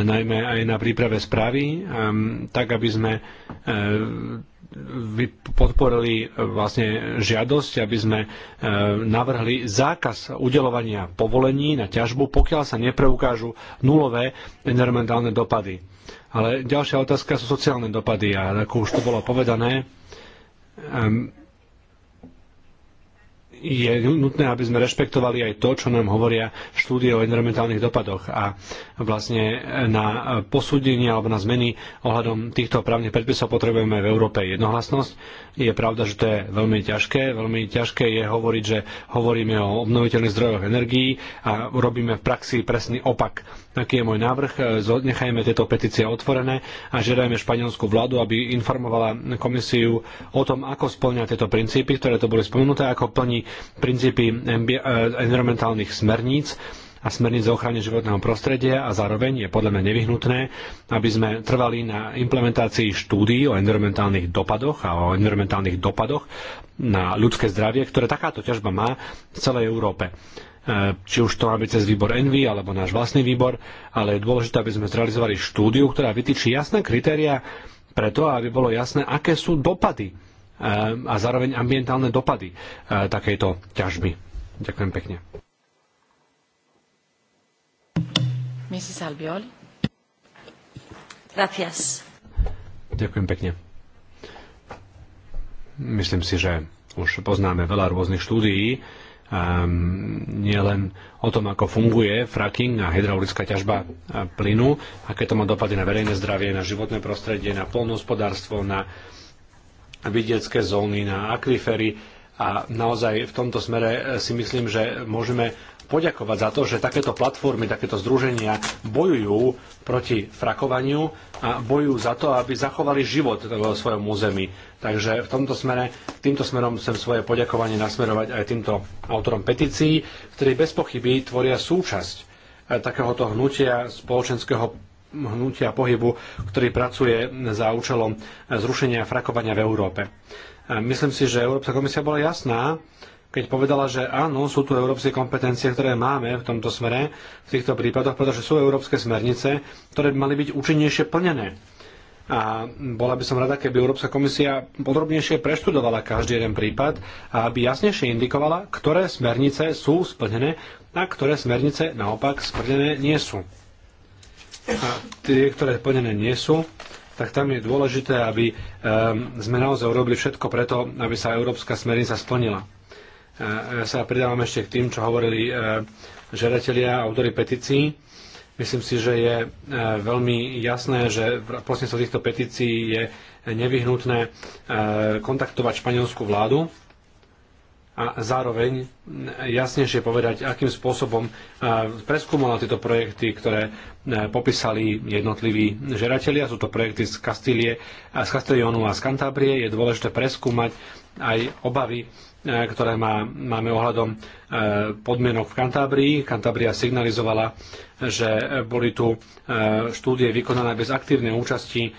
najmä aj na príprave správy, ehm, tak aby sme e, vy podporili e, vlastne žiadosť, aby sme e, navrhli zákaz udelovania povolení na ťažbu, pokiaľ sa nepreukážu nulové environmentálne dopady. Ale ďalšia otázka sú sociálne dopady a ako už to bolo povedané, je nutné, aby sme rešpektovali aj to, čo nám hovoria štúdie o environmentálnych dopadoch a vlastne na posúdenie alebo na zmeny ohľadom týchto právnych predpisov potrebujeme v Európe jednohlasnosť. Je pravda, že to je veľmi ťažké. Veľmi ťažké je hovoriť, že hovoríme o obnoviteľných zdrojoch energií a robíme v praxi presný opak. Taký je môj návrh. Nechajme tieto petície otvorené a žiadajme španielskú vládu, aby informovala komisiu o tom, ako splňa tieto princípy, ktoré to boli spomenuté, ako plní princípy e, environmentálnych smerníc a smerníc o ochrane životného prostredia a zároveň je podľa mňa nevyhnutné, aby sme trvali na implementácii štúdií o environmentálnych dopadoch a o environmentálnych dopadoch na ľudské zdravie, ktoré takáto ťažba má v celej Európe e, či už to má byť cez výbor Envy alebo náš vlastný výbor, ale je dôležité, aby sme zrealizovali štúdiu, ktorá vytýči jasné kritéria preto, aby bolo jasné, aké sú dopady Ehm, a zároveň ambientálne dopady eh, takejto ťažby. Ďakujem pekne. Mrs. Albioli. Gracias. Ďakujem pekne. Myslím si, že už poznáme veľa rôznych štúdií, um, ehm, nielen o tom, ako funguje fracking a hydraulická ťažba eh, plynu, aké to má dopady na verejné zdravie, na životné prostredie, na polnohospodárstvo, na uh, vidiecké zóny, na akvifery a naozaj v tomto smere e, si myslím, že môžeme poďakovať za to, že takéto platformy, takéto združenia bojujú proti frakovaniu a bojujú za to, aby zachovali život vo svojom území. Takže v tomto smere, týmto smerom chcem svoje poďakovanie nasmerovať aj týmto autorom petícií, ktorí bez pochyby tvoria súčasť e, takéhoto hnutia spoločenského hnutia pohybu, ktorý pracuje za účelom zrušenia frakovania v Európe. Myslím si, že Európska komisia bola jasná, keď povedala, že áno, sú tu európske kompetencie, ktoré máme v tomto smere, v týchto prípadoch, pretože sú európske smernice, ktoré by mali byť účinnejšie plnené. A bola by som rada, keby Európska komisia podrobnejšie preštudovala každý jeden prípad a aby jasnejšie indikovala, ktoré smernice sú splnené a ktoré smernice naopak splnené nie sú a tie, ktoré plnené nie sú, tak tam je dôležité, aby sme naozaj urobili všetko preto, aby sa európska smernica splnila. Ja e, e, sa pridávam ešte k tým, čo hovorili e, žiadatelia a autory petícií. Myslím si, že je veľmi jasné, že sa týchto petícií je nevyhnutné kontaktovať španielskú vládu a zároveň jasnejšie povedať, akým spôsobom e, preskúmala tieto projekty, ktoré e, popísali jednotliví žeratelia. Sú to projekty z Kastílie, z Castellionu a z Kantábrie. Je dôležité preskúmať aj obavy, e, ktoré má, máme ohľadom podmienok v Kantábrii. Kantábria signalizovala, že boli tu štúdie vykonané bez aktívnej účasti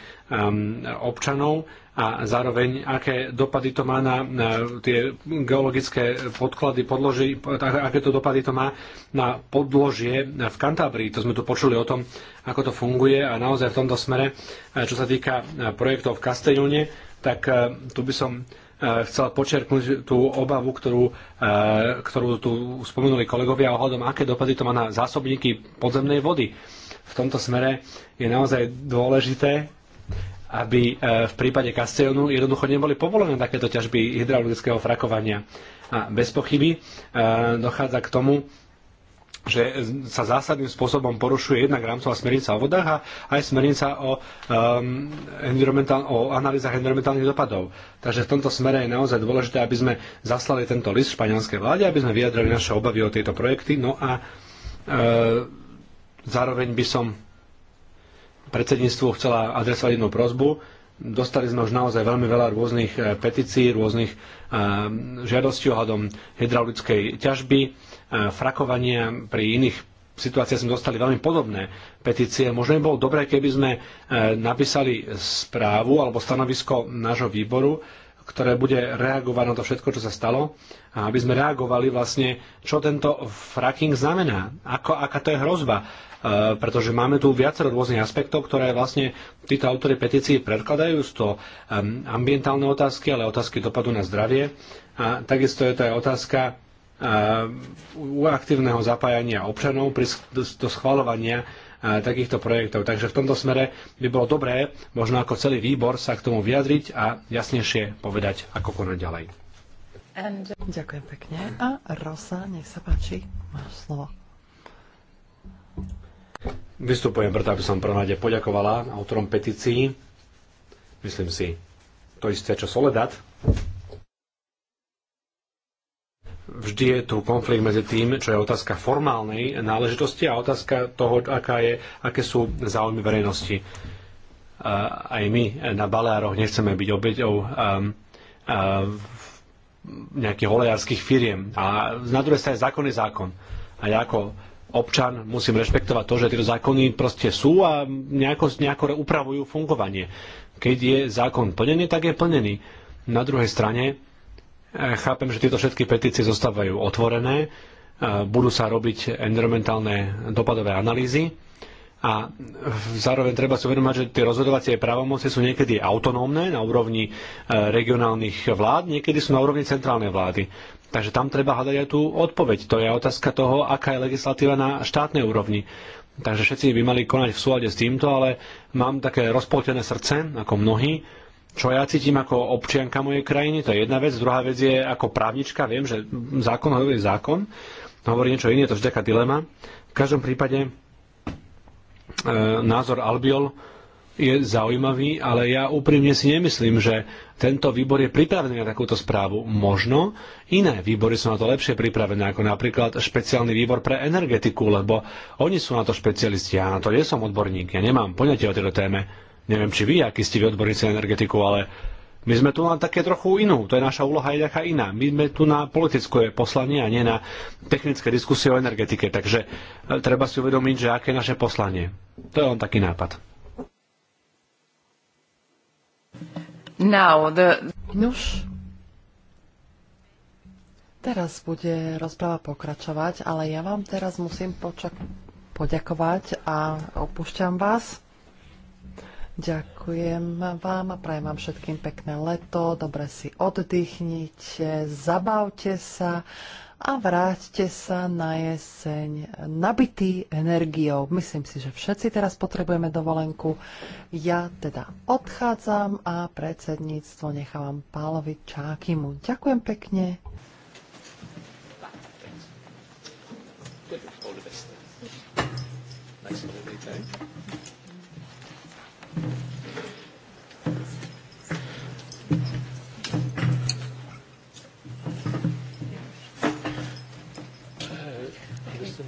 občanov a zároveň aké dopady to má na, na tie geologické podklady, podloží, aké to dopady to má na podložie v Kantábrii. To sme tu počuli o tom, ako to funguje a naozaj v tomto smere, eh, čo sa týka eh, projektov v Kastejúne, tak eh, tu by som chcel počerknúť tú obavu, ktorú, ktorú tu spomenuli kolegovia ohľadom, aké dopady to má na zásobníky podzemnej vody. V tomto smere je naozaj dôležité, aby e, v prípade Castellonu jednoducho neboli povolené takéto ťažby hydraulického frakovania. A bez pochyby e, dochádza k tomu, že sa zásadným spôsobom porušuje jednak rámcová smernica o vodách a aj smernica o, um, environmentál- o analýzach environmentálnych dopadov. Takže v tomto smere je naozaj dôležité, aby sme zaslali tento list španielskej vláde, aby sme vyjadrali naše obavy o tieto projekty. No a uh, zároveň by som predsedníctvu chcela adresovať jednu prozbu. Dostali sme už naozaj veľmi veľa rôznych e, petícií, rôznych e, žiadostí ohľadom hydraulickej ťažby, e, frakovania pri iných situáciách sme dostali veľmi podobné petície. Možno by bolo dobré, keby sme napísali správu alebo stanovisko nášho výboru, ktoré bude reagovať na to všetko, čo sa stalo a aby sme reagovali vlastne, čo tento fracking znamená, ako, aká to je hrozba, Eh, pretože máme tu viacero rôznych aspektov, ktoré vlastne títo autory petícií predkladajú. Sú to ehm, ambientálne otázky, ale otázky dopadu na zdravie. A takisto je to aj otázka ehm, aktívneho zapájania občanov do schvalovania eh, takýchto projektov. Takže v tomto smere by bolo dobré, možno ako celý výbor, sa k tomu vyjadriť a jasnejšie povedať, ako konať ďalej. And... Ďakujem pekne. A Rosa, nech sa páči, máš slovo. Vystupujem preto, aby som prvom rade poďakovala autorom petícií. Myslím si, to isté, čo Soledad. Vždy je tu konflikt medzi tým, čo je otázka formálnej náležitosti a otázka toho, aká je, aké sú záujmy verejnosti. Aj my na Baleároch nechceme byť obeťou um, um, nejakých olejárských firiem. A na druhej strane zákon je zákon. A ja ako občan, musím rešpektovať to, že tieto zákony proste sú a nejako, nejako upravujú fungovanie. Keď je zákon plnený, tak je plnený. Na druhej strane e, chápem, že tieto všetky petície zostávajú otvorené, e, budú sa robiť environmentálne dopadové analýzy a zároveň treba si uvedomať, že tie rozhodovacie právomoci sú niekedy autonómne na úrovni e, regionálnych vlád, niekedy sú na úrovni centrálnej vlády. Takže tam treba hľadať aj tú odpoveď. To je otázka toho, aká je legislatíva na štátnej úrovni. Takže všetci by mali konať v súlade s týmto, ale mám také rozpoltené srdce, ako mnohí, čo ja cítim ako občianka mojej krajiny, to je jedna vec. Druhá vec je ako právnička, viem, že zákon hovorí zákon, hovorí niečo iné, je to vždy taká dilema. V každom prípade e, názor Albiol je zaujímavý, ale ja úprimne si nemyslím, že tento výbor je pripravený na takúto správu. Možno iné výbory sú na to lepšie pripravené, ako napríklad špeciálny výbor pre energetiku, lebo oni sú na to špecialisti. Ja na to nie som odborník, ja nemám poňatie o tejto téme. Neviem, či vy, akí ste vy odborníci na energetiku, ale my sme tu na také trochu inú, to je naša úloha je nejaká iná. My sme tu na politické poslanie a nie na technické diskusie o energetike, takže e, treba si uvedomiť, že aké je naše poslanie. To je len taký nápad. Now the... Nuž. Teraz bude rozpráva pokračovať, ale ja vám teraz musím počak- poďakovať a opúšťam vás. Ďakujem vám a prajem vám všetkým pekné leto, dobre si oddychnite, zabavte sa a vráťte sa na jeseň nabitý energiou. Myslím si, že všetci teraz potrebujeme dovolenku. Ja teda odchádzam a predsedníctvo nechávam Pálovi Čákymu. Ďakujem pekne. you.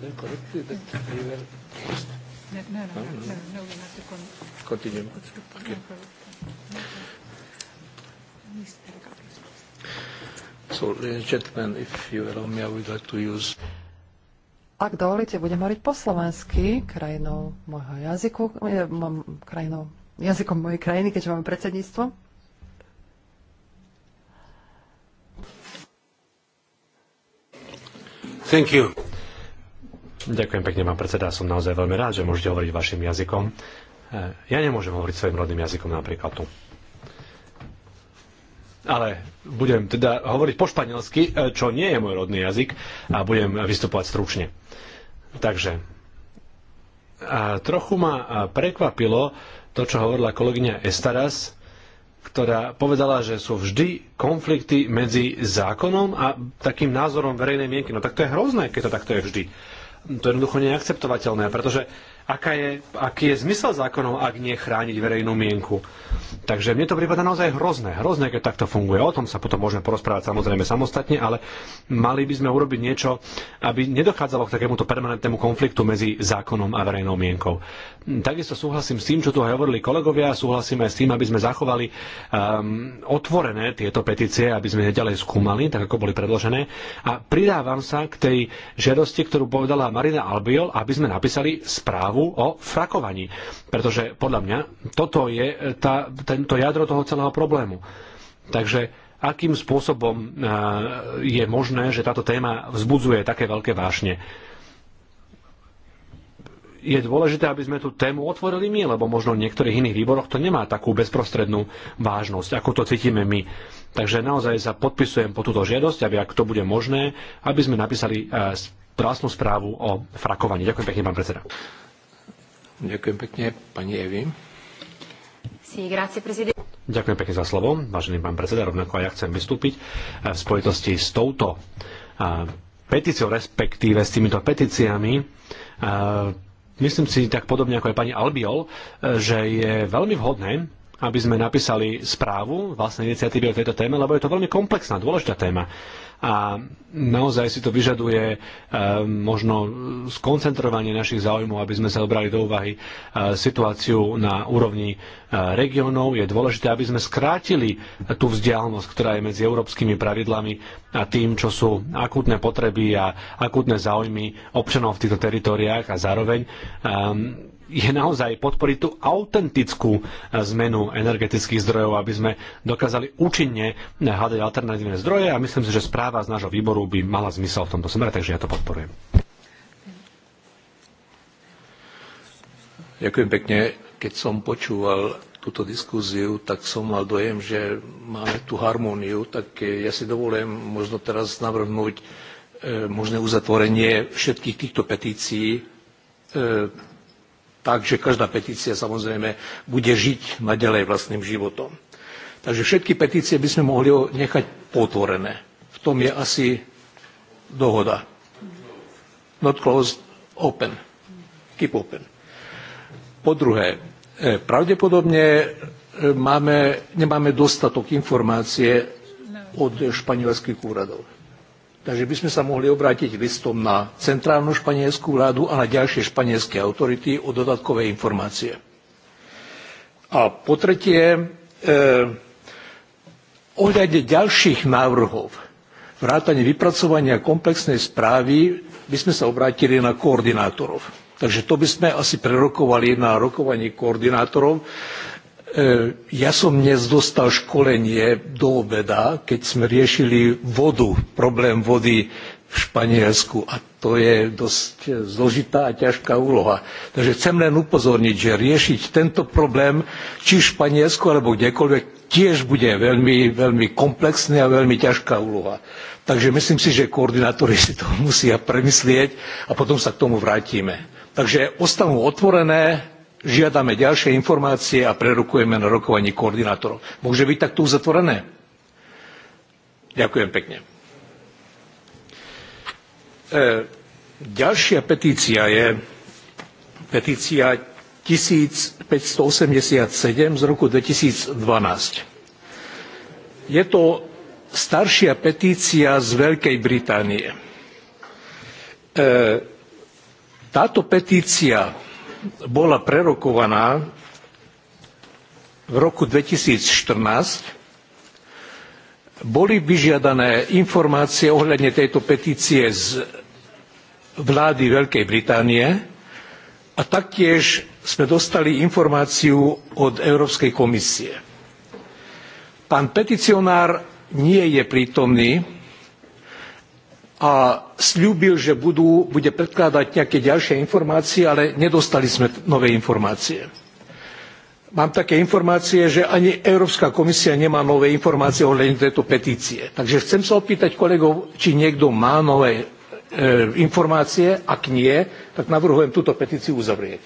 they're corrected. That they No, no, no, no, no, no, So, ladies and gentlemen, if you allow me, I would like to use... Ak dovolíte, budem hovoriť po slovensky, krajinou môjho jazyku, eh, krajinou, jazykom mojej krajiny, keďže máme predsedníctvo. Thank you. Ďakujem pekne, pán predseda. Som naozaj veľmi rád, že môžete hovoriť vašim jazykom. Ja nemôžem hovoriť svojim rodným jazykom napríklad tu. Ale budem teda hovoriť po španielsky, čo nie je môj rodný jazyk, a budem vystupovať stručne. Takže, a trochu ma prekvapilo to, čo hovorila kolegyňa Estaras, ktorá povedala, že sú vždy konflikty medzi zákonom a takým názorom verejnej mienky. No tak to je hrozné, keď to takto je vždy. To je jednoducho neakceptovateľné, pretože aká je, aký je zmysel zákonov, ak nie chrániť verejnú mienku. Takže mne to prípada naozaj hrozné, hrozné, keď takto funguje. O tom sa potom môžeme porozprávať samozrejme samostatne, ale mali by sme urobiť niečo, aby nedochádzalo k takémuto permanentnému konfliktu medzi zákonom a verejnou mienkou. Takisto súhlasím s tým, čo tu aj hovorili kolegovia, súhlasím aj s tým, aby sme zachovali um, otvorené tieto petície, aby sme ďalej skúmali, tak ako boli predložené. A pridávam sa k tej žiadosti, ktorú povedala Marina Albiol, aby sme napísali správu správu o frakovaní. Pretože podľa mňa toto je tá, tento jadro toho celého problému. Takže akým spôsobom e, je možné, že táto téma vzbudzuje také veľké vášne? je dôležité, aby sme tú tému otvorili my, lebo možno v niektorých iných výboroch to nemá takú bezprostrednú vážnosť, ako to cítime my. Takže naozaj sa podpisujem po túto žiadosť, aby ak to bude možné, aby sme napísali krásnu e, správu o frakovaní. Ďakujem pekne, pán predseda. Ďakujem pekne, pani Evi. Ďakujem pekne za slovo, vážený pán predseda, rovnako aj ja chcem vystúpiť eh, v spojitosti s touto eh, petíciou, respektíve s týmito petíciami. Eh, myslím si tak podobne ako aj pani Albiol, že je veľmi vhodné, aby sme napísali správu vlastnej iniciatívy o tejto téme, lebo je to veľmi komplexná, dôležitá téma. A naozaj si to vyžaduje e, možno skoncentrovanie našich záujmov, aby sme sa obrali do úvahy e, situáciu na úrovni e, regiónov. Je dôležité, aby sme skrátili tú vzdialenosť, ktorá je medzi európskymi pravidlami a tým, čo sú akútne potreby a akútne záujmy občanov v týchto teritoriách a zároveň e, je naozaj podporiť tú autentickú e, zmenu energetických zdrojov, aby sme dokázali účinne e, hľadať alternatívne zdroje a myslím si, že správa z nášho výboru by mala zmysel v tomto smere, takže ja to podporujem. Ďakujem pekne. Keď som počúval túto diskúziu, tak som mal dojem, že máme tú harmóniu, tak e, ja si dovolím možno teraz navrhnúť možné uzatvorenie všetkých týchto petícií Takže každá petícia samozrejme bude žiť naďalej vlastným životom. Takže všetky petície by sme mohli nechať potvorené. V tom je asi dohoda. Not closed, open. Keep open. Po druhé, e, pravdepodobne e, máme, nemáme dostatok informácie od španielských úradov Takže by sme sa mohli obrátiť listom na centrálnu španielskú vládu a na ďalšie španielské autority o dodatkové informácie. A po tretie, eh, ohľade ďalších návrhov vrátane vypracovania komplexnej správy by sme sa obrátili na koordinátorov. Takže to by sme asi prerokovali na rokovanie koordinátorov E, ja som dnes dostal školenie do obeda, keď sme riešili vodu, problém vody v Španielsku a to je dosť zložitá a ťažká úloha. Takže chcem len upozorniť, že riešiť tento problém či v Španielsku alebo kdekoľvek tiež bude veľmi, veľmi komplexný a veľmi ťažká úloha. Takže myslím si, že koordinátori si to musia premyslieť a potom sa k tomu vrátime. Takže ostanú otvorené žiadame ďalšie informácie a prerokujeme na rokovaní koordinátorov. Môže byť takto uzatvorené? Ďakujem pekne. E, ďalšia petícia je petícia 1587 z roku 2012. Je to staršia petícia z Veľkej Británie. E, táto petícia bola prerokovaná v roku 2014, boli vyžiadané informácie ohľadne tejto petície z vlády Veľkej Británie a taktiež sme dostali informáciu od Európskej komisie. Pán peticionár nie je prítomný, a slúbil, že budú, bude predkladať nejaké ďalšie informácie, ale nedostali sme nové informácie. Mám také informácie, že ani Európska komisia nemá nové informácie ohľadne tejto petície. Takže chcem sa opýtať kolegov, či niekto má nové e, informácie. Ak nie, tak navrhujem túto petíciu uzavrieť.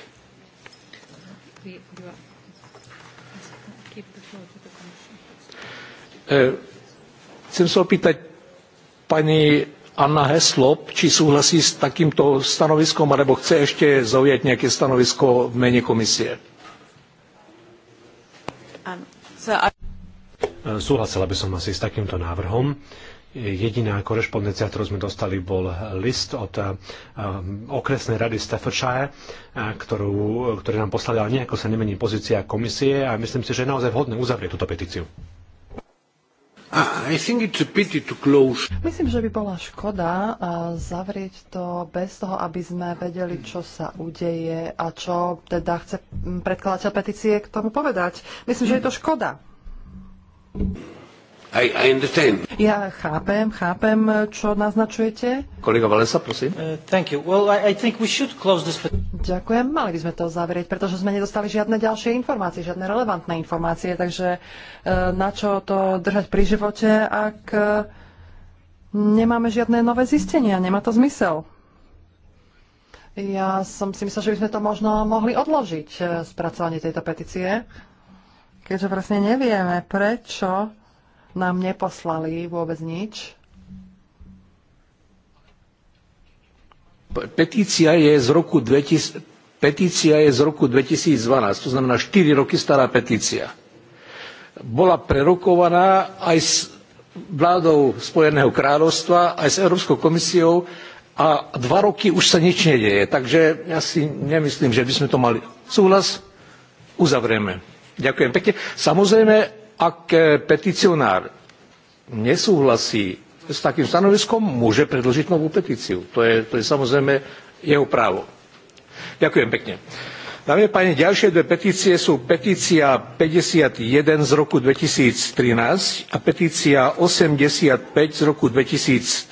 E, chcem sa opýtať pani Anna Heslop, či súhlasí s takýmto stanoviskom, alebo chce ešte zaujať nejaké stanovisko v mene komisie. E, súhlasila by som asi s takýmto návrhom. Jediná korešpondencia, ktorú sme dostali, bol list od e, okresnej rady Staffordshire, e, ktorú, ktorý nám poslali, ale nejako sa nemení pozícia komisie a myslím si, že je naozaj vhodné uzavrieť túto petíciu. Myslím, že by bola škoda zavrieť to bez toho, aby sme vedeli, čo sa udeje a čo teda chce predkladateľ petície k tomu povedať. Myslím, že je to škoda. I, I understand. Ja chápem, chápem, čo naznačujete. Kolega Valesa, prosím. Uh, thank you. Well, I, I think we should close this... Ďakujem, mali by sme to zavrieť, pretože sme nedostali žiadne ďalšie informácie, žiadne relevantné informácie, takže uh, na čo to držať pri živote, ak uh, nemáme žiadne nové zistenia, nemá to zmysel. Ja som si myslel, že by sme to možno mohli odložiť, uh, spracovanie tejto petície, keďže vlastne nevieme, prečo nám neposlali vôbec nič. Petícia je z roku 2000, petícia je z roku 2012, to znamená 4 roky stará petícia. Bola prerokovaná aj s vládou Spojeného kráľovstva, aj s Európskou komisiou a dva roky už sa nič nedeje. Takže ja si nemyslím, že by sme to mali. Súhlas uzavrieme. Ďakujem pekne. Samozrejme, ak e, peticionár nesúhlasí s takým stanoviskom, môže predložiť novú petíciu. To je, to je samozrejme jeho právo. Ďakujem pekne. Dámy a páni, ďalšie dve petície sú petícia 51 z roku 2013 a petícia 85 z roku 2013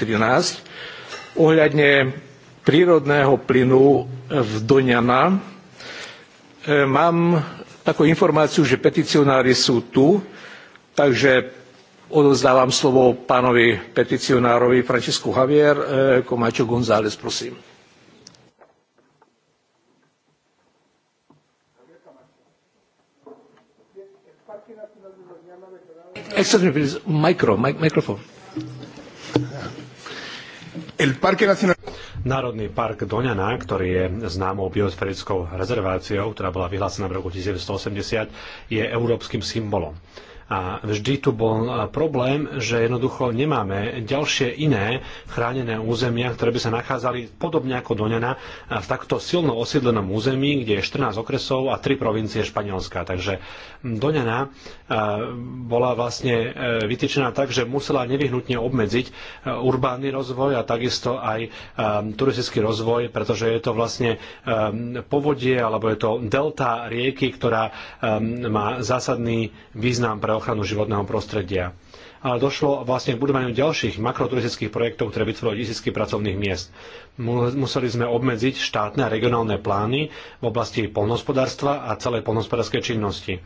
ohľadne prírodného plynu v Doňana. E, mám takú informáciu, že peticionári sú tu Takže odovzdávam slovo pánovi peticionárovi Francisku Javier. Eh, Komáčo González, prosím. Micro, Národný park Doňana, ktorý je známou biosférickou rezerváciou, ktorá bola vyhlásená v roku 1980, je európskym symbolom. A vždy tu bol e, problém, že jednoducho nemáme ďalšie iné chránené územia, ktoré by sa nachádzali podobne ako Doňana e, v takto silno osídlenom území, kde je 14 okresov a 3 provincie Španielska. Takže Doňana e, bola vlastne vytýčená tak, že musela nevyhnutne obmedziť urbánny rozvoj a takisto aj turistický rozvoj, pretože je to vlastne povodie alebo je to delta rieky, ktorá má zásadný význam pre ochranu životného prostredia. Ale došlo vlastne k budovaniu ďalších makroturistických projektov, ktoré vytvorili tisícky pracovných miest. Museli sme obmedziť štátne a regionálne plány v oblasti polnospodárstva a celej polnospodárskej činnosti.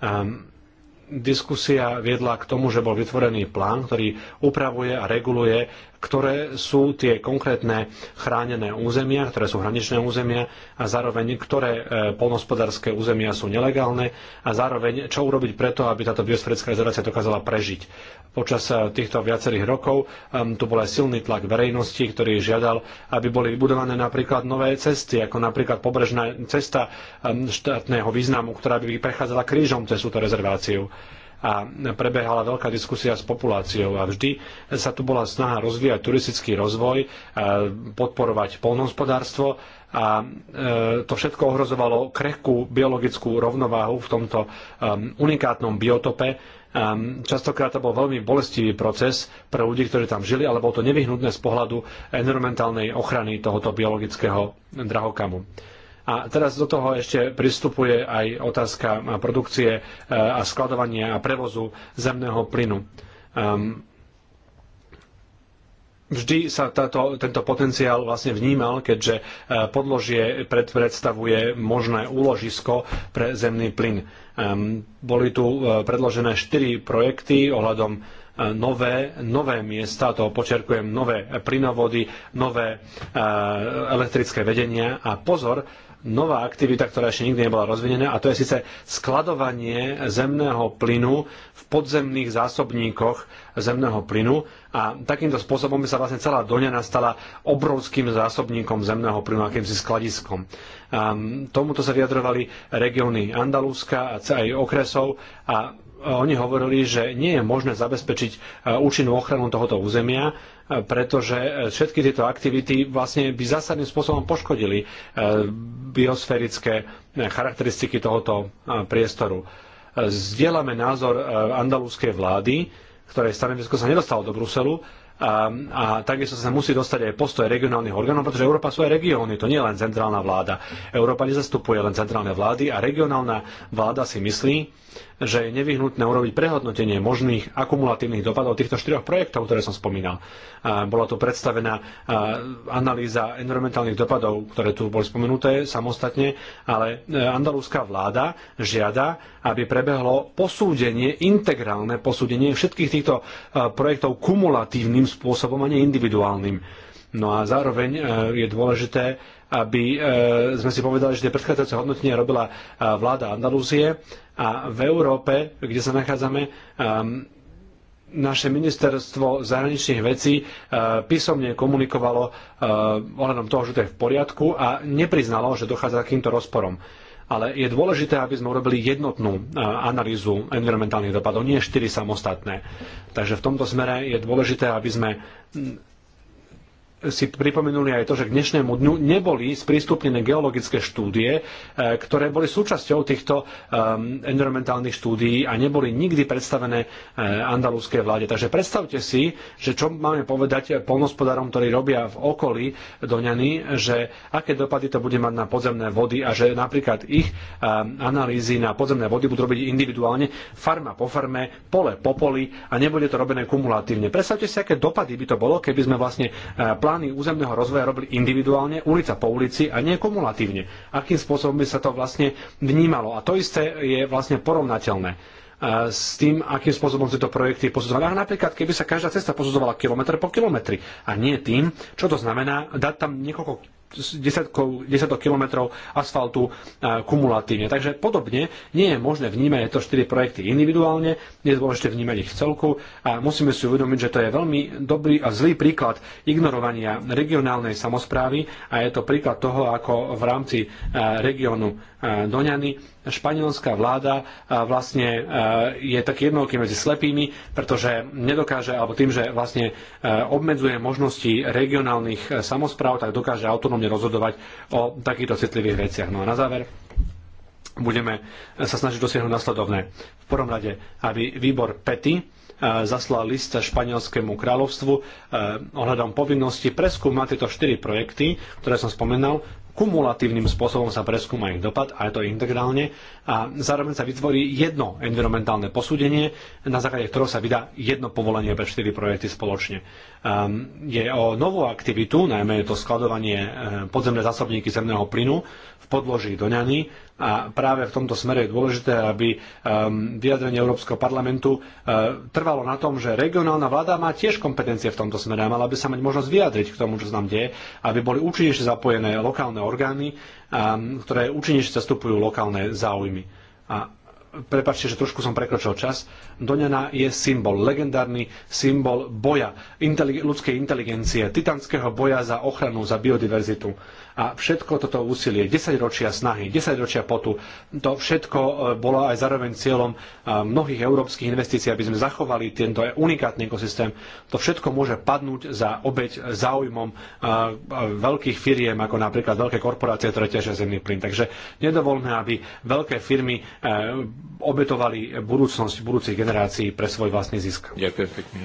Um, diskusia viedla k tomu, že bol vytvorený plán, ktorý upravuje a reguluje ktoré sú tie konkrétne chránené územia, ktoré sú hraničné územia a zároveň ktoré e, polnospodárske územia sú nelegálne a zároveň čo urobiť preto, aby táto biosférická rezervácia dokázala prežiť. Počas e, týchto viacerých rokov tu bol aj silný tlak verejnosti, ktorý žiadal, aby boli vybudované napríklad nové cesty, ako napríklad pobrežná cesta štátneho významu, ktorá by prechádzala krížom cez túto rezerváciu a prebehala veľká diskusia s populáciou a vždy sa tu bola snaha rozvíjať turistický rozvoj, e, podporovať polnohospodárstvo a e, to všetko ohrozovalo krehkú biologickú rovnováhu v tomto e, unikátnom biotope. Častokrát to bol veľmi bolestivý proces pre ľudí, ktorí tam žili, ale bolo to nevyhnutné z pohľadu environmentálnej ochrany tohoto biologického drahokamu. A teraz do toho ešte pristupuje aj otázka produkcie e, a skladovania a prevozu zemného plynu. Um, vždy sa táto, tento potenciál vlastne vnímal, keďže e, podložie predstavuje možné úložisko pre zemný plyn. Um, boli tu e, predložené štyri projekty ohľadom nové, nové miesta, to počerkujem, nové plynovody, nové e, elektrické vedenia a pozor, nová aktivita, ktorá ešte nikdy nebola rozvinená, a to je síce skladovanie zemného plynu v podzemných zásobníkoch zemného plynu. A takýmto spôsobom by sa vlastne celá Doňana stala obrovským zásobníkom zemného plynu, akýmsi skladiskom. A tomuto sa vyjadrovali regióny Andalúska a aj okresov a oni hovorili, že nie je možné zabezpečiť účinnú ochranu tohoto územia pretože e, všetky tieto aktivity vlastne by zásadným spôsobom poškodili e, biosférické e, charakteristiky tohoto priestoru. Zdieľame názor andalúzskej vlády, ktorej stanovisko sa nedostalo do Bruselu, a, a takisto sa musí dostať aj postoj regionálnych orgánov, pretože Európa sú aj regióny, to nie je len centrálna vláda. Európa nezastupuje len centrálne vlády a regionálna vláda si myslí, že je nevyhnutné urobiť prehodnotenie možných akumulatívnych dopadov týchto štyroch projektov, ktoré som spomínal. Bola tu predstavená analýza environmentálnych dopadov, ktoré tu boli spomenuté samostatne, ale e, andalúzska vláda žiada, aby prebehlo posúdenie, integrálne posúdenie všetkých týchto e, projektov kumulatívnym spôsobom a nie individuálnym. No a zároveň e, je dôležité, aby sme si povedali, že tie predchádzajúce hodnotenia robila vláda Andalúzie a v Európe, kde sa nachádzame, um, naše ministerstvo zahraničných vecí uh, písomne komunikovalo uh, ohľadom toho, že to je v poriadku a nepriznalo, že dochádza k týmto rozporom. Ale je dôležité, aby sme urobili jednotnú uh, analýzu environmentálnych dopadov, nie štyri samostatné. Takže v tomto smere je dôležité, aby sme si pripomenuli aj to, že k dnešnému dňu neboli sprístupnené geologické štúdie, e, ktoré boli súčasťou týchto e, environmentálnych štúdií a neboli nikdy predstavené e, andalúzskej vláde. Takže predstavte si, že čo máme povedať polnospodárom, ktorí robia v okolí Doňany, že aké dopady to bude mať na podzemné vody a že napríklad ich analýzy na podzemné vody budú robiť individuálne, farma po farme, pole po poli a nebude to robené kumulatívne. Predstavte si, aké dopady by to bolo, keby sme vlastne plán plány územného rozvoja robili individuálne, ulica po ulici a nie kumulatívne. Akým spôsobom by sa to vlastne vnímalo. A to isté je vlastne porovnateľné e, s tým, akým spôsobom tieto projekty posudzovali. Ale napríklad, keby sa každá cesta posudzovala kilometr po kilometri a nie tým, čo to znamená dať tam niekoľko desiatok kilometrov asfaltu e, kumulatívne. Takže podobne nie je možné vnímať tieto štyri projekty individuálne, nie je dôležité vnímať ich v celku a musíme si uvedomiť, že to je veľmi dobrý a zlý príklad ignorovania regionálnej samozprávy a je to príklad toho, ako v rámci e, regiónu E, Doňany. Španielská vláda e, vlastne e, je tak jednoký medzi slepými, pretože nedokáže, alebo tým, že vlastne obmedzuje možnosti regionálnych samozpráv, tak dokáže autonómne rozhodovať o takýchto citlivých veciach. No a na záver budeme sa snažiť dosiahnuť nasledovné. V prvom rade, aby výbor PETI zaslal list španielskému kráľovstvu ohľadom povinnosti preskúmať tieto štyri projekty, ktoré som spomenal, kumulatívnym spôsobom sa preskúma ich dopad, a to integrálne, a zároveň sa vytvorí jedno environmentálne posúdenie, na základe ktorého sa vydá jedno povolenie pre 4 projekty spoločne. Um, je o novú aktivitu, najmä je to skladovanie ehm, podzemné zásobníky zemného plynu, podloží doňany a práve v tomto smere je dôležité, aby um, vyjadrenie Európskeho parlamentu uh, trvalo na tom, že regionálna vláda má tiež kompetencie v tomto smere a mala by sa mať možnosť vyjadriť k tomu, čo sa nám deje, aby boli účinnejšie zapojené lokálne orgány, um, ktoré účinnejšie zastupujú lokálne záujmy. A prepačte, že trošku som prekročil čas, Doňana je symbol, legendárny symbol boja, ľudskej inteligencie, titanského boja za ochranu, za biodiverzitu a všetko toto úsilie, 10 ročia snahy, 10 ročia potu, to všetko e, bolo aj zároveň cieľom e, mnohých európskych investícií, aby sme zachovali tento unikátny ekosystém. To všetko môže padnúť za obeď záujmom e, veľkých firiem, ako napríklad veľké korporácie, ktoré ťažia zemný plyn. Takže nedovolme, aby veľké firmy obetovali budúcnosť budúcich generácií pre svoj vlastný zisk. Ďakujem pekne.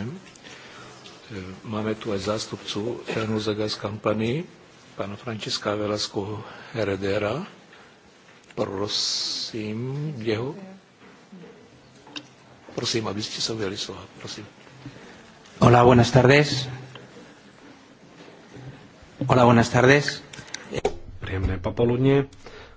Máme tu aj zástupcu Fernúza Gas Company pana Františka Velasku Heredera. Prosím, jeho. Prosím, aby ste sa ujeli slova. Prosím. Hola, buenas tardes. Hola, buenas tardes. Príjemné popoludne.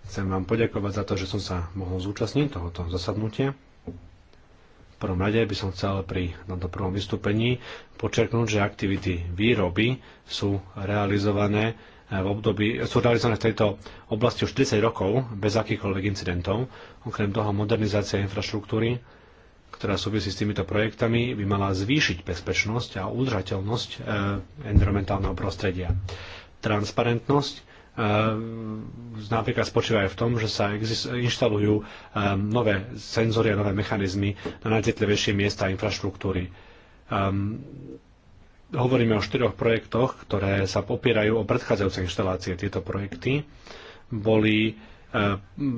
Chcem vám poďakovať za to, že som sa mohol zúčastniť tohoto zasadnutia. V prvom rade by som chcel pri tomto prvom vystúpení počerknúť, že aktivity výroby sú realizované Eh, v období, sú realizované v tejto oblasti už 30 rokov bez akýchkoľvek incidentov. Okrem toho modernizácia infraštruktúry, ktorá súvisí s týmito projektami, by mala zvýšiť bezpečnosť a udržateľnosť e, environmentálneho prostredia. Transparentnosť eh, napríklad spočíva aj v tom, že sa inštalujú nové senzory a nové mechanizmy na najcitlivejšie miesta infraštruktúry. Ehm, hovoríme o štyroch projektoch, ktoré sa popierajú o predchádzajúce inštalácie. Tieto projekty boli e,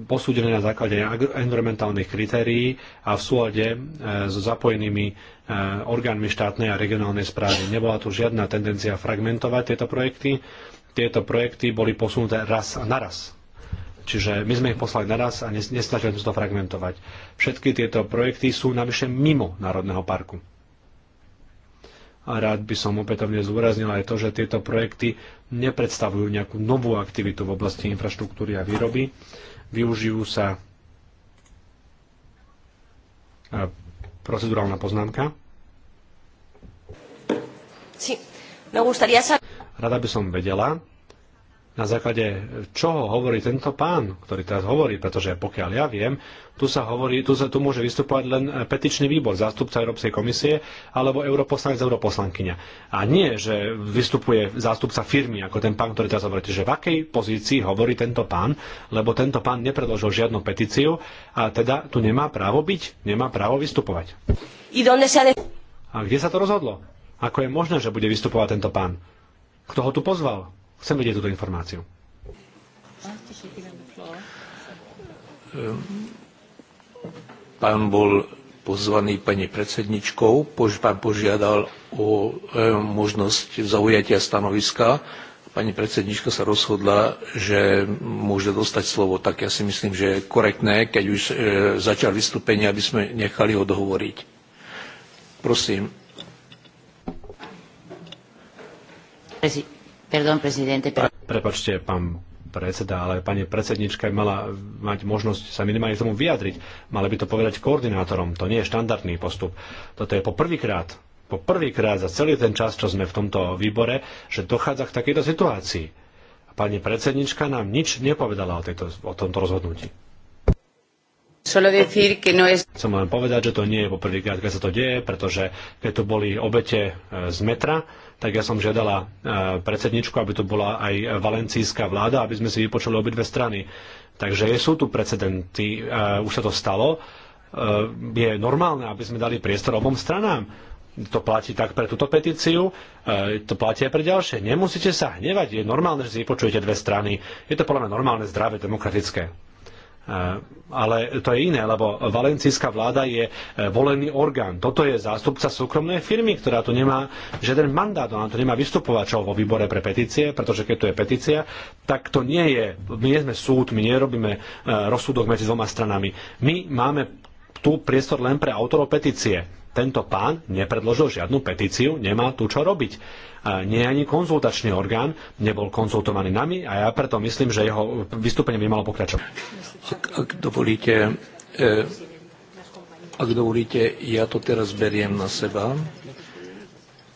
posúdené na základe environmentálnych kritérií a v súlade e, so zapojenými e, orgánmi štátnej a regionálnej správy. Nebola tu žiadna tendencia fragmentovať tieto projekty. Tieto projekty boli posunuté raz a naraz. Čiže my sme ich poslali naraz a nesnažili sme to fragmentovať. Všetky tieto projekty sú navyše mimo Národného parku. A rád by som opätovne zúraznil aj to, že tieto projekty nepredstavujú nejakú novú aktivitu v oblasti infraštruktúry a výroby. Využijú sa procedurálna poznámka. Rada by som vedela, na základe čoho hovorí tento pán, ktorý teraz hovorí, pretože pokiaľ ja viem, tu sa hovorí, tu, sa, tu môže vystupovať len e, petičný výbor, zástupca Európskej komisie alebo europoslanec, europoslankyňa. A nie, že vystupuje zástupca firmy, ako ten pán, ktorý teraz hovorí. že v akej pozícii hovorí tento pán, lebo tento pán nepredložil žiadnu petíciu a teda tu nemá právo byť, nemá právo vystupovať. A kde sa to rozhodlo? Ako je možné, že bude vystupovať tento pán? Kto ho tu pozval? Chcem vedieť túto informáciu. Ehm, pán bol pozvaný pani predsedničkou, pán požiadal o ehm, možnosť zaujatia stanoviska. Pani predsednička sa rozhodla, že môže dostať slovo, tak ja si myslím, že je korektné, keď už ehm, začal vystúpenie, aby sme nechali ho dohovoriť. Prosím. Perdón, prezidente. Prepačte, pán predseda, ale pani predsednička mala mať možnosť sa minimálne k tomu vyjadriť. Mala by to povedať koordinátorom. To nie je štandardný postup. Toto je po prvýkrát, po prvýkrát za celý ten čas, čo sme v tomto výbore, že dochádza k takejto situácii. Pani predsednička nám nič nepovedala o, tejto, o tomto rozhodnutí. No Chcem len povedať, že to nie je poprvýkrát, keď sa to deje, pretože keď tu boli obete e, z metra, tak ja som žiadala e, predsedničku, aby to bola aj valencijská vláda, aby sme si vypočuli obidve strany. Takže sú tu precedenty, e, už sa to stalo. Je normálne, aby sme dali priestor obom stranám. To platí tak pre túto petíciu, to platí aj pre ďalšie. Nemusíte sa hnevať, je normálne, že si vypočujete dve strany. Je to podľa mňa normálne, zdravé, demokratické. Eh, ale to je iné, lebo valencijská vláda je eh, volený orgán. Toto je zástupca súkromnej firmy, ktorá tu nemá žiaden mandát, ona tu nemá vystupovačov vo výbore pre petície, pretože keď tu je petícia, tak to nie je, my nie sme súd, my nerobíme eh, rozsudok medzi dvoma stranami. My máme tu priestor len pre autorov petície tento pán nepredložil žiadnu petíciu, nemá tu čo robiť. E, nie je ani konzultačný orgán, nebol konzultovaný nami a ja preto myslím, že jeho vystúpenie by malo pokračovať. Ak dovolíte, e, ak dovolíte, ja to teraz beriem na seba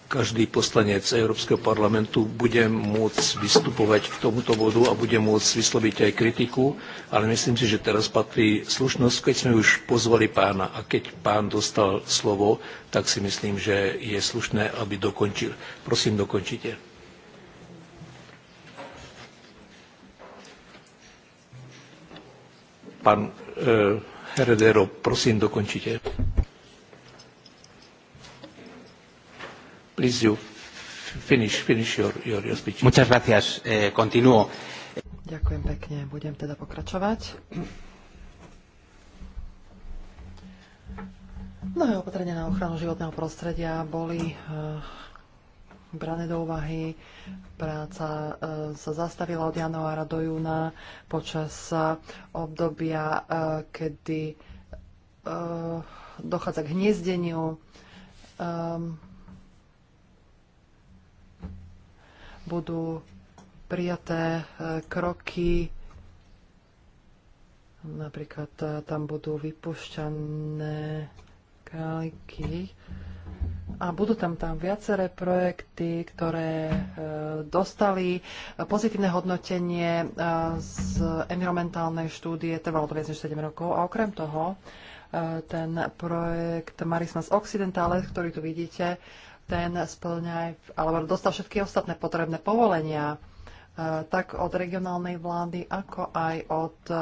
každý poslanec Európskeho parlamentu bude môcť vystupovať k tomuto bodu a bude môcť vysloviť aj kritiku, ale myslím si, že teraz patrí slušnosť, keď sme už pozvali pána a keď pán dostal slovo, tak si myslím, že je slušné, aby dokončil. Prosím, dokončite. Pán e, Heredero, prosím, dokončite. Please you finish, finish your, your, your speech. Muchas gracias. Eh, Ďakujem pekne. Budem teda pokračovať. Mnohé opatrenia na ochranu životného prostredia boli eh, brané do úvahy. Práca eh, sa zastavila od januára do júna počas eh, obdobia, kedy dochádza k hniezdeniu um, budú prijaté e, kroky, napríklad e, tam budú vypušťané kaliky a budú tam tam viaceré projekty, ktoré e, dostali pozitívne hodnotenie z environmentálnej štúdie, trvalo to viac než 7 rokov a okrem toho ten projekt Marismas Occidentales, ktorý tu vidíte, ten splňa aj, alebo dostal všetky ostatné potrebné povolenia, e, tak od regionálnej vlády, ako aj od e, e,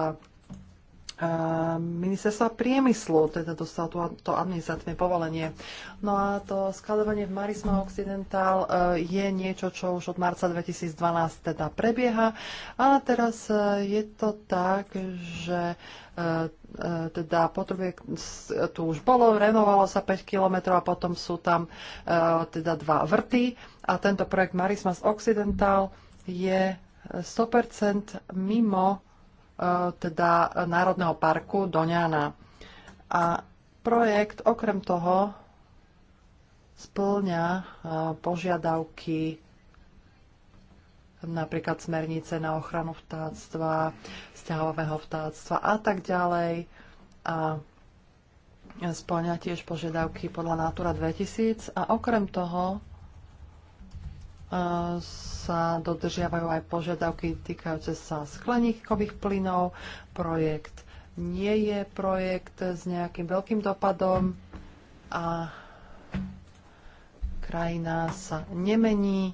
ministerstva priemyslu, teda dostal to, to administratívne povolenie. No a to skladovanie v Marisma Occidental je niečo, čo už od marca 2012 teda prebieha. A teraz je to tak, že E, teda potrubie tu už bolo, renovalo sa 5 km a potom sú tam e, teda dva vrty a tento projekt Marismas Occidental je 100% mimo e, teda Národného parku Doňana. A projekt okrem toho splňa požiadavky napríklad smernice na ochranu vtáctva, vzťahového vtáctva a tak ďalej. A splňa tiež požiadavky podľa Natura 2000 a okrem toho eh, sa dodržiavajú aj požiadavky týkajúce sa skleníkových plynov. Projekt nie je projekt s nejakým veľkým dopadom a krajina sa nemení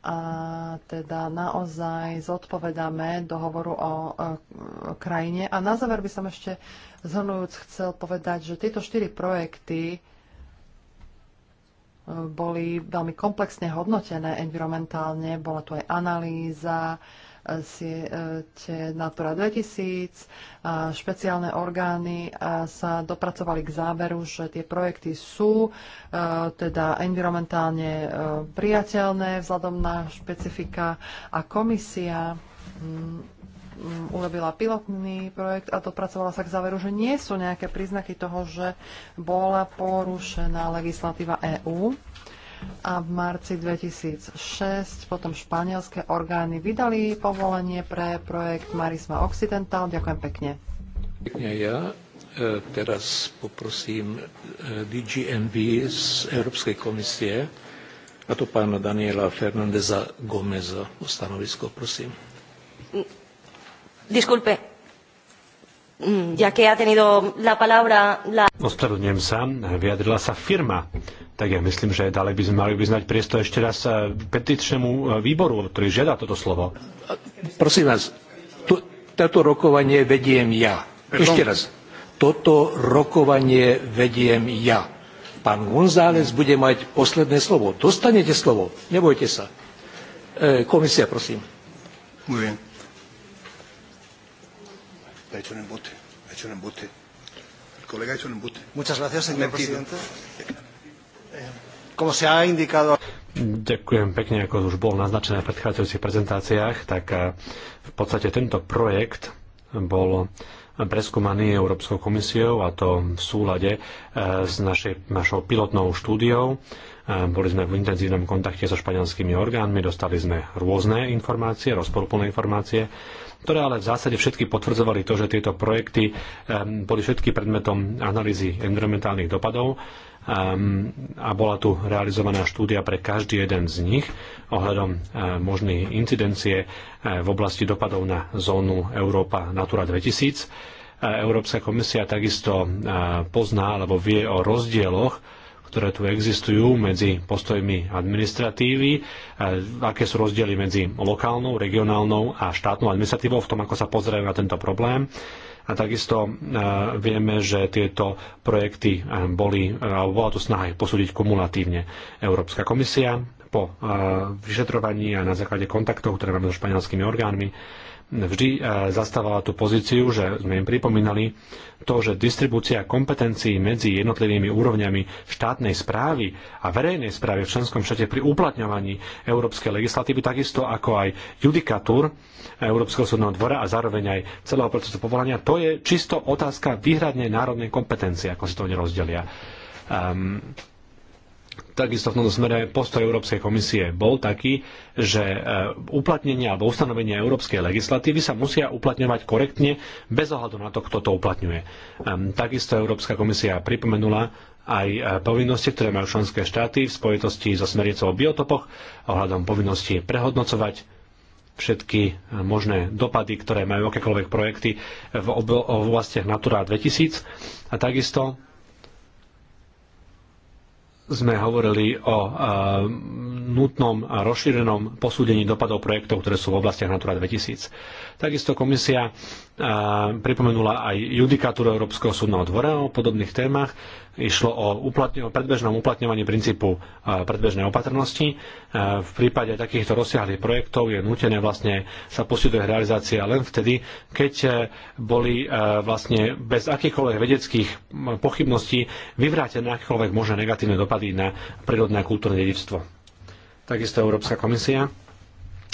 a teda naozaj zodpovedáme dohovoru o, o krajine. A na záver by som ešte zhrnujúc chcel povedať, že tieto štyri projekty e, boli veľmi komplexne hodnotené environmentálne, bola tu aj analýza, siete Natura 2000 a špeciálne orgány sa dopracovali k záveru, že tie projekty sú e, teda environmentálne e, priateľné vzhľadom na špecifika a komisia mm, mm, urobila pilotný projekt a dopracovala sa k záveru, že nie sú nejaké príznaky toho, že bola porušená legislatíva EÚ a v marci 2006 potom španielské orgány vydali povolenie pre projekt Marisma Occidental. Ďakujem pekne. Pekne ja. E, teraz poprosím e, DGNV z Európskej komisie, a to pána Daniela Fernandeza Gomeza o stanovisko, prosím. Disculpe, Mm, ya que ha tenido la palabra la... Ospravedlňujem sa, vyjadrila sa firma. Tak ja myslím, že ďalej by sme mali vyznať priestor ešte raz eh, petičnému eh, výboru, ktorý žiada toto slovo. Prosím vás, to, toto rokovanie vediem ja. Ešte raz. Toto rokovanie vediem ja. Pán González bude mať posledné slovo. Dostanete slovo. Nebojte sa. Eh, komisia, prosím ha hecho un embute, Ha hecho un embute. El colega ha hecho un embute. Muchas gracias, señor presidente. Eh, como se ha indicado... Ďakujem pekne, ako už bol naznačené v predchádzajúcich prezentáciách, tak eh, v podstate tento projekt bol preskúmaný Európskou komisiou a to v súlade eh, s našej, našou pilotnou štúdiou. Boli sme v intenzívnom kontakte so španielskými orgánmi, dostali sme rôzne informácie, rozporúplné informácie ktoré ale v zásade všetky potvrdzovali to, že tieto projekty boli všetky predmetom analýzy environmentálnych dopadov a bola tu realizovaná štúdia pre každý jeden z nich ohľadom možnej incidencie v oblasti dopadov na zónu Európa Natura 2000. E, Európska komisia takisto pozná alebo vie o rozdieloch ktoré tu existujú medzi postojmi administratívy, e, aké sú rozdiely medzi lokálnou, regionálnou a štátnou administratívou v tom, ako sa pozerajú na tento problém. A takisto e, vieme, že tieto projekty e, boli, alebo bola tu snaha ich posúdiť kumulatívne. Európska komisia po vyšetrovaní a na základe kontaktov, ktoré máme so španielskými orgánmi, vždy e, zastávala tú pozíciu, že sme im pripomínali to, že distribúcia kompetencií medzi jednotlivými úrovňami štátnej správy a verejnej správy v členskom štáte pri uplatňovaní európskej legislatívy, takisto ako aj judikatúr Európskeho súdneho dvora a zároveň aj celého procesu povolania, to je čisto otázka výhradnej národnej kompetencie, ako si to oni rozdelia. Um, takisto v tomto smere postoj Európskej komisie bol taký, že e, uplatnenia alebo ustanovenia európskej legislatívy sa musia uplatňovať korektne bez ohľadu na to, kto to uplatňuje. Ehm, takisto Európska komisia pripomenula, aj e, povinnosti, ktoré majú členské štáty v spojitosti so smernicou o biotopoch ohľadom povinnosti prehodnocovať všetky e, možné dopady, ktoré majú akékoľvek projekty v oblastiach Natura 2000 a takisto sme hovorili o eh, nutnom a rozšírenom posúdení dopadov projektov, ktoré sú v oblastiach Natura 2000. Takisto komisia eh, pripomenula aj judikatúru Európskeho súdneho dvora o podobných témach Išlo o, uplatne, o predbežnom uplatňovaní princípu e, predbežnej opatrnosti. E, v prípade takýchto rozsiahlých projektov je nutené vlastne sa pustiť do realizácia len vtedy, keď e, boli vlastne bez akýchkoľvek vedeckých pochybností vyvrátené akékoľvek možné negatívne dopady na prírodné a kultúrne dedictvo. Takisto Európska komisia,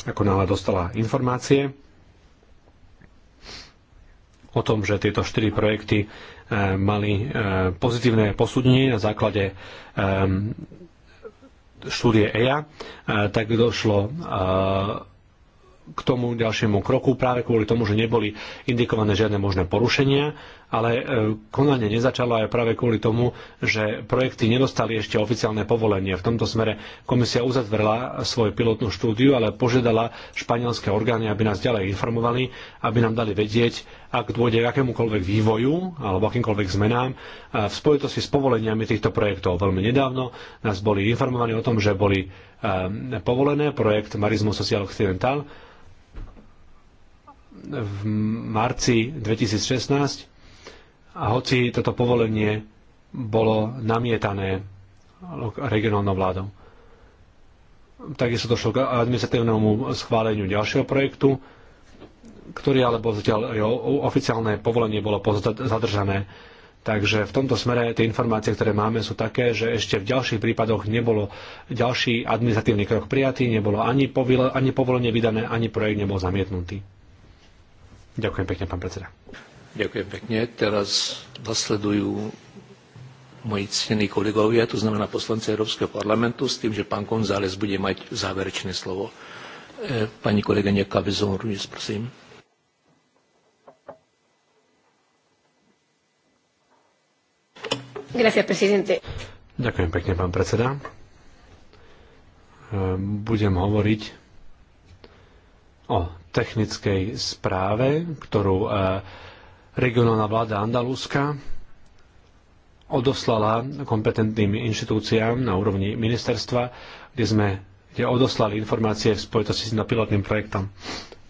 ako náhle dostala informácie, o tom, že tieto štyri projekty E, mali e, pozitívne posúdenie na základe e, štúdie EIA, tak došlo k tomu ďalšiemu kroku práve kvôli tomu, že neboli indikované žiadne možné porušenia ale e, konanie nezačalo aj práve kvôli tomu, že projekty nedostali ešte oficiálne povolenie. V tomto smere komisia uzatvrla svoju pilotnú štúdiu, ale požiadala španielské orgány, aby nás ďalej informovali, aby nám dali vedieť, ak dôjde k akémukoľvek vývoju alebo akýmkoľvek zmenám v spojitosti s povoleniami týchto projektov. Veľmi nedávno nás boli informovaní o tom, že boli e, povolené projekt Marismo Social Occidental v marci 2016 a hoci toto povolenie bolo namietané regionálnou vládou. Takisto došlo k administratívnemu schváleniu ďalšieho projektu, ktorý alebo zatiaľ jo, oficiálne povolenie bolo zadržané. Takže v tomto smere tie informácie, ktoré máme, sú také, že ešte v ďalších prípadoch nebolo ďalší administratívny krok prijatý, nebolo ani, povil, ani povolenie vydané, ani projekt nebol zamietnutý. Ďakujem pekne, pán predseda. Ďakujem pekne. Teraz nasledujú moji ctení kolegovia, to znamená poslanci Európskeho parlamentu, s tým, že pán González bude mať záverečné slovo. E, pani kolegyňa Kabezon Ruiz, prosím. Gracias, presidente. Ďakujem pekne, pán predseda. E, budem hovoriť o technickej správe, ktorú e, Regionálna vláda Andalúska odoslala kompetentným inštitúciám na úrovni ministerstva, kde sme kde odoslali informácie v spojitosti s pilotným projektom.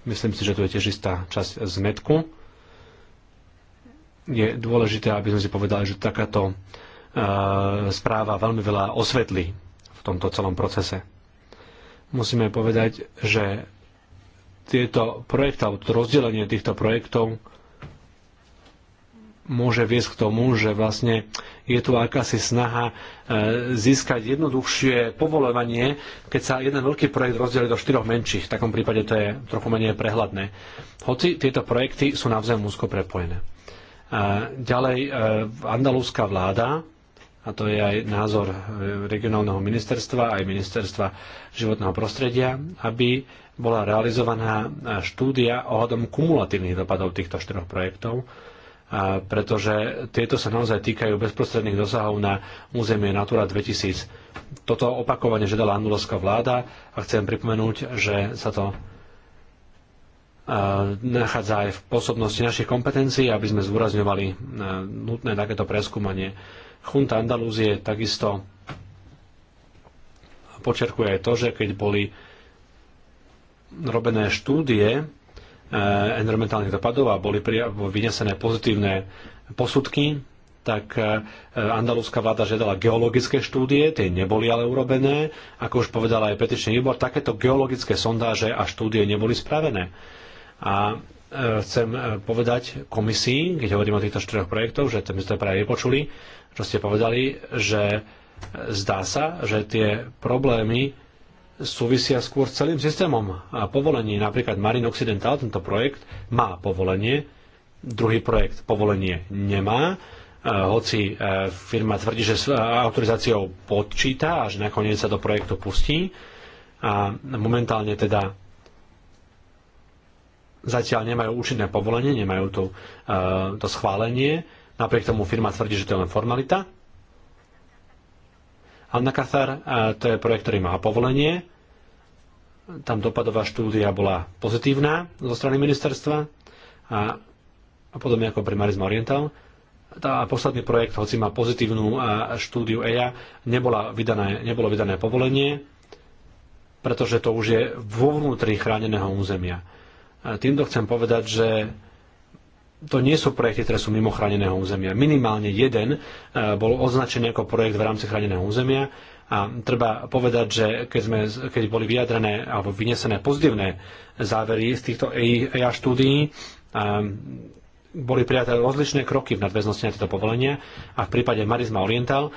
Myslím si, že tu je tiež istá časť zmetku. Je dôležité, aby sme si povedali, že takáto e, správa veľmi veľa osvetlí v tomto celom procese. Musíme povedať, že tieto projekty, alebo rozdelenie týchto projektov môže viesť k tomu, že vlastne je tu akási snaha e, získať jednoduchšie povolovanie, keď sa jeden veľký projekt rozdelí do štyroch menších. V takom prípade to je trochu menej prehľadné. Hoci tieto projekty sú navzájom úzko prepojené. A ďalej, e, andalúzska vláda, a to je aj názor e, regionálneho ministerstva, aj ministerstva životného prostredia, aby bola realizovaná štúdia ohľadom kumulatívnych dopadov týchto štyroch projektov, pretože tieto sa naozaj týkajú bezprostredných dosahov na územie Natura 2000. Toto opakovanie žiadala andulovská vláda a chcem pripomenúť, že sa to nachádza aj v pôsobnosti našich kompetencií, aby sme zúrazňovali nutné takéto preskúmanie. Chunta Andalúzie takisto počerkuje aj to, že keď boli robené štúdie Eh, environmentálnych dopadov a boli vynesené pozitívne posudky, tak eh, andalúzska vláda žiadala geologické štúdie, tie neboli ale urobené. Ako už povedal aj petičný výbor, takéto geologické sondáže a štúdie neboli spravené. A eh, chcem povedať komisii, keď hovorím o týchto štyroch projektoch, že my ste práve vypočuli, čo ste povedali, že zdá sa, že tie problémy súvisia skôr s celým systémom a povolení. Napríklad Marin Occidental, tento projekt, má povolenie, druhý projekt povolenie nemá, e, hoci e, firma tvrdí, že s e, autorizáciou podčíta a že nakoniec sa do projektu pustí. A momentálne teda zatiaľ nemajú účinné povolenie, nemajú tu, to schválenie. Napriek tomu firma tvrdí, že to je len formalita Anakathar, to je projekt, ktorý má povolenie. Tam dopadová štúdia bola pozitívna zo strany ministerstva a, a podobne ako pri Marisma Oriental. Tá posledný projekt, hoci má pozitívnu štúdiu EIA, nebola vydané, nebolo vydané povolenie, pretože to už je vo vnútri chráneného územia. A týmto chcem povedať, že to nie sú projekty, ktoré sú mimo chráneného územia. Minimálne jeden e, bol označený ako projekt v rámci chráneného územia a treba povedať, že keď, sme, keď boli vyjadrené alebo vynesené pozitívne závery z týchto EIA e štúdií, boli prijaté rozličné kroky v nadväznosti na tieto povolenia a v prípade Marizma Oriental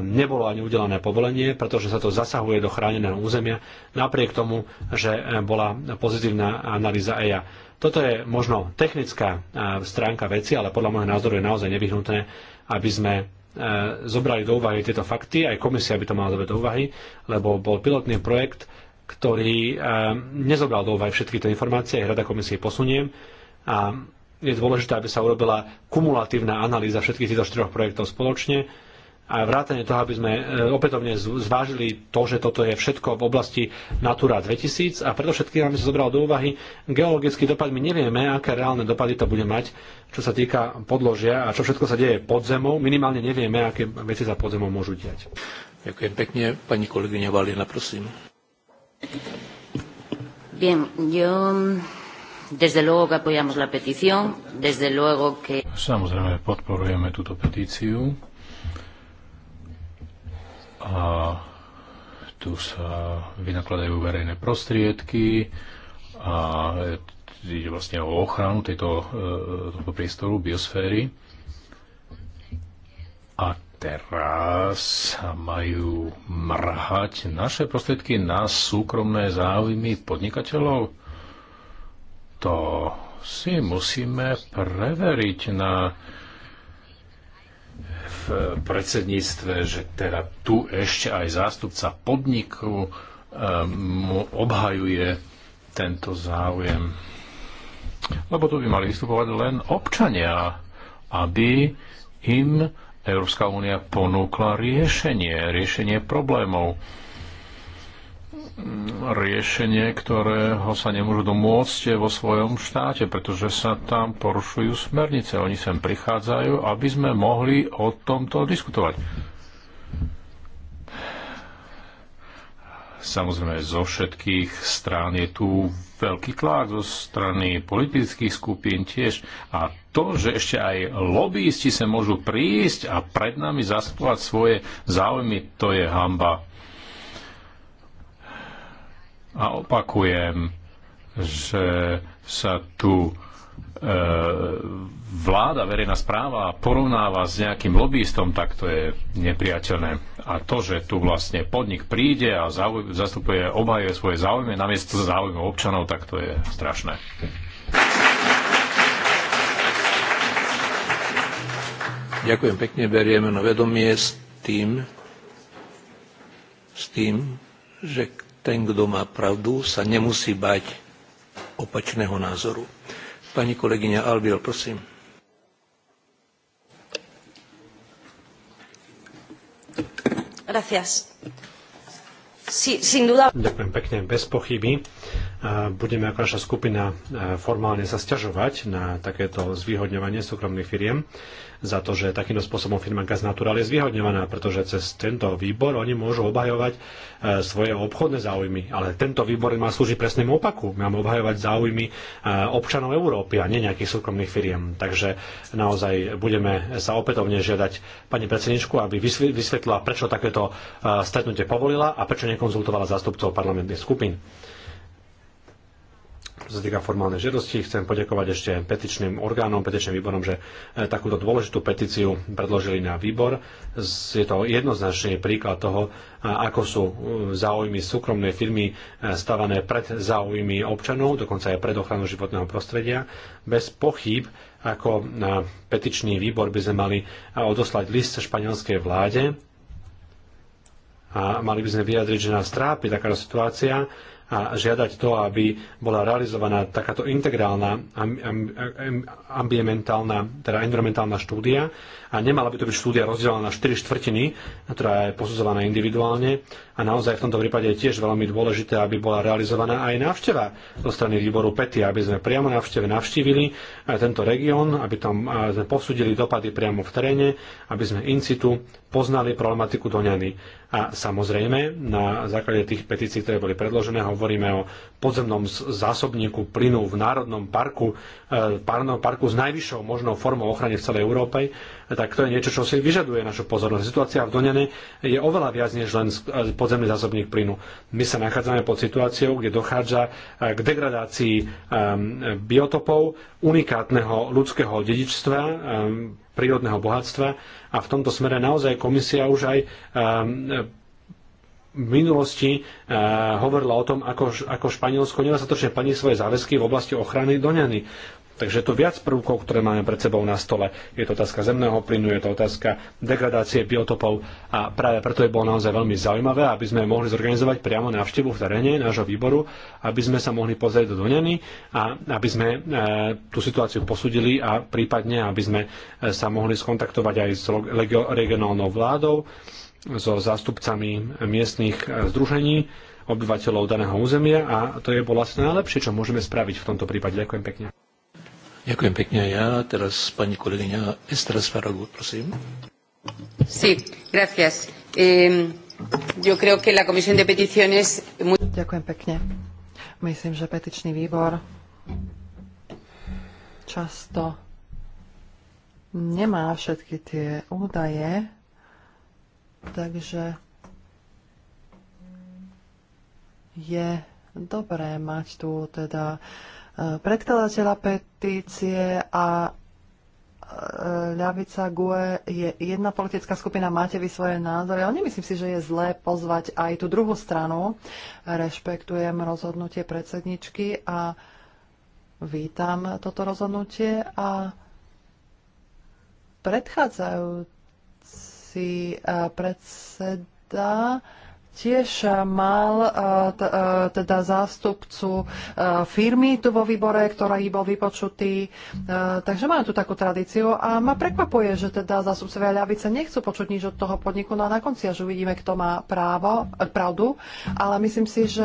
nebolo ani udelené povolenie, pretože sa to zasahuje do chráneného územia, napriek tomu, že e, bola pozitívna analýza EIA toto je možno technická e, stránka veci, ale podľa môjho názoru je naozaj nevyhnutné, aby sme e, zobrali do úvahy tieto fakty, aj komisia by to mala zobrať do úvahy, lebo bol pilotný projekt, ktorý e, nezobral do úvahy všetky tie informácie, rada komisie posuniem a je dôležité, aby sa urobila kumulatívna analýza všetkých týchto štyroch projektov spoločne, a vrátane toho, aby sme e, opätovne zvážili to, že toto je všetko v oblasti Natura 2000 a predovšetkým, aby sa zobral do úvahy geologický dopad. My nevieme, aké reálne dopady to bude mať, čo sa týka podložia a čo všetko sa deje pod zemou. Minimálne nevieme, aké veci sa pod zemou môžu diať. Ďakujem pekne. Pani kolegyňa Valina, prosím. Bien, yo desde luego que apoyamos la petición, desde luego que... Samozrejme podporujeme túto petíciu a tu sa vynakladajú verejné prostriedky a ide vlastne o ochranu tejto, e, tohto priestoru, biosféry. A teraz sa majú mrhať naše prostriedky na súkromné záujmy podnikateľov? To si musíme preveriť na Eh, predsedníctve, že teda tu ešte aj zástupca podniku eh, mu obhajuje tento záujem. Lebo tu by mali vystupovať len občania, aby im Európska únia ponúkla riešenie, riešenie problémov riešenie, ktorého sa nemôžu domôcť vo svojom štáte, pretože sa tam porušujú smernice. Oni sem prichádzajú, aby sme mohli o tomto diskutovať. Samozrejme, zo všetkých strán je tu veľký tlak, zo strany politických skupín tiež. A to, že ešte aj lobbyisti sa môžu prísť a pred nami zastupovať svoje záujmy, to je hamba a opakujem, že sa tu e, vláda, verejná správa porovnáva s nejakým lobbyistom, tak to je nepriateľné. A to, že tu vlastne podnik príde a zauj- zastupuje, obhajuje svoje záujmy namiesto záujmov občanov, tak to je strašné. Ďakujem pekne, berieme na vedomie s tým, s tým, že ten, kto má pravdu, sa nemusí bať opačného názoru. Pani kolegyňa Albiel, prosím. Ďakujem pekne, bez pochyby budeme ako naša skupina formálne sa sťažovať na takéto zvýhodňovanie súkromných firiem za to, že takýmto spôsobom firma Gaz Natural je zvýhodňovaná, pretože cez tento výbor oni môžu obhajovať e, svoje obchodné záujmy. Ale tento výbor má slúžiť presnému opaku. Máme obhajovať záujmy e, občanov Európy a nie nejakých súkromných firiem. Takže naozaj budeme sa opätovne žiadať pani predsedničku, aby vysvetlila, prečo takéto e, stretnutie povolila a prečo nekonzultovala zástupcov parlamentných skupín čo sa týka formálnej žiadosti, chcem poďakovať ešte petičným orgánom, petičným výborom, že e, takúto dôležitú petíciu predložili na výbor. Je to jednoznačný príklad toho, e, ako sú e, záujmy súkromnej firmy stavané pred záujmy občanov, dokonca aj pred ochranu životného prostredia. Bez pochýb ako petičný výbor by sme mali odoslať list španielskej vláde a mali by sme vyjadriť, že nás trápi takáto situácia, a žiadať to, aby bola realizovaná takáto integrálna ambientálna, teda environmentálna štúdia a nemala by to byť štúdia rozdelená na 4 štvrtiny, ktorá je posudzovaná individuálne a naozaj v tomto prípade je tiež veľmi dôležité, aby bola realizovaná aj návšteva zo strany výboru PETI, aby sme priamo návšteve navštívili eh, tento región, aby tam eh, sme posúdili dopady priamo v teréne, aby sme in situ poznali problematiku Doňany. A samozrejme, na základe tých petícií, ktoré boli predložené, hovoríme o podzemnom zásobníku plynu v Národnom parku, eh, parku s najvyššou možnou formou ochrany v celej Európe, tak to je niečo, čo si vyžaduje našu pozornosť. Situácia v Donene je oveľa viac než len e, podzemný zásobník plynu. My sa nachádzame pod situáciou, kde dochádza e, k degradácii e, biotopov, unikátneho ľudského dedičstva, prírodného bohatstva a v tomto smere naozaj komisia už aj v minulosti hovorila o tom, ako, ako Španielsko nedostatočne plní svoje záväzky v oblasti ochrany Doňany. Takže tu viac prvkov, ktoré máme pred sebou na stole. Je to otázka zemného plynu, je to otázka degradácie biotopov a práve preto je bolo naozaj veľmi zaujímavé, aby sme mohli zorganizovať priamo návštevu v teréne nášho výboru, aby sme sa mohli pozrieť do Doneny a aby sme e, tú situáciu posudili a prípadne, aby sme e, sa mohli skontaktovať aj s regionálnou vládou, so zástupcami miestných e, združení obyvateľov daného územia a to je bolo asi najlepšie, čo môžeme spraviť v tomto prípade. Ďakujem pekne. Ďakujem pekne ja. Teraz pani kolegyňa Esther Sfaragut, prosím. Sí, gracias. Eh, yo creo que la Comisión de Peticiones... Muy... Ďakujem pekne. Myslím, že petičný výbor často nemá všetky tie údaje, takže je dobré mať tu teda predkladateľa petície a e, ľavica GUE je jedna politická skupina, máte vy svoje názory, ale nemyslím si, že je zlé pozvať aj tú druhú stranu. Rešpektujem rozhodnutie predsedničky a vítam toto rozhodnutie a predchádzajúci e, predseda tiež eh, mal eh, eh, teda zástupcu firmy tu vo výbore, ktorý bol vypočutý. Takže máme tu takú tradíciu a ma prekvapuje, že teda zástupcovia ľavice nechcú počuť nič od toho podniku. No a na konci až uvidíme, kto má právo, pravdu, ale myslím si, že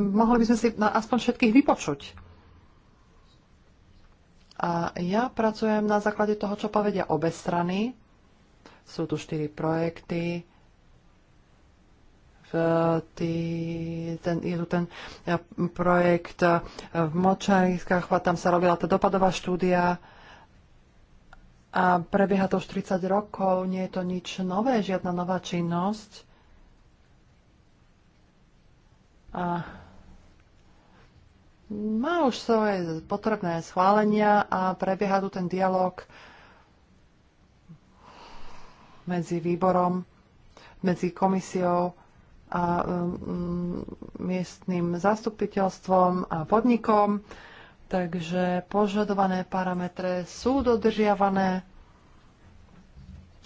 mohli by sme si aspoň všetkých vypočuť. A ja pracujem na základe toho, čo povedia obe strany. Sú tu štyri projekty Tý, ten, je tu ten projekt eh, v Močariskách, tam sa robila tá dopadová štúdia a prebieha to už 30 rokov, nie je to nič nové, žiadna nová činnosť. A má už svoje potrebné schválenia a prebieha tu ten dialog medzi výborom, medzi komisiou a um, miestnym zastupiteľstvom a podnikom. Takže požadované parametre sú dodržiavané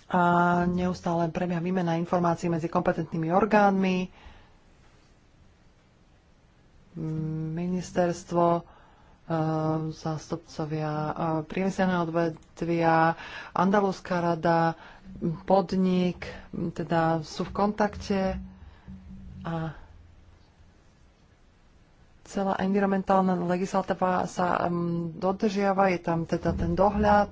a neustále prebieha výmena informácií medzi kompetentnými orgánmi. Ministerstvo e, zástupcovia e, priemyselného odvetvia, Andalúska rada, podnik, teda sú v kontakte a celá environmentálna legislatíva sa um, dodržiava, je tam teda ten dohľad.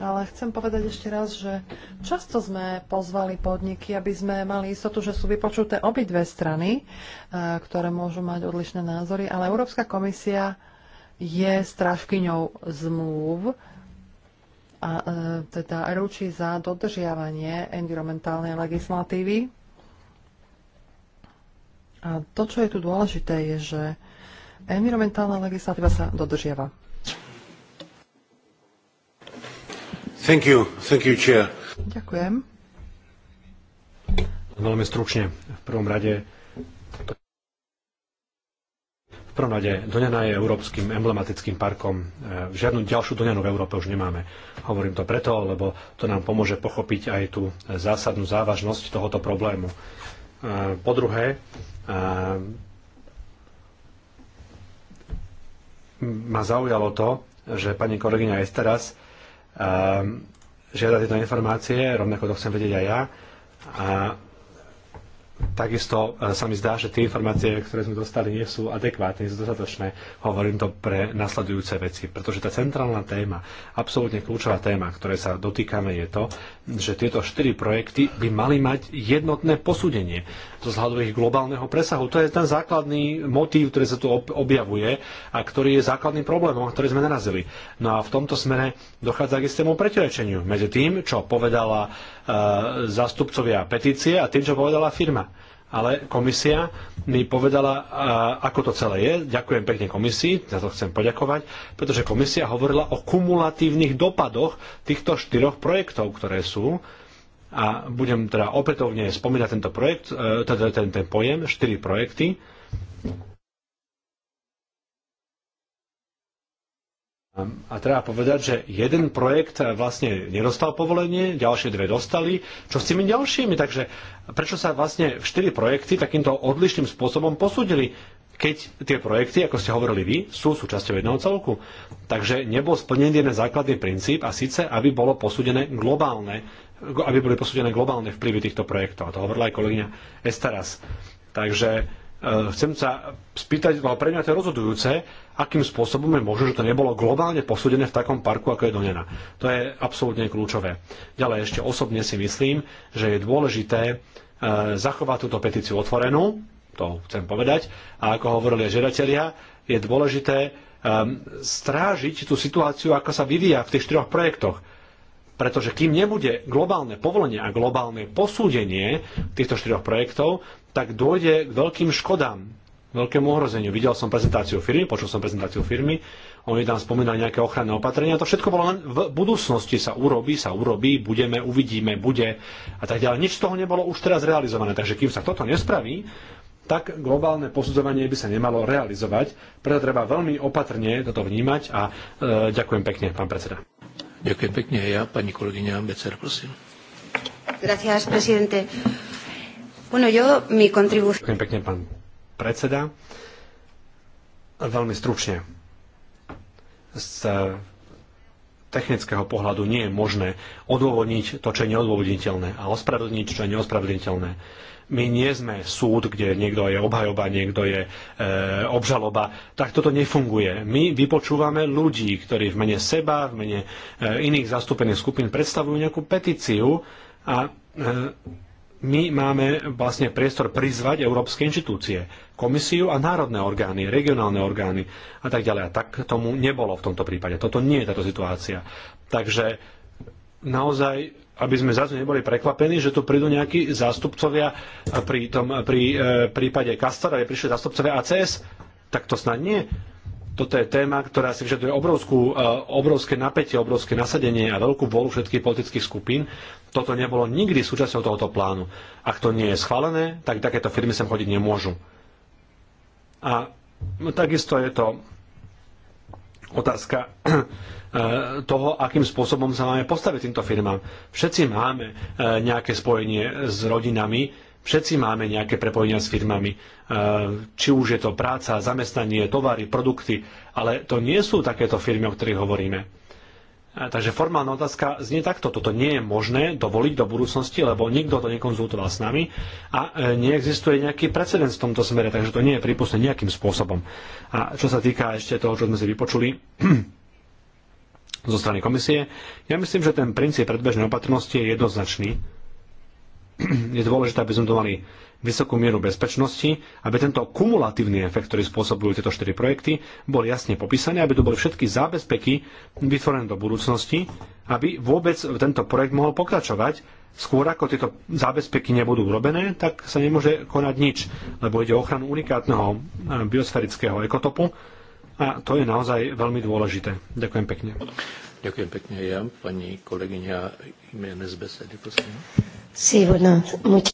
Ale chcem povedať ešte raz, že často sme pozvali podniky, aby sme mali istotu, že sú vypočuté obidve strany, e, ktoré môžu mať odlišné názory, ale Európska komisia je strážkyňou zmluv a e, teda ručí za dodržiavanie environmentálnej legislatívy a to, čo je tu dôležité, je, že environmentálna legislatíva sa dodržiava. Thank you. Thank you, chair. Ďakujem. Veľmi stručne. V prvom rade v prvom rade Doňana je európskym emblematickým parkom. E, žiadnu ďalšiu Doňanu v Európe už nemáme. Hovorím to preto, lebo to nám pomôže pochopiť aj tú zásadnú závažnosť tohoto problému. Eh, po druhé, eh, ma zaujalo to, že pani kolegyňa aj teraz eh, žiada tieto informácie, rovnako to chcem vedieť aj ja. A Takisto e, sa mi zdá, že tie informácie, ktoré sme dostali, nie sú adekvátne, nie sú dostatočné. Hovorím to pre nasledujúce veci, pretože tá centrálna téma, absolútne kľúčová téma, ktoré sa dotýkame, je to, že tieto štyri projekty by mali mať jednotné posúdenie zo vzhľadu ich globálneho presahu. To je ten základný motív, ktorý sa tu objavuje a ktorý je základným problémom, ktorý sme narazili. No a v tomto smere dochádza k istému pretirečeniu medzi tým, čo povedala E, zastupcovia petície a tým, čo povedala firma. Ale komisia mi povedala, e, ako to celé je. Ďakujem pekne komisii, za to chcem poďakovať, pretože komisia hovorila o kumulatívnych dopadoch týchto štyroch projektov, ktoré sú. A budem teda opätovne spomínať tento projekt, e, teda ten, ten pojem, štyri projekty. Ehm, a treba povedať, že jeden projekt eh, vlastne nedostal povolenie, ďalšie dve dostali. Čo s tými ďalšími? Takže prečo sa vlastne štyri projekty takýmto odlišným spôsobom posúdili? keď tie projekty, ako ste hovorili vy, sú súčasťou jedného celku. Takže nebol splnený jeden základný princíp a síce, aby bolo posúdené globálne, aby boli posúdené globálne vplyvy týchto projektov. A to hovorila aj kolegyňa Estaras. Takže Eh, chcem sa spýtať, lebo pre mňa to je rozhodujúce, akým spôsobom je možné, že to nebolo globálne posúdené v takom parku, ako je Donena. To je absolútne kľúčové. Ďalej ešte osobne si myslím, že je dôležité eh, zachovať túto petíciu otvorenú, to chcem povedať, a ako hovorili žiadatelia, je dôležité eh, strážiť tú situáciu, ako sa vyvíja v tých štyroch projektoch. Pretože kým nebude globálne povolenie a globálne posúdenie týchto štyroch projektov, tak dôjde k veľkým škodám, veľkému ohrozeniu. Videl som prezentáciu firmy, počul som prezentáciu firmy, oni tam spomínali nejaké ochranné opatrenia, to všetko bolo len v budúcnosti, sa urobí, sa urobí, budeme, uvidíme, bude a tak ďalej. Nič z toho nebolo už teraz realizované, takže kým sa toto nespraví, tak globálne posudzovanie by sa nemalo realizovať. Preto treba veľmi opatrne toto vnímať a e, ďakujem pekne, pán predseda. Ďakujem pekne ja, pani kolegyňa Becer, prosím. Gracias, presidente. Bueno, yo, mi contribución... Ďakujem pekne, pán predseda. Veľmi stručne. Z technického pohľadu nie je možné odôvodniť to, čo je neodôvodniteľné a ospravedlniť, čo je neospravedlniteľné. My nie sme súd, kde niekto je obhajoba, niekto je e, obžaloba. Tak toto nefunguje. My vypočúvame ľudí, ktorí v mene seba, v mene e, iných zastúpených skupín predstavujú nejakú petíciu a e, my máme vlastne priestor prizvať európske inštitúcie, komisiu a národné orgány, regionálne orgány a tak ďalej. A tak tomu nebolo v tomto prípade. Toto nie je táto situácia. Takže naozaj, aby sme zase neboli prekvapení, že tu prídu nejakí zástupcovia pri, tom, pri e, prípade Kastara, prišli zástupcovia ACS, tak to snad nie. Toto je téma, ktorá si vyžaduje obrovskú, e, obrovské napätie, obrovské nasadenie a veľkú volu všetkých politických skupín. Toto nebolo nikdy súčasťou tohoto plánu. Ak to nie je schválené, tak takéto firmy sem chodiť nemôžu. A no, takisto je to otázka e, toho, akým spôsobom sa máme postaviť týmto firmám. Všetci máme e, nejaké spojenie s rodinami, Všetci máme nejaké prepojenia s firmami, eh, či už je to práca, zamestnanie, tovary, produkty, ale to nie sú takéto firmy, o ktorých hovoríme. Eh, takže formálna otázka znie takto. Toto nie je možné dovoliť do budúcnosti, lebo nikto to nekonzultoval s nami a eh, neexistuje nejaký precedens v tomto smere, takže to nie je prípustné nejakým spôsobom. A čo sa týka ešte toho, čo sme si vypočuli, zo strany komisie. Ja myslím, že ten princíp predbežnej opatrnosti je jednoznačný je dôležité, aby sme tu mali vysokú mieru bezpečnosti, aby tento kumulatívny efekt, ktorý spôsobujú tieto štyri projekty, bol jasne popísaný, aby tu boli všetky zábezpeky vytvorené do budúcnosti, aby vôbec tento projekt mohol pokračovať. Skôr ako tieto zábezpeky nebudú urobené, tak sa nemôže konať nič, lebo ide o ochranu unikátneho eh, biosferického ekotopu a to je naozaj veľmi dôležité. Ďakujem pekne. Ďakujem pekne ja, pani kolegyňa Jiménez Besedy, prosím. Sí, bueno, much...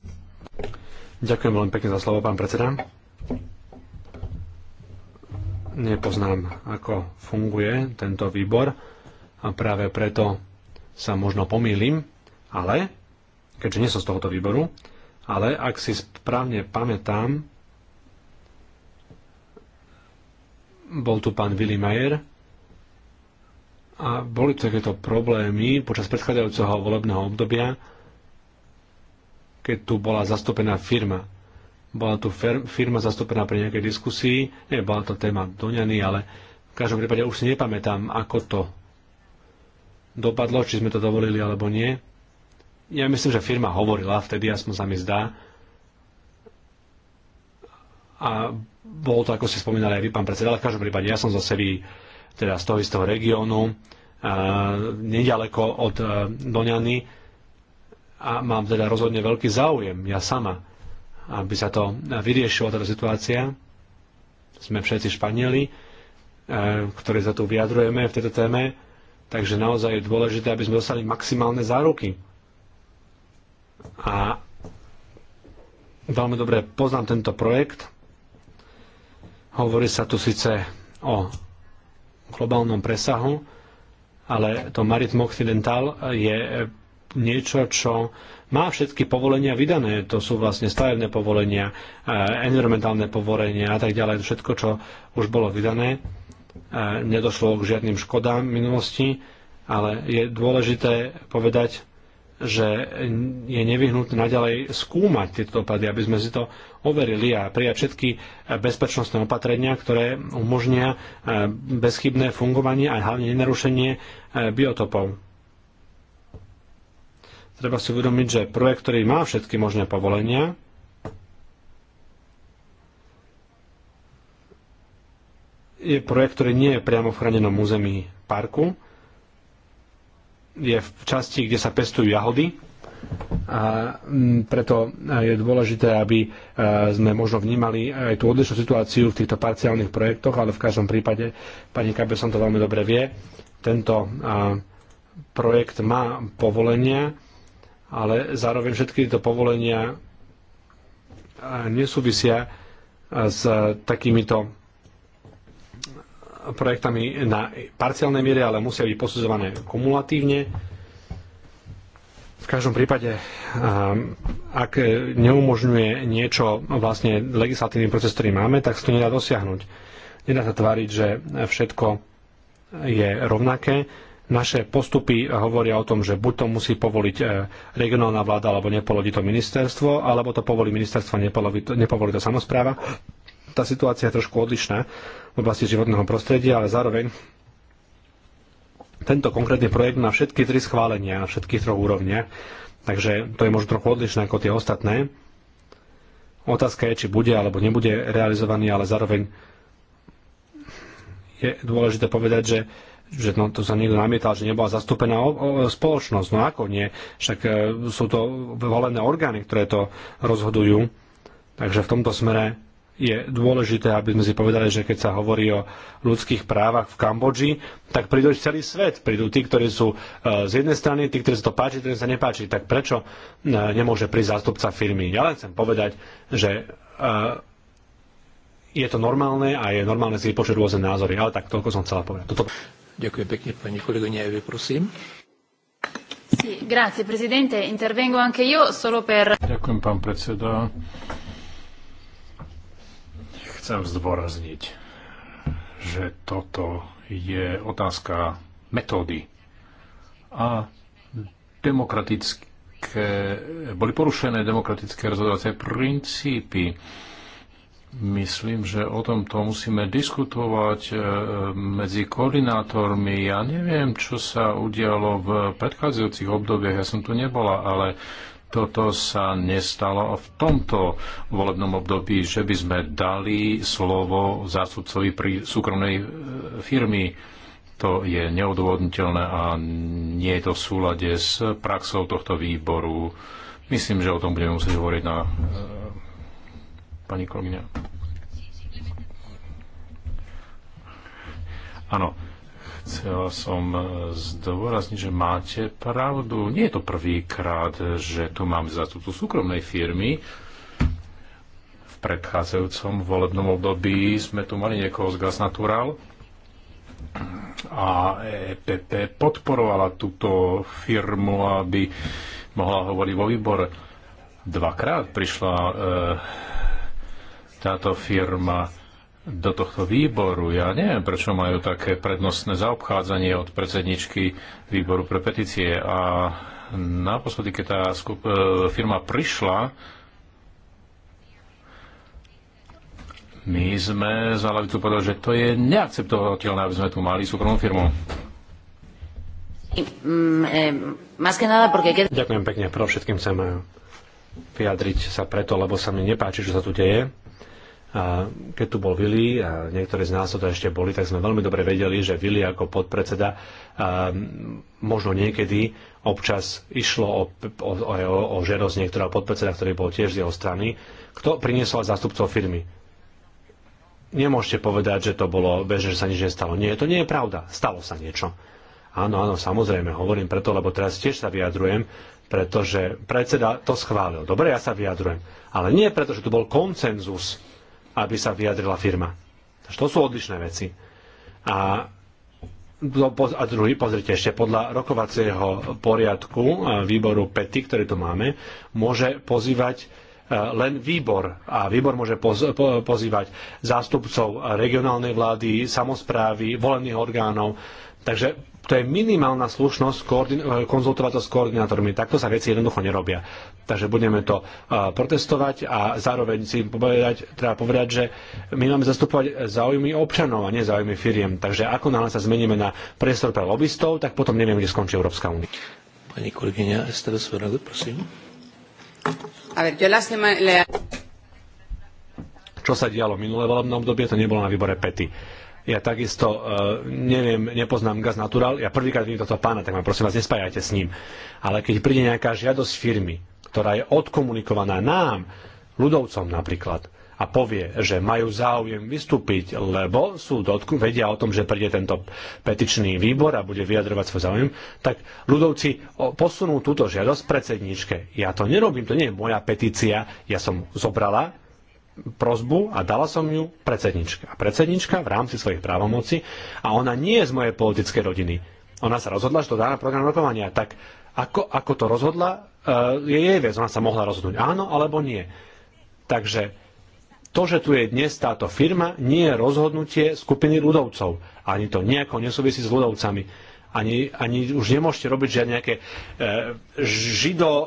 Ďakujem veľmi pekne za slovo, pán predseda. Nepoznám, ako funguje tento výbor a práve preto sa možno pomýlim, ale, keďže nie som z tohoto výboru, ale ak si správne pamätám, bol tu pán Willy Mayer a boli takéto problémy počas predchádzajúceho volebného obdobia, keď tu bola zastúpená firma. Bola tu firma zastúpená pri nejakej diskusii, nie, bola to téma Doňany, ale v každom prípade už si nepamätám, ako to dopadlo, či sme to dovolili alebo nie. Ja myslím, že firma hovorila vtedy, aspoň sa mi zdá. A bolo to, ako ste spomínali aj vy, pán predseda, ale v každom prípade ja som zo Seví, teda z toho istého regiónu, nedaleko od e, Doňany, a mám teda rozhodne veľký záujem, ja sama, aby sa to vyriešila táto situácia. Sme všetci Španieli, e, ktorí sa tu vyjadrujeme v tejto téme, takže naozaj je dôležité, aby sme dostali maximálne záruky. A veľmi dobre poznám tento projekt. Hovorí sa tu síce o globálnom presahu, ale to Maritmo Occidental je niečo, čo má všetky povolenia vydané. To sú vlastne stavebné povolenia, e, environmentálne povolenia a tak ďalej. Všetko, čo už bolo vydané. E, nedošlo k žiadnym škodám v minulosti, ale je dôležité povedať, že je nevyhnutné naďalej skúmať tieto dopady, aby sme si to overili a prijať všetky bezpečnostné opatrenia, ktoré umožnia e, bezchybné fungovanie a hlavne nenarušenie biotopov. Treba si uvedomiť, že projekt, ktorý má všetky možné povolenia, je projekt, ktorý nie je priamo v chránenom území parku. Je v časti, kde sa pestujú jahody a mm, preto je dôležité, aby e, sme možno vnímali aj tú odlišnú situáciu v týchto parciálnych projektoch, ale v každom prípade, pani som to veľmi dobre vie, tento projekt má povolenia ale zároveň všetky tieto povolenia nesúvisia s takýmito projektami na parciálnej miere, ale musia byť posudzované kumulatívne. V každom prípade, ak neumožňuje niečo vlastne legislatívny proces, ktorý máme, tak sa to nedá dosiahnuť. Nedá sa tváriť, že všetko je rovnaké naše postupy hovoria o tom, že buď to musí povoliť e, regionálna vláda, alebo nepovolí to ministerstvo, alebo to povolí ministerstvo, nepovolí to, nepovolí to samozpráva. Tá situácia je trošku odlišná v oblasti životného prostredia, ale zároveň tento konkrétny projekt má všetky tri schválenia na všetkých troch úrovniach, takže to je možno trochu odlišné ako tie ostatné. Otázka je, či bude alebo nebude realizovaný, ale zároveň je dôležité povedať, že že no, to sa niekto namietal, že nebola zastúpená o, o, spoločnosť. No ako nie? Však e, sú to volené orgány, ktoré to rozhodujú. Takže v tomto smere je dôležité, aby sme si povedali, že keď sa hovorí o ľudských právach v Kambodži, tak prídu celý svet. Prídu tí, ktorí sú e, z jednej strany, tí, ktorí sa to páči, ktorí sa nepáči. Tak prečo e, nemôže prísť zástupca firmy? Ja len chcem povedať, že e, je to normálne a je normálne si vypočuť rôzne názory. Ale tak toľko som chcela povedať. Toto... Ďakujem pekne, pani kolegyňa prosím. grazie intervengo anche io solo per... Ďakujem, pán predseda. Chcem zdôrazniť, že toto je otázka metódy a demokratické, boli porušené demokratické rozhodovacie princípy myslím, že o tomto musíme diskutovať e, medzi koordinátormi. Ja neviem, čo sa udialo v predchádzajúcich obdobiach, ja som tu nebola, ale toto sa nestalo v tomto volebnom období, že by sme dali slovo zástupcovi pri súkromnej e, firmy. To je neodvodniteľné a nie je to v súlade s praxou tohto výboru. Myslím, že o tom budeme musieť hovoriť na e, pani kolegyňa. Áno, chcel som e, zdôrazniť, že máte pravdu. Nie je to prvýkrát, že tu mám za túto súkromnej firmy. V predchádzajúcom volebnom období sme tu mali niekoho z Gas Natural a EPP podporovala túto firmu, aby mohla hovoriť vo výbore. Dvakrát prišla e, táto firma do tohto výboru. Ja neviem, prečo majú také prednostné zaobchádzanie od predsedničky výboru pre petície. A naposledy, keď tá skup- e, firma prišla, my sme za Lavicu povedali, že to je neakceptovateľné, aby sme tu mali súkromnú firmu. Mm, e, Ďakujem pekne. Pro všetkým chcem e, vyjadriť sa preto, lebo sa mi nepáči, čo sa tu deje keď tu bol Vili, a niektorí z nás to ešte boli, tak sme veľmi dobre vedeli, že Vili ako podpredseda možno niekedy občas išlo o, o, o, o žerosť niektorého podpredseda, ktorý bol tiež z jeho strany, kto priniesol zástupcov firmy. Nemôžete povedať, že to bolo bežne, že sa nič nestalo. Nie, to nie je pravda. Stalo sa niečo. Áno, áno, samozrejme, hovorím preto, lebo teraz tiež sa vyjadrujem, pretože predseda to schválil. Dobre, ja sa vyjadrujem. Ale nie preto, že tu bol koncenzus aby sa vyjadrila firma. Takže to sú odlišné veci. A no, a druhý, pozrite ešte, podľa rokovacieho poriadku e, výboru PETI, ktorý tu máme, môže pozývať e, len výbor. A výbor môže poz, po, pozývať zástupcov regionálnej vlády, samozprávy, volených orgánov. Takže to je minimálna slušnosť e, konzultovať to s koordinátormi. Takto sa veci jednoducho nerobia. Takže budeme to protestovať a zároveň si povedať, treba povedať, že my máme zastupovať záujmy občanov a nie záujmy firiem. Takže ako náhle sa zmeníme na priestor pre lobbystov, tak potom neviem, kde skončí Európska únia. Pani kolegyňa svojho rádu, prosím. A ver, yo las le... Čo sa dialo minulé volebné obdobie, to nebolo na výbore Pety. Ja takisto uh, neviem, nepoznám Gaz Natural. Ja prvýkrát vidím toto pána, tak ma prosím vás, nespájajte s ním. Ale keď príde nejaká žiadosť firmy, ktorá je odkomunikovaná nám, ľudovcom napríklad, a povie, že majú záujem vystúpiť, lebo sú dotknú, vedia o tom, že príde tento petičný výbor a bude vyjadrovať svoj záujem, tak ľudovci posunú túto žiadosť predsedničke. Ja to nerobím, to nie je moja petícia, ja som zobrala prozbu a dala som ju predsedničke. A predsednička v rámci svojich právomocí, a ona nie je z mojej politickej rodiny, ona sa rozhodla, že to dá na program rokovania, tak ako, ako to rozhodla, Eh, je jej vec. Ona sa mohla rozhodnúť áno alebo nie. Takže to, že tu je dnes táto firma, nie je rozhodnutie skupiny ľudovcov. Ani to nejako nesúvisí s ľudovcami. Ani, ani už nemôžete robiť žiadne nejaké e, žido e,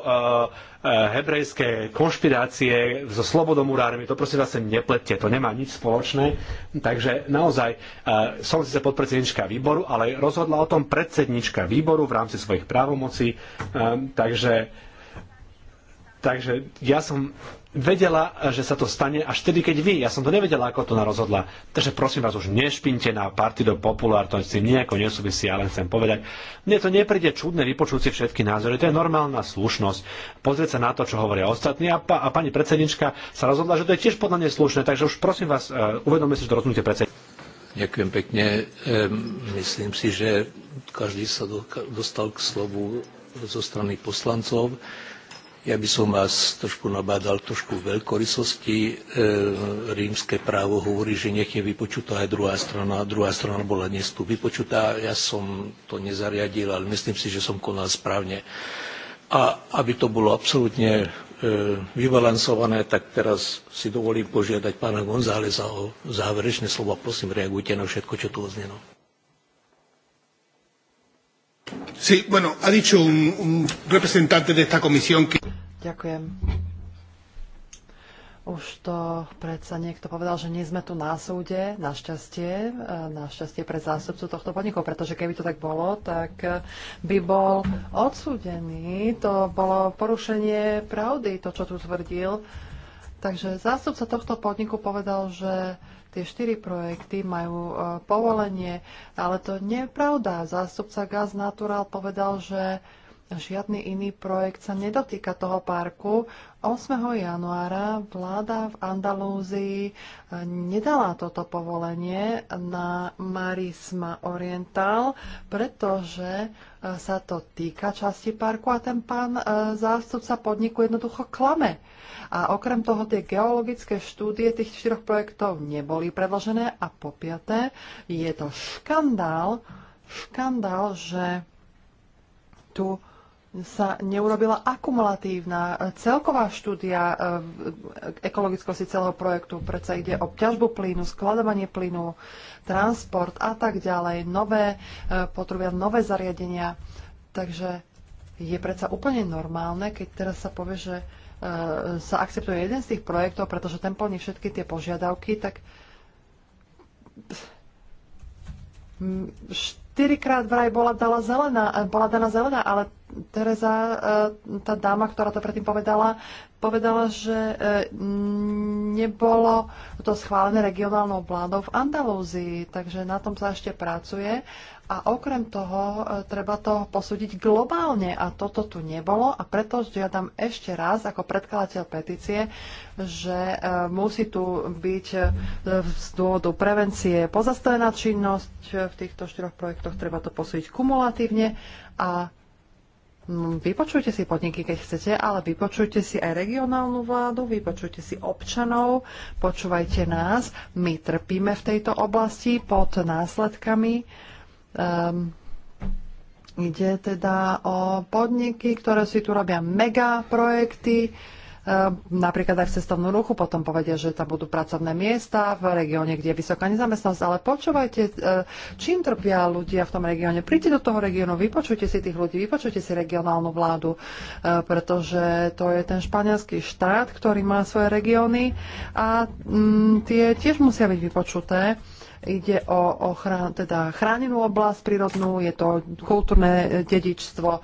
E, hebrejské konšpirácie so slobodomurármi, to proste zase nepletie, to nemá nič spoločné. Takže naozaj som e, síce podpredsednička výboru, ale rozhodla o tom predsednička výboru v rámci svojich právomocí, e, takže Takže ja som vedela, že sa to stane až vtedy, keď vy. Ja som to nevedela, ako to narozhodla. rozhodla. Takže prosím vás, už nešpinte na Partido Popular, to s tým nejako nesúvisí, ale chcem povedať, mne to nepríde čudné vypočuť si všetky názory, to je normálna slušnosť. Pozrieť sa na to, čo hovoria ostatní a, pa, a pani predsednička sa rozhodla, že to je tiež podľa mňa slušné, takže už prosím vás, uh, uvedomme si, že to rozhodnutie predsedničky. Ďakujem pekne. Ehm, myslím si, že každý sa do, dostal k slovu zo strany poslancov. Ja by som vás trošku nabádal trošku veľkorysosti. E, rímske právo hovorí, že nech je vypočutá aj druhá strana. Druhá strana bola dnes tu vypočutá. Ja som to nezariadil, ale myslím si, že som konal správne. A aby to bolo absolútne e, vybalansované, tak teraz si dovolím požiadať pána Gonzáleza o záverečné slovo. Prosím, reagujte na všetko, čo tu oznelo. Sí, bueno, ha dicho un, un representante de esta comisión que... Ďakujem. Už to predsa niekto povedal, že nie sme tu na súde, našťastie, e, našťastie pre zástupcu tohto podniku, pretože keby to tak bolo, tak by bol odsúdený. To bolo porušenie pravdy, to, čo tu tvrdil. Takže zástupca tohto podniku povedal, že Tie štyri projekty majú e, povolenie, ale to nie je pravda. Zástupca Gaz Natural povedal, že Žiadny iný projekt sa nedotýka toho parku. 8. januára vláda v Andalúzii e, nedala toto povolenie na Marisma Oriental, pretože e, sa to týka časti parku a ten pán zástupca podniku jednoducho klame. A okrem toho tie geologické štúdie tých štyroch projektov neboli predložené. A po piaté, je to škandál, škandál, že tu sa neurobila akumulatívna celková štúdia e, ekologickosti celého projektu. Predsa ide o ťažbu plynu, skladovanie plynu, transport a tak ďalej, nové e, potrubia, nové zariadenia. Takže je predsa úplne normálne, keď teraz sa povie, že Eh, sa akceptuje jeden z tých projektov, pretože ten plní všetky tie požiadavky, tak štyrikrát vraj bola, dala zelená, eh, bola daná zelená, ale Tereza, eh, tá dáma, ktorá to predtým povedala, povedala, že nebolo to schválené regionálnou vládou v Andalúzii, takže na tom sa ešte pracuje a okrem toho e, treba to posúdiť globálne a toto tu nebolo a preto žiadam ešte raz ako predkladateľ petície, že e, musí tu byť e, z dôvodu prevencie pozastavená činnosť v týchto štyroch projektoch, treba to posúdiť kumulatívne a mm, Vypočujte si podniky, keď chcete, ale vypočujte si aj regionálnu vládu, vypočujte si občanov, počúvajte nás. My trpíme v tejto oblasti pod následkami Um, ide teda o podniky, ktoré si tu robia mega projekty, ehm, napríklad aj v cestovnú ruchu, potom povedia, že tam budú pracovné miesta v regióne, kde je vysoká nezamestnanosť. Ale počúvajte, ehm, čím trpia ľudia v tom regióne. Príďte do toho regiónu, vypočujte si tých ľudí, vypočujte si regionálnu vládu, pretože to je ten španielský štát, ktorý má svoje regióny a mm, tie tiež musia byť vypočuté. Ide o, o chrán, teda chránenú oblasť prírodnú, je to kultúrne dedičstvo e,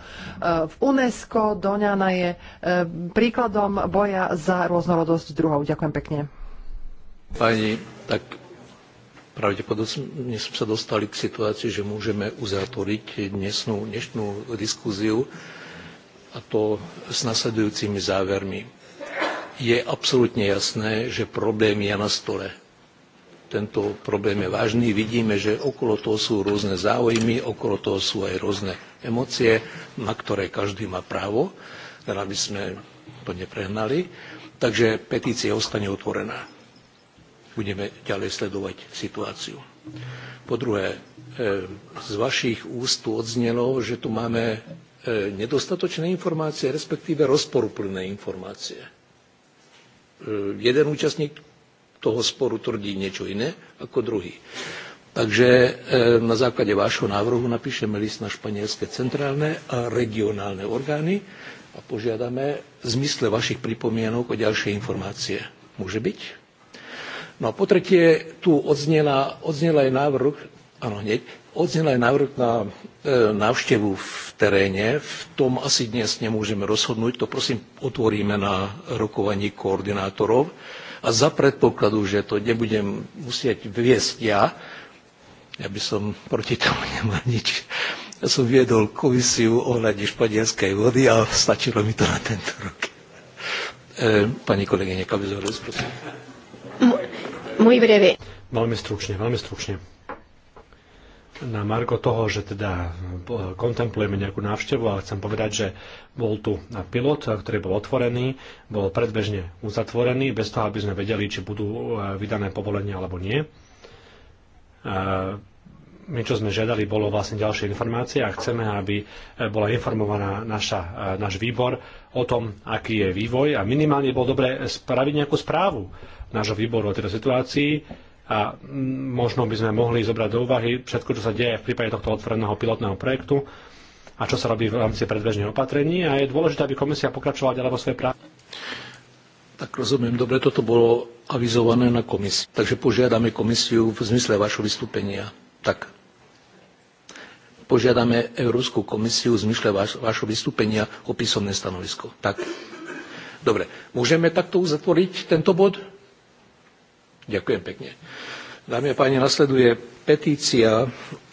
v UNESCO. Doňana je e, príkladom boja za rôznorodosť druhov. Ďakujem pekne. Pani, tak pravdepodobne sme sa dostali k situácii, že môžeme uzatvoriť dnesnú, dnešnú diskúziu a to s nasledujúcimi závermi. Je absolútne jasné, že problém je na stole tento problém je vážny. Vidíme, že okolo toho sú rôzne záujmy, okolo toho sú aj rôzne emócie, na ktoré každý má právo, teda aby sme to neprehnali. Takže petícia ostane otvorená. Budeme ďalej sledovať situáciu. Po druhé, e, z vašich úst tu odznelo, že tu máme e, nedostatočné informácie, respektíve rozporuplné informácie. E, jeden účastník toho sporu tvrdí niečo iné ako druhý. Takže e, na základe vášho návrhu napíšeme list na španielské centrálne a regionálne orgány a požiadame v zmysle vašich pripomienok o ďalšie informácie. Môže byť? No a po tretie, tu odznela, odznela aj návrh, áno hneď, odznel aj návrh na e, návštevu v teréne. V tom asi dnes nemôžeme rozhodnúť, to prosím otvoríme na rokovaní koordinátorov a za predpokladu, že to nebudem musieť viesť ja, ja by som proti tomu nemal nič. Ja som viedol komisiu ohľadne španielskej vody a stačilo mi to na tento rok. E, pani kolegyne Kabizores, prosím. Môj brevi. Veľmi stručne, veľmi stručne na margo toho, že teda eh, kontemplujeme nejakú návštevu, ale chcem povedať, že bol tu pilot, eh, ktorý bol otvorený, bol predbežne uzatvorený, bez toho, aby sme vedeli, či budú eh, vydané povolenia alebo nie. My, čo sme žiadali, bolo vlastne ďalšie informácie a chceme, aby bola informovaná naša, náš výbor o tom, aký je vývoj a minimálne bol dobre spraviť nejakú správu nášho výboru o tejto situácii, a možno by sme mohli zobrať do úvahy všetko, čo sa deje v prípade tohto otvoreného pilotného projektu a čo sa robí v rámci predbežných opatrení a je dôležité, aby komisia pokračovala ďalej vo svojej práci. Tak rozumiem, dobre, toto bolo avizované na komisii. Takže požiadame komisiu v zmysle vašho vystúpenia. Tak. Požiadame Európsku komisiu v zmysle vaš, vašho vystúpenia o písomné stanovisko. Tak. Dobre, môžeme takto uzatvoriť tento bod? Ďakujem pekne. Dámy a páni, nasleduje petícia,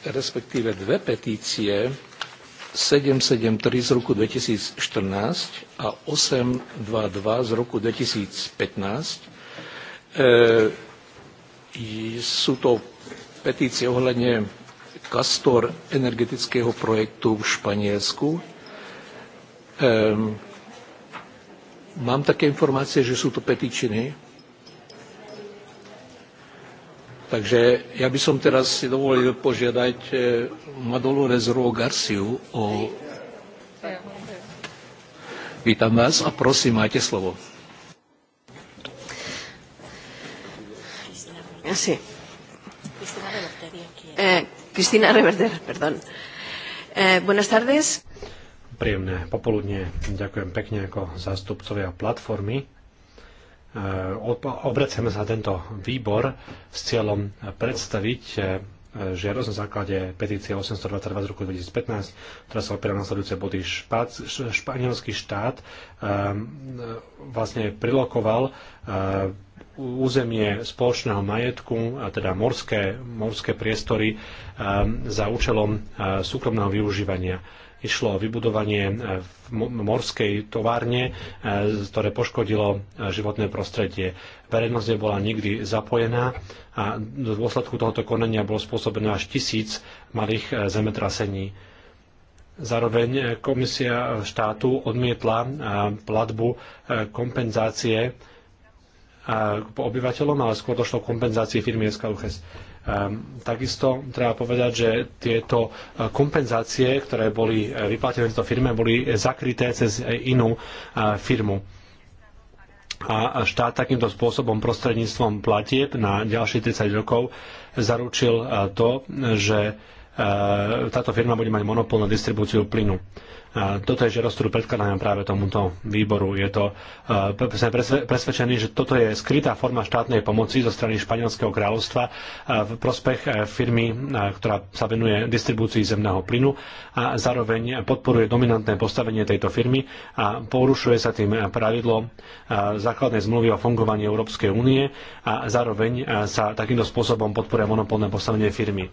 respektíve dve petície, 773 z roku 2014 a 822 z roku 2015. E, sú to petície ohľadne Castor energetického projektu v Španielsku. E, mám také informácie, že sú to petičiny, Takže ja by som teraz si dovolil požiadať eh, Madolu Rezru Garciu o... Vítam vás a prosím, máte slovo. Ah, sí. Eh, Cristina Reverter, perdón. Eh, buenas tardes. Príjemné popoludne. Ďakujem pekne ako zástupcovia platformy Eh, obraciame sa na tento výbor s cieľom predstaviť eh, žiadosť na základe petície 822 z roku 2015, ktorá sa opiera na sledujúce body. Špác, španielský štát eh, vlastne prilokoval územie spoločného majetku, a teda morské, morské priestory, za účelom súkromného využívania Išlo o vybudovanie e, morskej továrne, e, ktoré poškodilo e, životné prostredie. Verejnosť nebola nikdy zapojená a do dôsledku tohoto konania bolo spôsobené až tisíc malých zemetrasení. Zároveň komisia štátu odmietla platbu kompenzácie obyvateľom, ale skôr došlo kompenzácii firmy SKUHES. Ehm, takisto treba povedať, že tieto eh, kompenzácie, ktoré boli eh, vyplatené tejto firme, boli zakryté cez eh, inú firmu a štát takýmto spôsobom prostredníctvom platieb na ďalších 30 rokov zaručil to, že táto firma bude mať monopol na distribúciu plynu. Toto je žiadosť, ktorú predkladám práve tomuto výboru. Je to, e, sme presvedčení, že toto je skrytá forma štátnej pomoci zo strany Španielského kráľovstva e, v prospech e, firmy, ktorá sa venuje distribúcii zemného plynu a zároveň podporuje dominantné postavenie tejto firmy a porušuje sa tým pravidlo základnej zmluvy o fungovaní Európskej únie a zároveň sa takýmto spôsobom podporuje monopolné postavenie firmy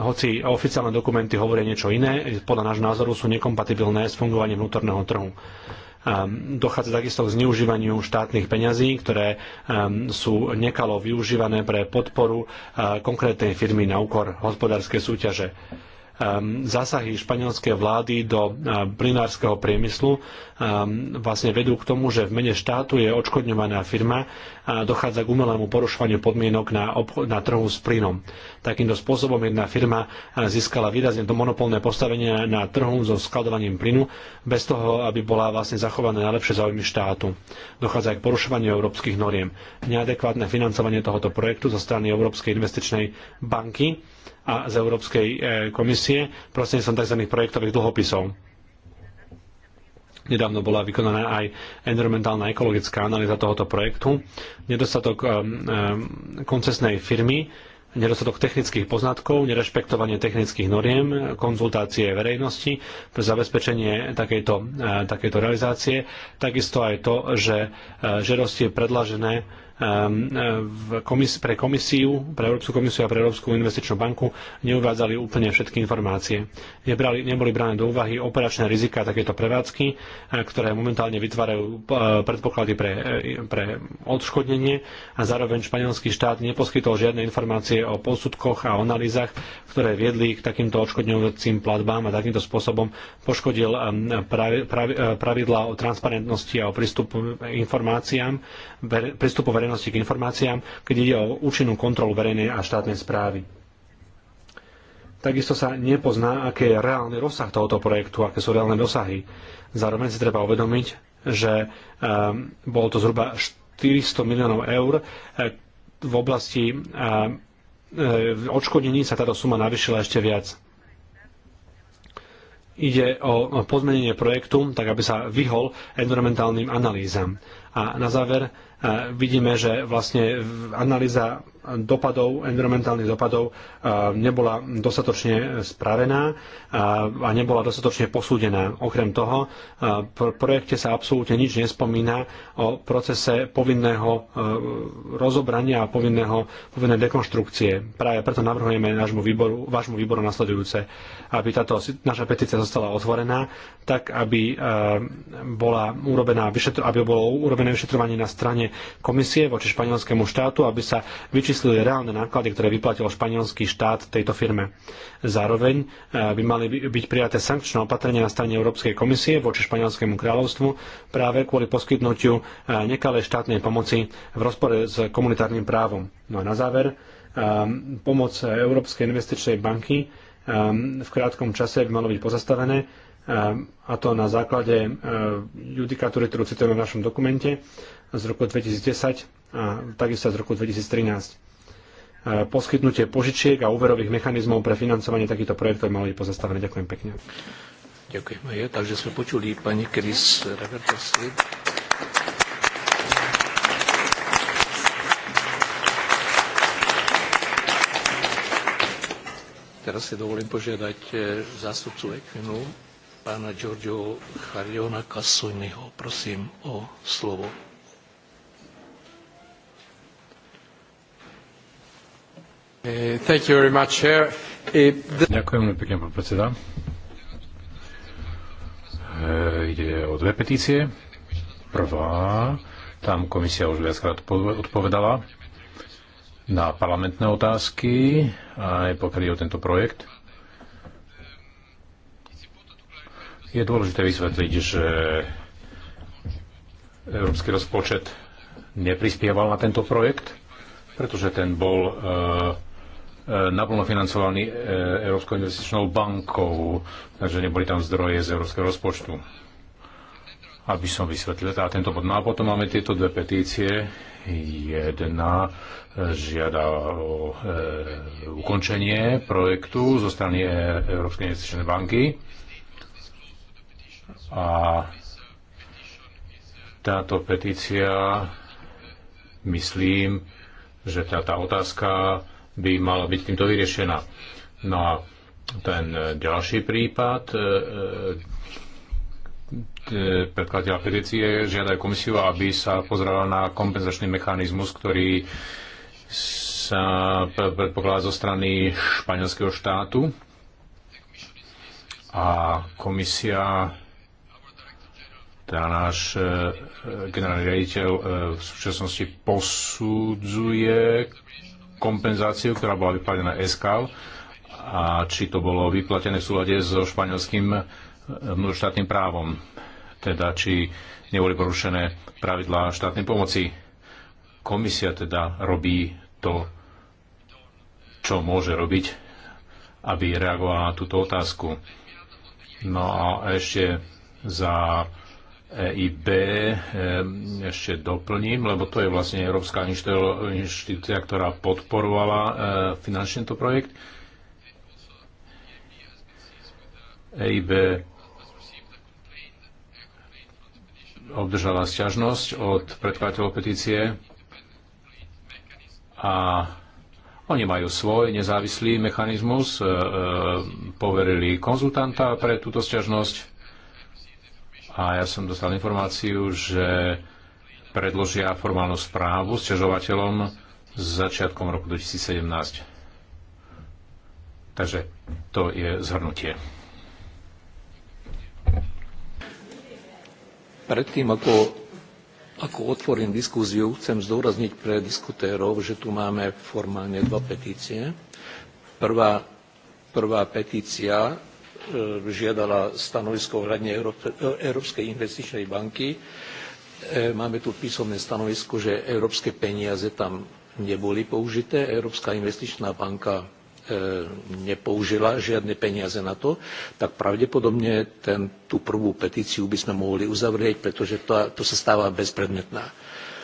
hoci oficiálne dokumenty hovoria niečo iné, podľa nášho názoru sú nekompatibilné s fungovaním vnútorného trhu. Um, dochádza takisto k zneužívaniu štátnych peňazí, ktoré um, sú nekalo využívané pre podporu uh, konkrétnej firmy na úkor hospodárskej súťaže um, zásahy španielskej vlády do uh, plinárskeho priemyslu vlastne vedú k tomu, že v mene štátu je odškodňovaná firma, dochádza k umelému porušovaniu podmienok na, obchod, na trhu s plynom. Takýmto spôsobom jedna firma eh, získala výrazne to monopolné postavenie na trhu so skladovaním plynu bez toho, aby bola vlastne zachované najlepšie záujmy štátu. Dochádza aj k porušovaniu európskych noriem. Neadekvátne financovanie tohoto projektu zo strany Európskej investičnej banky a z Európskej eh, komisie prostredníctvom tzv. projektových dlhopisov Nedávno bola vykonaná aj environmentálna ekologická analýza tohoto projektu. Nedostatok um, um, koncesnej firmy nedostatok technických poznatkov, nerešpektovanie technických noriem, konzultácie verejnosti pre zabezpečenie takejto, uh, takejto realizácie, takisto aj to, že uh, žerosti je predlažené Ehm, komis- pre komisiu, pre Európsku komisiu a pre Európsku investičnú banku neuvádzali úplne všetky informácie. Nebrali, neboli brané do úvahy operačné rizika takéto prevádzky, e, ktoré momentálne vytvárajú e, predpoklady pre, e, pre odškodnenie a zároveň španielský štát neposkytol žiadne informácie o posudkoch a analýzach, ktoré viedli k takýmto odškodňujúcim platbám a takýmto spôsobom poškodil ehm, pravidla o transparentnosti a o prístupu informáciám, prístupu verejnosti verejnosti k informáciám, keď ide o účinnú kontrolu verejnej a štátnej správy. Takisto sa nepozná, aký je reálny rozsah tohoto projektu, aké sú reálne dosahy. Zároveň si treba uvedomiť, že um, bolo to zhruba 400 miliónov eur e, v oblasti um, odškodnení sa táto suma navyšila ešte viac. Ide o pozmenenie projektu, tak aby sa vyhol environmentálnym analýzam. A na záver Vidíme, že vlastne analýza dopadov, environmentálnych dopadov nebola dostatočne spravená a nebola dostatočne posúdená. Okrem toho, v projekte sa absolútne nič nespomína o procese povinného e, rozobrania a povinného, povinnej dekonštrukcie. Práve preto navrhujeme nášmu výboru, vášmu výboru nasledujúce, aby táto naša petícia zostala otvorená, tak aby e, bola urobená, aby bolo urobené vyšetrovanie na strane komisie voči španielskému štátu, aby sa vyčistila vyčíslili reálne náklady, ktoré vyplatil španielský štát tejto firme. Zároveň e, by mali byť prijaté sankčné opatrenia na strane Európskej komisie voči španielskému kráľovstvu práve kvôli poskytnutiu e, nekalej štátnej pomoci v rozpore s komunitárnym právom. No a na záver, e, pomoc Európskej investičnej banky v krátkom čase by malo byť pozastavené a to na základe judikatúry, ktorú citujeme v našom dokumente z roku 2010 a takisto z roku 2013. Poskytnutie požičiek a úverových mechanizmov pre financovanie takýchto projektov malo byť pozastavené. Ďakujem pekne. Ďakujem aj ja. Takže sme počuli pani Chris Revertosi. Teraz si dovolím požiadať eh, zástupcu Ekvinu, pána Giorgio Chariona Kasujnyho. Prosím o slovo. Uh, uh, Ďakujem pekne, pán predseda. Uh, ide o dve petície. Prvá, tam komisia už viackrát odpovedala na parlamentné otázky, aj pokiaľ ide o tento projekt. Je dôležité vysvetliť, že európsky rozpočet neprispieval na tento projekt, pretože ten bol E, naplno financovaný e, Európskou investičnou bankou, takže neboli tam zdroje z európskeho rozpočtu. Aby som vysvetlil tá, tento bod. No a potom máme tieto dve petície. Jedna e, žiada o e, ukončenie projektu zo strany Európskej investičnej banky. A táto petícia, myslím, že tá, tá otázka by mala byť týmto vyriešená. No a ten e, ďalší prípad, e, e, predkladateľa petície žiadajú komisiu, aby sa pozerala na kompenzačný mechanizmus, ktorý sa predpokladá zo strany španielského štátu. A komisia, teda náš generálny riaditeľ v súčasnosti posudzuje kompenzáciu, ktorá bola vyplatená SKAL a či to bolo vyplatené v súlade so španielským e, vnútroštátnym právom, teda či neboli porušené pravidlá štátnej pomoci. Komisia teda robí to, čo môže robiť, aby reagovala na túto otázku. No a ešte za EIB ehm, ešte doplním, lebo to je vlastne Európska inštitúcia, ktorá podporovala ehm, finančne to projekt. EIB obdržala sťažnosť od predkladateľov petície a oni majú svoj nezávislý mechanizmus, ehm, poverili konzultanta pre túto sťažnosť a ja som dostal informáciu, že predložia formálnu správu s ťažovateľom s začiatkom roku 2017. Takže to je zhrnutie. Predtým, ako, ako otvorím diskúziu, chcem zdôrazniť pre diskutérov, že tu máme formálne dva petície. Prvá, prvá petícia E, žiadala stanovisko ohľadne e, Európskej investičnej banky. E, máme tu písomné stanovisko, že európske peniaze tam neboli použité. Európska investičná banka nepoužila žiadne peniaze na to, tak pravdepodobne ten, tú prvú petíciu by sme mohli uzavrieť, pretože to, to sa stáva bezpredmetná.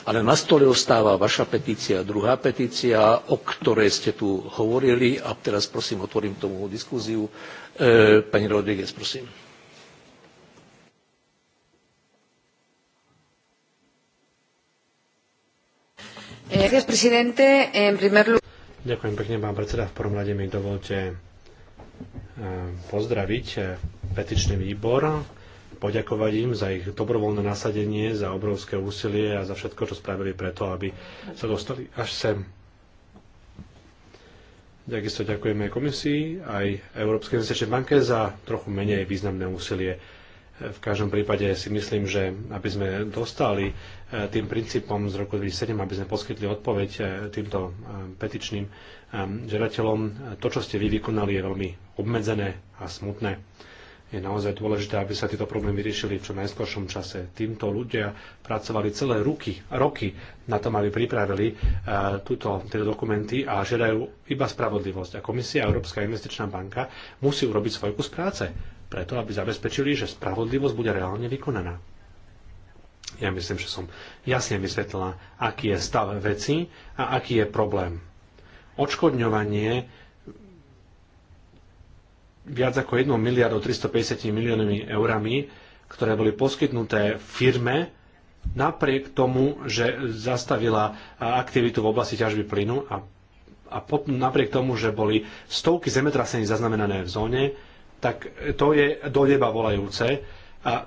Ale na stole ostáva vaša petícia, druhá petícia, o ktorej ste tu hovorili a teraz prosím otvorím tomu diskúziu. E, pani Rodriguez, prosím. Eh, Ďakujem pekne, pán predseda. V prvom rade mi dovolte eh, pozdraviť eh, petičný výbor poďakovať im za ich dobrovoľné nasadenie, za obrovské úsilie a za všetko, čo spravili preto, aby sa dostali až sem. Takisto ďakujeme aj komisii, aj Európskej investičnej banke za trochu menej významné úsilie. V každom prípade si myslím, že aby sme dostali eh, tým princípom z roku 2007, aby sme poskytli odpoveď eh, týmto eh, petičným žiadateľom, to, čo ste vy vykonali, je veľmi obmedzené a smutné je naozaj dôležité, aby sa tieto problémy riešili v čo najskôršom čase. Týmto ľudia pracovali celé ruky, roky na tom, aby pripravili uh, tieto dokumenty a žiadajú iba spravodlivosť. A Komisia Európska investičná banka musí urobiť svoj kus práce, preto aby zabezpečili, že spravodlivosť bude reálne vykonaná. Ja myslím, že som jasne vysvetlila, aký je stav veci a aký je problém. Odškodňovanie viac ako 1 miliardou 350 miliónmi eurami, ktoré boli poskytnuté firme napriek tomu, že zastavila aktivitu v oblasti ťažby plynu a, a pod, napriek tomu, že boli stovky zemetrasení zaznamenané v zóne, tak to je do neba volajúce a e,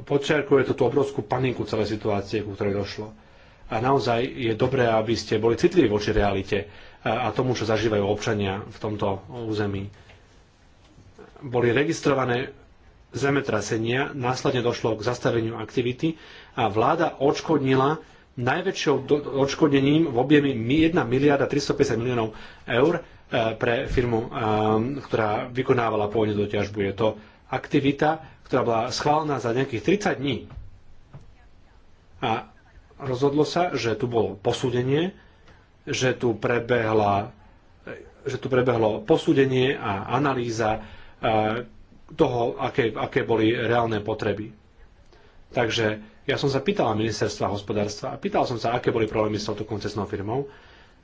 podčiarkuje to tú obrovskú paniku celej situácie, ku ktorej došlo. A naozaj je dobré, aby ste boli citliví voči realite a, a tomu, čo zažívajú občania v tomto území boli registrované zemetrasenia, následne došlo k zastaveniu aktivity a vláda odškodnila najväčšou odškodnením v objemi 1 miliarda 350 miliónov eur eh, pre firmu, eh, ktorá vykonávala pôvodne doťažbu. Je to aktivita, ktorá bola schválená za nejakých 30 dní. A rozhodlo sa, že tu bolo posúdenie, že tu prebehla eh, že tu prebehlo posúdenie a analýza toho, aké, aké boli reálne potreby. Takže ja som sa pýtala ministerstva hospodárstva a pýtal som sa, aké boli problémy s touto koncesnou firmou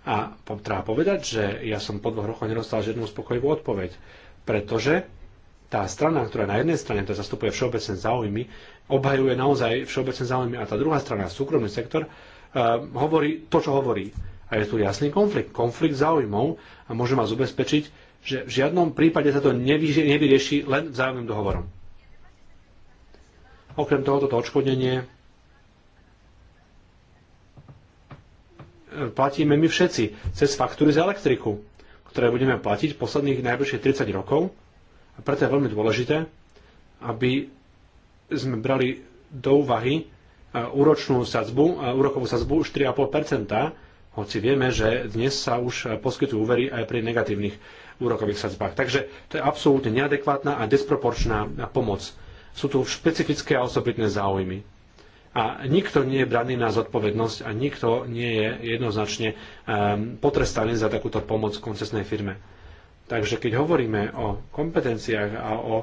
a treba povedať, že ja som po dvoch rokoch nedostal žiadnu spokojivú odpoveď, pretože tá strana, ktorá na jednej strane to zastupuje všeobecné záujmy, obhajuje naozaj všeobecné záujmy a tá druhá strana, súkromný sektor, e, hovorí to, čo hovorí. A je tu jasný konflikt, konflikt záujmov a môžem vás ubezpečiť, že v žiadnom prípade sa to nevyrieši len vzájomným dohovorom. Okrem toho, toto odškodnenie e, platíme my všetci cez faktúry za elektriku, ktoré budeme platiť posledných najbližšie 30 rokov. A preto je veľmi dôležité, aby sme brali do úvahy e, úročnú sadzbu, e, úrokovú sadzbu 4,5 hoci vieme, že dnes sa už poskytujú úvery aj pri negatívnych úrokových sadzbách. Takže to je absolútne neadekvátna a desproporčná pomoc. Sú tu špecifické a osobitné záujmy. A nikto nie je braný na zodpovednosť a nikto nie je jednoznačne ehm, potrestaný za takúto pomoc koncesnej firme. Takže keď hovoríme o kompetenciách a o, e,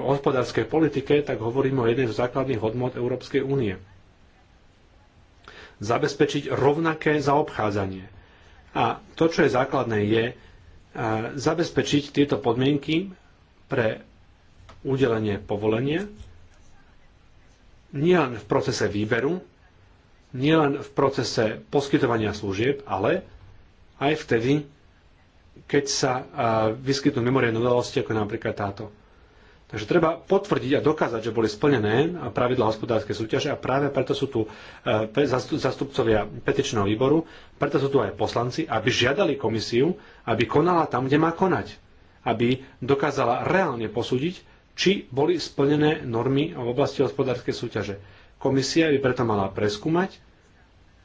hospodárskej politike, tak hovoríme o jednej z základných hodnot Európskej únie zabezpečiť rovnaké zaobchádzanie. A to, čo je základné, je e, zabezpečiť tieto podmienky pre udelenie povolenia nielen v procese výberu, nielen v procese poskytovania služieb, ale aj vtedy, keď sa e, vyskytnú mimoriadne udalosti, ako napríklad táto. Takže treba potvrdiť a dokázať, že boli splnené pravidla hospodárskej súťaže a práve preto sú tu e, zastupcovia petičného výboru, preto sú tu aj poslanci, aby žiadali komisiu, aby konala tam, kde má konať. Aby dokázala reálne posúdiť, či boli splnené normy v oblasti hospodárskej súťaže. Komisia by preto mala preskúmať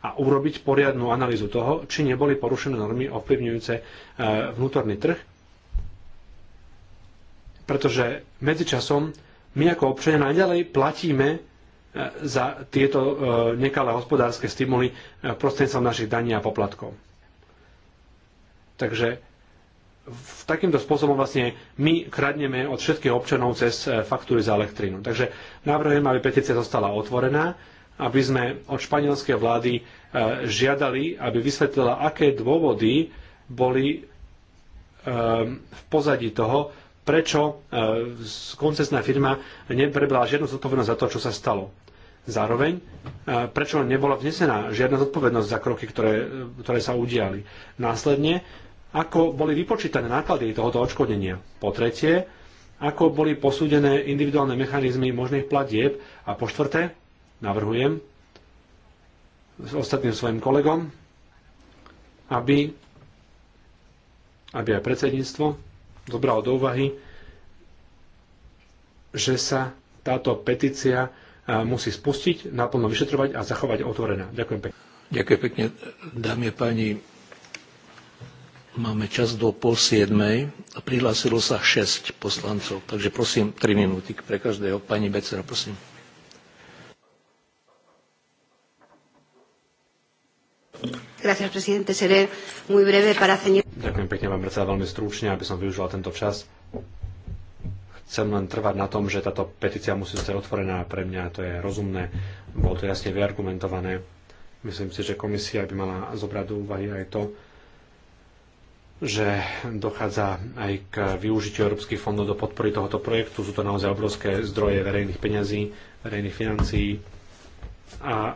a urobiť poriadnu analýzu toho, či neboli porušené normy ovplyvňujúce e, vnútorný trh pretože medzičasom my ako občania naďalej platíme e, za tieto e, nekalé hospodárske stimuly e, prostredníctvom našich daní a poplatkov. Takže v takýmto spôsobom vlastne my kradneme od všetkých občanov cez faktúry za elektrínu. Takže navrhujem, aby petícia zostala otvorená, aby sme od španielskej vlády žiadali, aby vysvetlila, aké dôvody boli v pozadí toho, prečo e, koncesná firma neprebrala žiadnu zodpovednosť za to, čo sa stalo. Zároveň, e, prečo nebola vnesená žiadna zodpovednosť za kroky, ktoré, e, ktoré sa udiali. Následne, ako boli vypočítané náklady tohoto odškodnenia. Po tretie, ako boli posúdené individuálne mechanizmy možných platieb. A po štvrté, navrhujem s ostatným svojim kolegom, aby, aby aj predsedníctvo zobral do úvahy, že sa táto petícia musí spustiť, naplno vyšetrovať a zachovať otvorená. Ďakujem pekne. Ďakujem pekne, dámy a páni. Máme čas do pol siedmej a prihlásilo sa šesť poslancov, takže prosím, tri minúty pre každého. Pani Becera, prosím. Gracias, presidente. Seré muy breve para ceñir... Ďakujem pekne, pán predseda, veľmi stručne, aby som využila tento čas. Chcem len trvať na tom, že táto petícia musí zostať otvorená pre mňa, to je rozumné, bolo to jasne vyargumentované. Myslím si, že komisia by mala zobrať do úvahy aj to, že dochádza aj k využitiu európskych fondov do podpory tohoto projektu. Sú to naozaj obrovské zdroje verejných peňazí, verejných financií a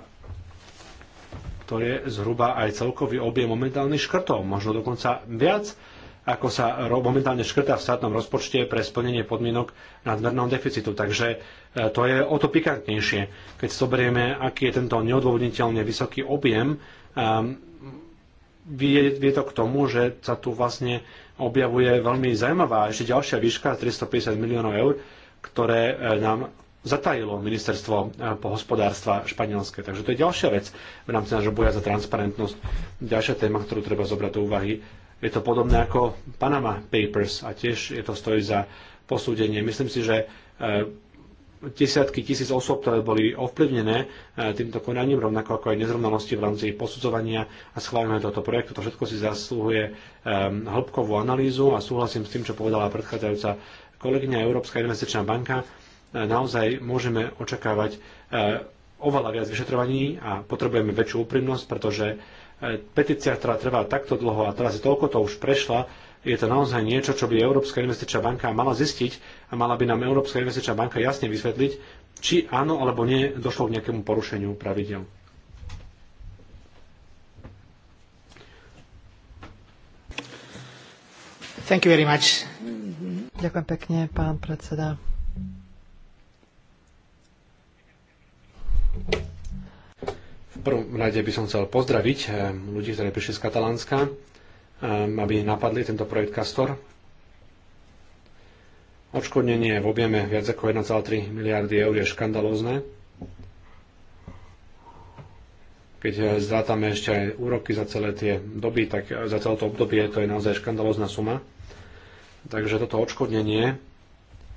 to je zhruba aj celkový objem momentálnych škrtov, možno dokonca viac, ako sa momentálne škrta v štátnom rozpočte pre splnenie podmienok nadmerného deficitu. Takže e, to je o to pikantnejšie, keď zoberieme, aký je tento neodôvodniteľne vysoký objem e, vie, to k tomu, že sa tu vlastne objavuje veľmi zaujímavá ešte ďalšia výška 350 miliónov eur, ktoré e, nám zatajilo ministerstvo eh, pohospodárstva španielské. Takže to je ďalšia vec v rámci nášho boja za transparentnosť. Ďalšia téma, ktorú treba zobrať do úvahy. Je to podobné ako Panama Papers a tiež je to stojí za posúdenie. Myslím si, že eh, desiatky tisíc osôb, ktoré boli ovplyvnené eh, týmto konaním, rovnako ako aj nezrovnalosti v rámci posudzovania a schválenia tohto projektu. To všetko si zasluhuje hĺbkovú analýzu a súhlasím s tým, čo povedala predchádzajúca kolegyňa Európska investičná banka naozaj môžeme očakávať e, oveľa viac vyšetrovaní a potrebujeme väčšiu úprimnosť, pretože e, petícia, ktorá trvá takto dlho a teraz je toľko to už prešla, je to naozaj niečo, čo by Európska investičná banka mala zistiť a mala by nám Európska investičná banka jasne vysvetliť, či áno alebo nie došlo k nejakému porušeniu pravidel. Thank you very much. Ďakujem pekne, pán predseda. V prvom rade by som chcel pozdraviť eh, ľudí, ktorí prišli z Katalánska, eh, aby napadli tento projekt Castor. Odškodnenie v objeme viac ako 1,3 miliardy eur je škandalózne. Keď eh, zrátame ešte aj úroky za celé tie doby, tak za celé to obdobie to je naozaj škandalózna suma. Takže toto odškodnenie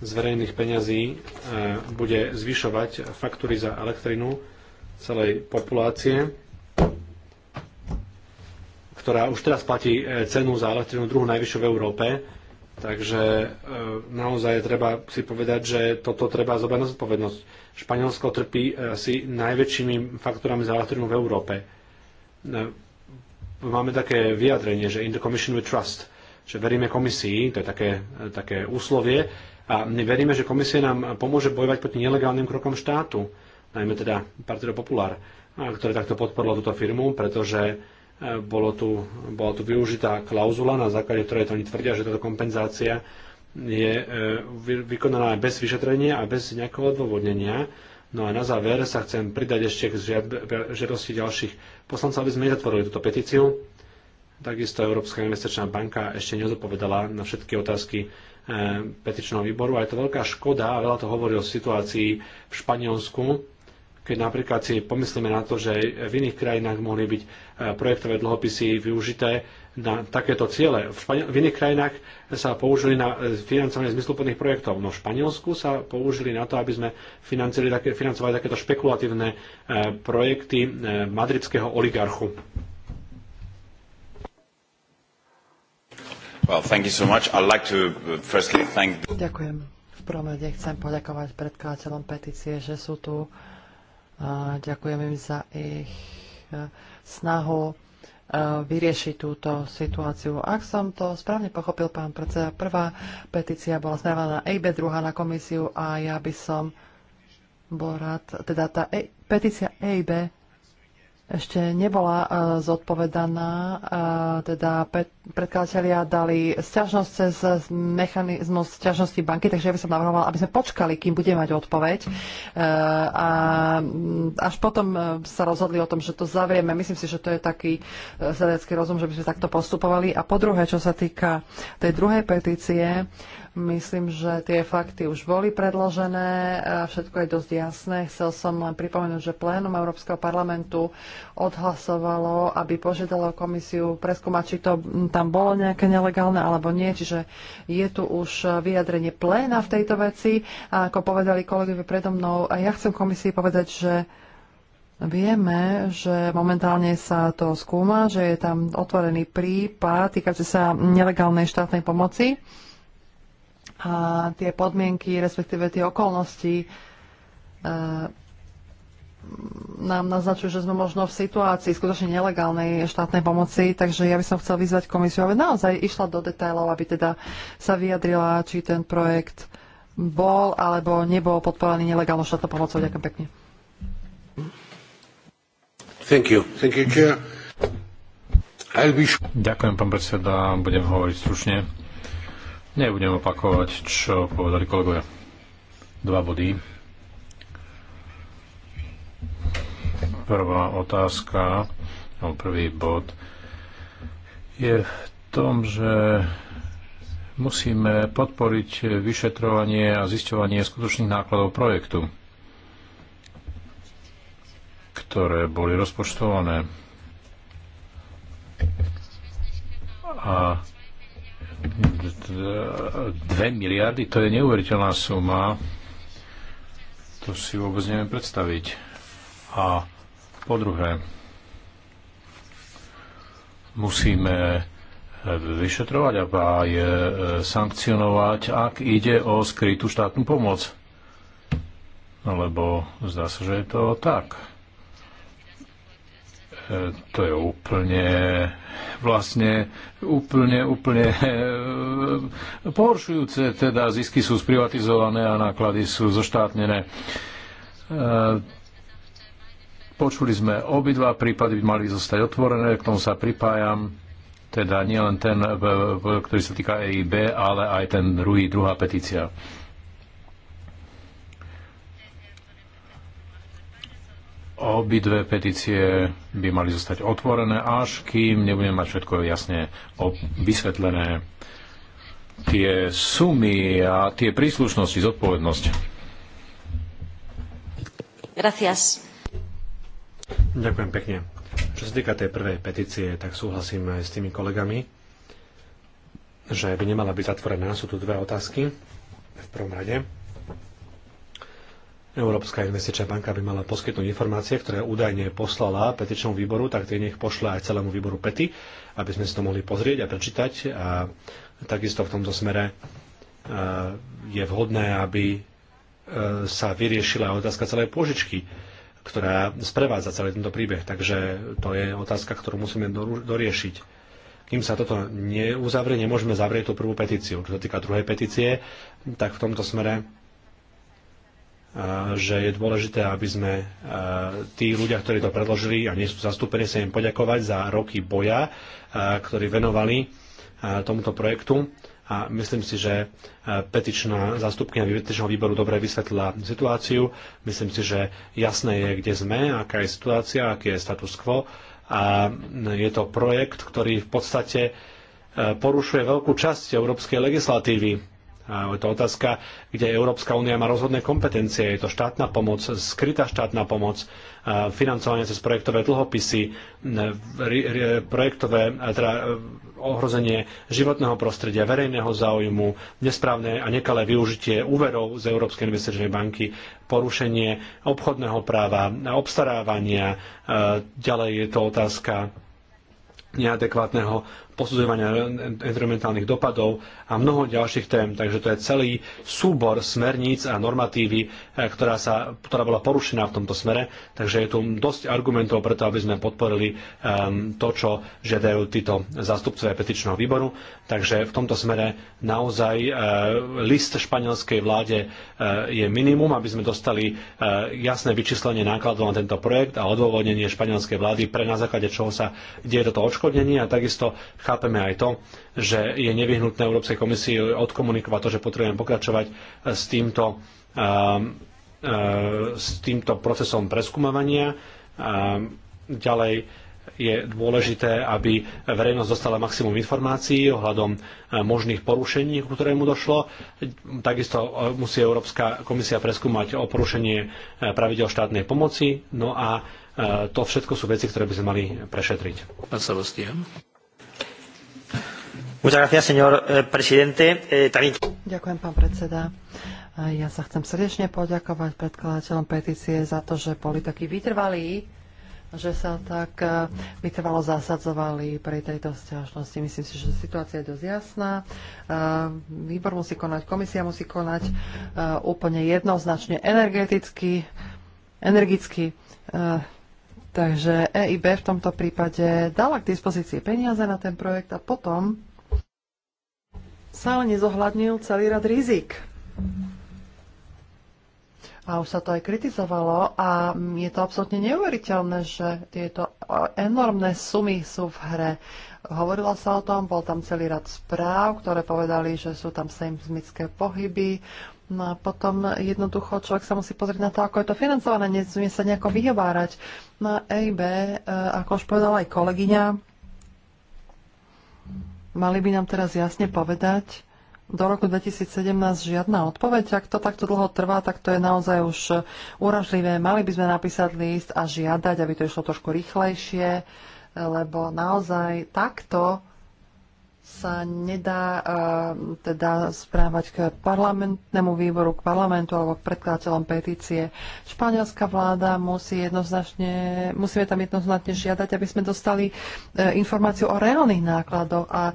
z verejných peňazí e, bude zvyšovať faktúry za elektrinu celej populácie, ktorá už teraz platí e, cenu za elektrinu druhú najvyššiu v Európe. Takže e, naozaj treba si povedať, že toto treba zobrať na zodpovednosť. Španielsko trpí asi najväčšími faktorami za elektrinu v Európe. Máme také vyjadrenie, že in the commission we trust, že veríme komisii, to je také, také úslovie, a my veríme, že Komisie nám pomôže bojovať proti nelegálnym krokom štátu, najmä teda Partido Popular, ktoré takto podporilo túto firmu, pretože e, bolo tu, bola tu využitá klauzula, na základe ktorej to oni tvrdia, že táto kompenzácia je e, vykonaná bez vyšetrenia a bez nejakého odôvodnenia. No a na záver sa chcem pridať ešte k žiadosti ďalších poslancov, aby sme nezatvorili túto petíciu. Takisto Európska investičná banka ešte neodpovedala na všetky otázky E, petičného výboru a je to veľká škoda a veľa to hovorí o situácii v Španielsku, keď napríklad si pomyslíme na to, že v iných krajinách mohli byť e, projektové dlhopisy využité na takéto ciele. V, Španiel- v iných krajinách sa použili na e, financovanie zmysluplných projektov, no v Španielsku sa použili na to, aby sme také, financovali takéto špekulatívne projekty madridského oligarchu. Uh, ďakujem. V prvom rade chcem poďakovať predkladateľom petície, že sú tu. Ďakujem im za ich e, snahu e, vyriešiť túto situáciu. Ak som to správne pochopil, pán predseda, prvá petícia bola smerovaná na EIB, druhá na komisiu a ja by som bol rád, teda tá e, petícia EIB ešte nebola e, zodpovedaná. E, teda predkladatelia dali sťažnosť cez e, mechanizmus sťažnosti banky, takže ja by som navrhovala, aby sme počkali, kým budeme mať odpoveď. A mm, až potom sa rozhodli o tom, že to zavrieme. Myslím si, že to je taký sedecký rozum, že by sme takto postupovali. A po druhé, čo sa týka tej druhej petície, Myslím, že tie fakty už boli predložené, všetko je dosť jasné. Chcel som len pripomenúť, že plénum Európskeho parlamentu odhlasovalo, aby požiadalo komisiu preskúmať, či to tam bolo nejaké nelegálne alebo nie. Čiže je tu už vyjadrenie pléna v tejto veci. A ako povedali kolegovi predo mnou, ja chcem komisii povedať, že Vieme, že momentálne sa to skúma, že je tam otvorený prípad týkajúci sa nelegálnej štátnej pomoci a tie podmienky, respektíve tie okolnosti e, nám naznačujú, že sme možno v situácii skutočne nelegálnej štátnej pomoci, takže ja by som chcel vyzvať komisiu, aby naozaj išla do detajlov, aby teda sa vyjadrila, či ten projekt bol alebo nebol podporený nelegálnou štátnou pomocou. Ďakujem pekne. Thank you. Thank you, chair. Ďakujem, pán predseda. Budem hovoriť stručne Nebudem opakovať, čo povedali kolegovia. Dva body. Prvá otázka, alebo prvý bod, je v tom, že musíme podporiť vyšetrovanie a zisťovanie skutočných nákladov projektu, ktoré boli rozpočtované. A 2 miliardy, to je neuveriteľná suma. To si vôbec neviem predstaviť. A po druhé, musíme eh, vyšetrovať a aj eh, sankcionovať, ak ide o skrytú štátnu pomoc. Lebo zdá sa, že je to tak to je úplne vlastne úplne, úplne eh, pohoršujúce. Teda zisky sú sprivatizované a náklady sú zoštátnené. Eh, počuli sme obidva prípady, by mali zostať otvorené, k tomu sa pripájam. Teda nielen ten, ktorý sa týka EIB, ale aj ten druhý, druhá petícia. Obidve petície by mali zostať otvorené, až kým nebudeme mať všetko jasne vysvetlené tie sumy a tie príslušnosti, zodpovednosť. Gracias. Ďakujem pekne. Čo sa týka tej prvej petície, tak súhlasím aj s tými kolegami, že by nemala byť zatvorená. Sú tu dve otázky v prvom rade Európska investičná banka by mala poskytnúť informácie, ktoré údajne poslala petičnému výboru, tak tie nech pošle aj celému výboru pety, aby sme si to mohli pozrieť a prečítať. A takisto v tomto smere e, je vhodné, aby e, sa vyriešila otázka celej pôžičky, ktorá sprevádza celý tento príbeh. Takže to je otázka, ktorú musíme doriešiť kým sa toto neuzavrie, nemôžeme zavrieť tú prvú petíciu. Čo sa týka druhej petície, tak v tomto smere že je dôležité, aby sme tí ľudia, ktorí to predložili a nie sú zastúpení, sa im poďakovať za roky boja, ktorí venovali tomuto projektu. A myslím si, že petičná zástupkynia petičného výboru dobre vysvetlila situáciu. Myslím si, že jasné je, kde sme, aká je situácia, aký je status quo. A je to projekt, ktorý v podstate porušuje veľkú časť európskej legislatívy je to otázka, kde Európska únia má rozhodné kompetencie. Je to štátna pomoc, skrytá štátna pomoc, financovanie cez projektové dlhopisy, projektové teda e, ohrozenie životného prostredia, verejného záujmu, nesprávne a nekalé využitie úverov z Európskej investičnej banky, porušenie obchodného práva, obstarávania, ďalej je to otázka neadekvátneho posudzovania environmentálnych dopadov a mnoho ďalších tém. Takže to je celý súbor smerníc a normatívy, eh, ktorá, sa, ktorá bola porušená v tomto smere. Takže je tu dosť argumentov preto, aby sme podporili um, to, čo žiadajú títo zástupcovia petičného výboru. Takže v tomto smere naozaj uh, list španielskej vláde uh, je minimum, aby sme dostali uh, jasné vyčíslenie nákladov na tento projekt a odôvodnenie španielskej vlády pre na základe čoho sa deje toto odškodnenie a takisto Chápeme aj to, že je nevyhnutné Európskej komisii odkomunikovať to, že potrebujeme pokračovať eh, s týmto, eh, eh, s týmto procesom preskúmavania. Ďalej je dôležité, aby verejnosť dostala maximum informácií ohľadom možných porušení, ku ktorému došlo. Takisto musí Európska komisia preskúmať o porušenie pravidel štátnej pomoci. No a to všetko sú veci, ktoré by sme mali prešetriť. Pán Sebastian. Eh, eh, Ďakujem, pán predseda. Ja sa chcem srdečne poďakovať predkladateľom petície za to, že boli takí vytrvalí, že sa tak eh, vytrvalo zasadzovali pri tejto stiažnosti. Myslím si, že situácia je dosť jasná. Výbor musí konať, komisia musí konať úplne jednoznačne energeticky, energicky. Takže EIB v tomto prípade dala k dispozícii peniaze na ten projekt a potom sa ale nezohľadnil celý rad rizik. A už sa to aj kritizovalo a je to absolútne neuveriteľné, že tieto enormné sumy sú v hre. Hovorilo sa o tom, bol tam celý rad správ, ktoré povedali, že sú tam seismické pohyby. No a potom jednoducho človek sa musí pozrieť na to, ako je to financované, nesmie sa nejako vyhovárať. Na no EIB, e, ako už povedala aj kolegyňa, Mali by nám teraz jasne povedať, do roku 2017 žiadna odpoveď. Ak to takto dlho trvá, tak to je naozaj už eh, uražlivé. Mali by sme napísať list a žiadať, aby to išlo trošku rýchlejšie, eh, lebo naozaj takto sa nedá uh, teda správať k parlamentnému výboru, k parlamentu alebo k predkladateľom petície. Španielská vláda musí jednoznačne, musíme tam jednoznačne žiadať, aby sme dostali uh, informáciu o reálnych nákladoch a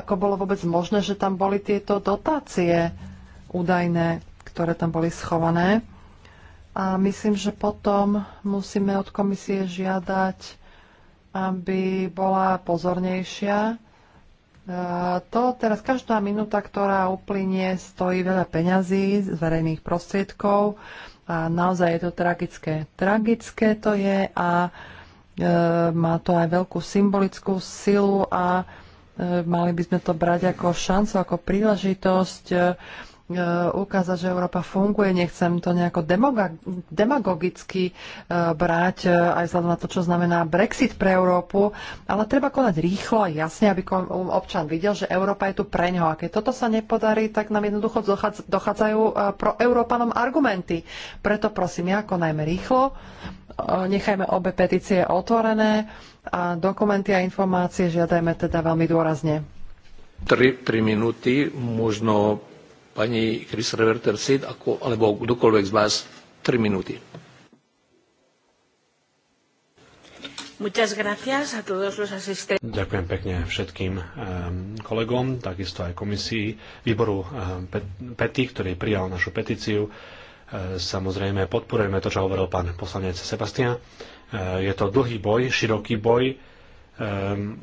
ako bolo vôbec možné, že tam boli tieto dotácie údajné, ktoré tam boli schované. A myslím, že potom musíme od komisie žiadať, aby bola pozornejšia E, to teraz každá minúta, ktorá uplynie, stojí veľa peňazí z verejných prostriedkov a naozaj je to tragické. Tragické to je a e, má to aj veľkú symbolickú silu a e, mali by sme to brať ako šancu, ako príležitosť. E, E, ukázať, že Európa funguje. Nechcem to nejako demagogicky e, brať, e, aj vzhľadom na to, čo znamená Brexit pre Európu, ale treba konať rýchlo a jasne, aby um, občan videl, že Európa je tu pre ňo. A keď toto sa nepodarí, tak nám jednoducho dochádzajú pro Európanom argumenty. Preto prosím, ja konajme rýchlo, nechajme obe petície otvorené a dokumenty a informácie žiadajme teda veľmi dôrazne. 3, minúty, možno pani Chris Reverter Sid ako, alebo kdokoľvek z vás tri minúty. Ďakujem pekne všetkým eh, kolegom, takisto aj komisii, výboru eh, PETI, ktorý prijal našu petíciu. Eh, samozrejme, podporujeme to, čo hovoril pán poslanec Sebastian. Je to dlhý boj, široký boj ehm,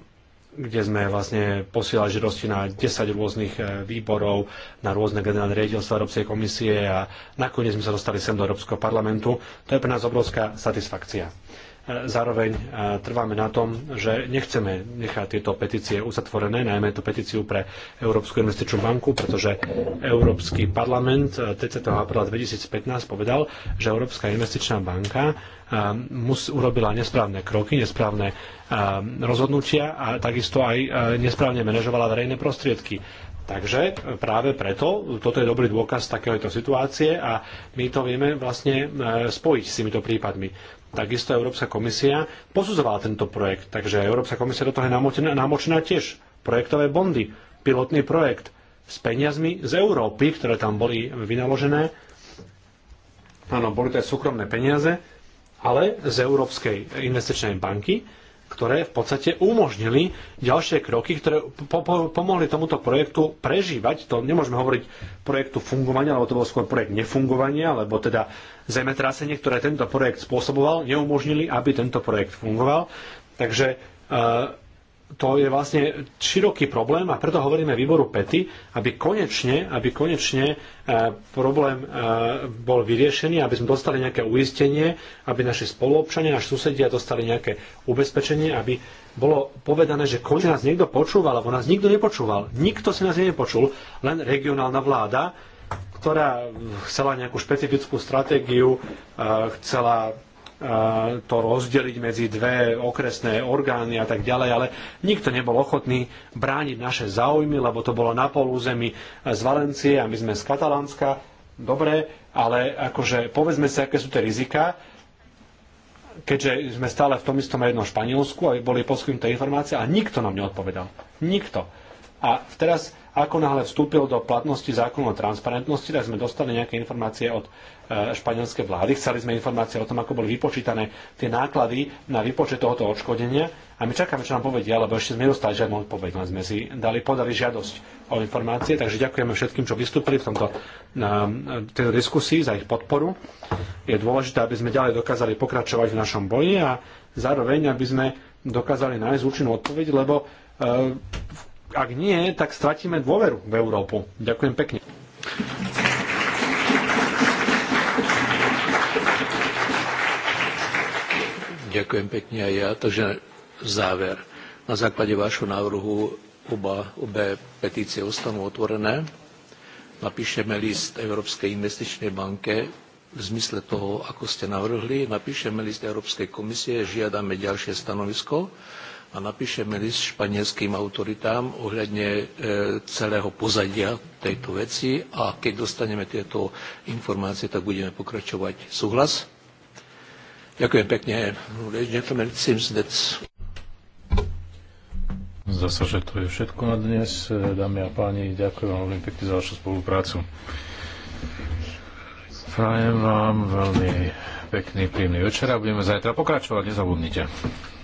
kde sme vlastne posielali žiadosti na 10 rôznych e, výborov, na rôzne generálne riaditeľstva Európskej komisie a nakoniec sme sa dostali sem do Európskeho parlamentu. To je pre nás obrovská satisfakcia. Zároveň trváme na tom, že nechceme nechať tieto petície uzatvorené, najmä tú petíciu pre Európsku investičnú banku, pretože Európsky parlament 30. apríla 2015 povedal, že Európska investičná banka mus, urobila nesprávne kroky, nesprávne rozhodnutia a takisto aj nesprávne manažovala verejné prostriedky. Takže práve preto, toto je dobrý dôkaz takéhoto situácie a my to vieme vlastne e, spojiť s týmito prípadmi takisto Európska komisia posudzovala tento projekt. Takže Európska komisia do toho je namočená tiež. Projektové bondy, pilotný projekt s peniazmi z Európy, ktoré tam boli vynaložené. Áno, boli to aj súkromné peniaze, ale z Európskej investičnej banky ktoré v podstate umožnili ďalšie kroky, ktoré po- po- pomohli tomuto projektu prežívať. To nemôžeme hovoriť projektu fungovania, lebo to bol skôr projekt nefungovania, lebo teda zemetrasenie, ktoré tento projekt spôsoboval, neumožnili, aby tento projekt fungoval. Takže eh, to je vlastne široký problém a preto hovoríme výboru PETI, aby konečne, aby konečne e, problém e, bol vyriešený, aby sme dostali nejaké uistenie, aby naši spoluobčania, naši susedia dostali nejaké ubezpečenie, aby bolo povedané, že konečne nás niekto počúval, alebo nás nikto nepočúval. Nikto si nás nepočul, len regionálna vláda, ktorá chcela nejakú špecifickú stratégiu, e, chcela to rozdeliť medzi dve okresné orgány a tak ďalej, ale nikto nebol ochotný brániť naše záujmy, lebo to bolo na polúzemí z Valencie a my sme z Katalánska. Dobre, ale akože povedzme si, aké sú tie rizika, keďže sme stále v tom istom jednom Španielsku, aby boli poskytnuté informácie a nikto nám neodpovedal. Nikto. A teraz ako náhle vstúpil do platnosti zákon o transparentnosti, tak sme dostali nejaké informácie od e, španielskej vlády. Chceli sme informácie o tom, ako boli vypočítané tie náklady na vypočet tohoto odškodenia a my čakáme, čo nám povedia, lebo ešte sme nedostali žiadnu odpoveď, len sme si dali, podali žiadosť o informácie, takže ďakujeme všetkým, čo vystúpili v tomto, na, tejto diskusii za ich podporu. Je dôležité, aby sme ďalej dokázali pokračovať v našom boji a zároveň, aby sme dokázali nájsť účinnú odpoveď, lebo e, v ak nie, tak stratíme dôveru v Európu. Ďakujem pekne. Ďakujem pekne aj ja. Takže záver. Na základe vášho návrhu oba, obe petície ostanú otvorené. Napíšeme list Európskej investičnej banke v zmysle toho, ako ste navrhli. Napíšeme list Európskej komisie, žiadame ďalšie stanovisko a napíšeme list španielským autoritám ohľadne e, celého pozadia tejto veci a keď dostaneme tieto informácie, tak budeme pokračovať. Súhlas? Ďakujem pekne. Zdá sa, že to je všetko na dnes. Dámy a páni, ďakujem vám veľmi pekne za vašu spoluprácu. Prajem vám veľmi pekný, príjemný večer a budeme zajtra pokračovať, nezabudnite.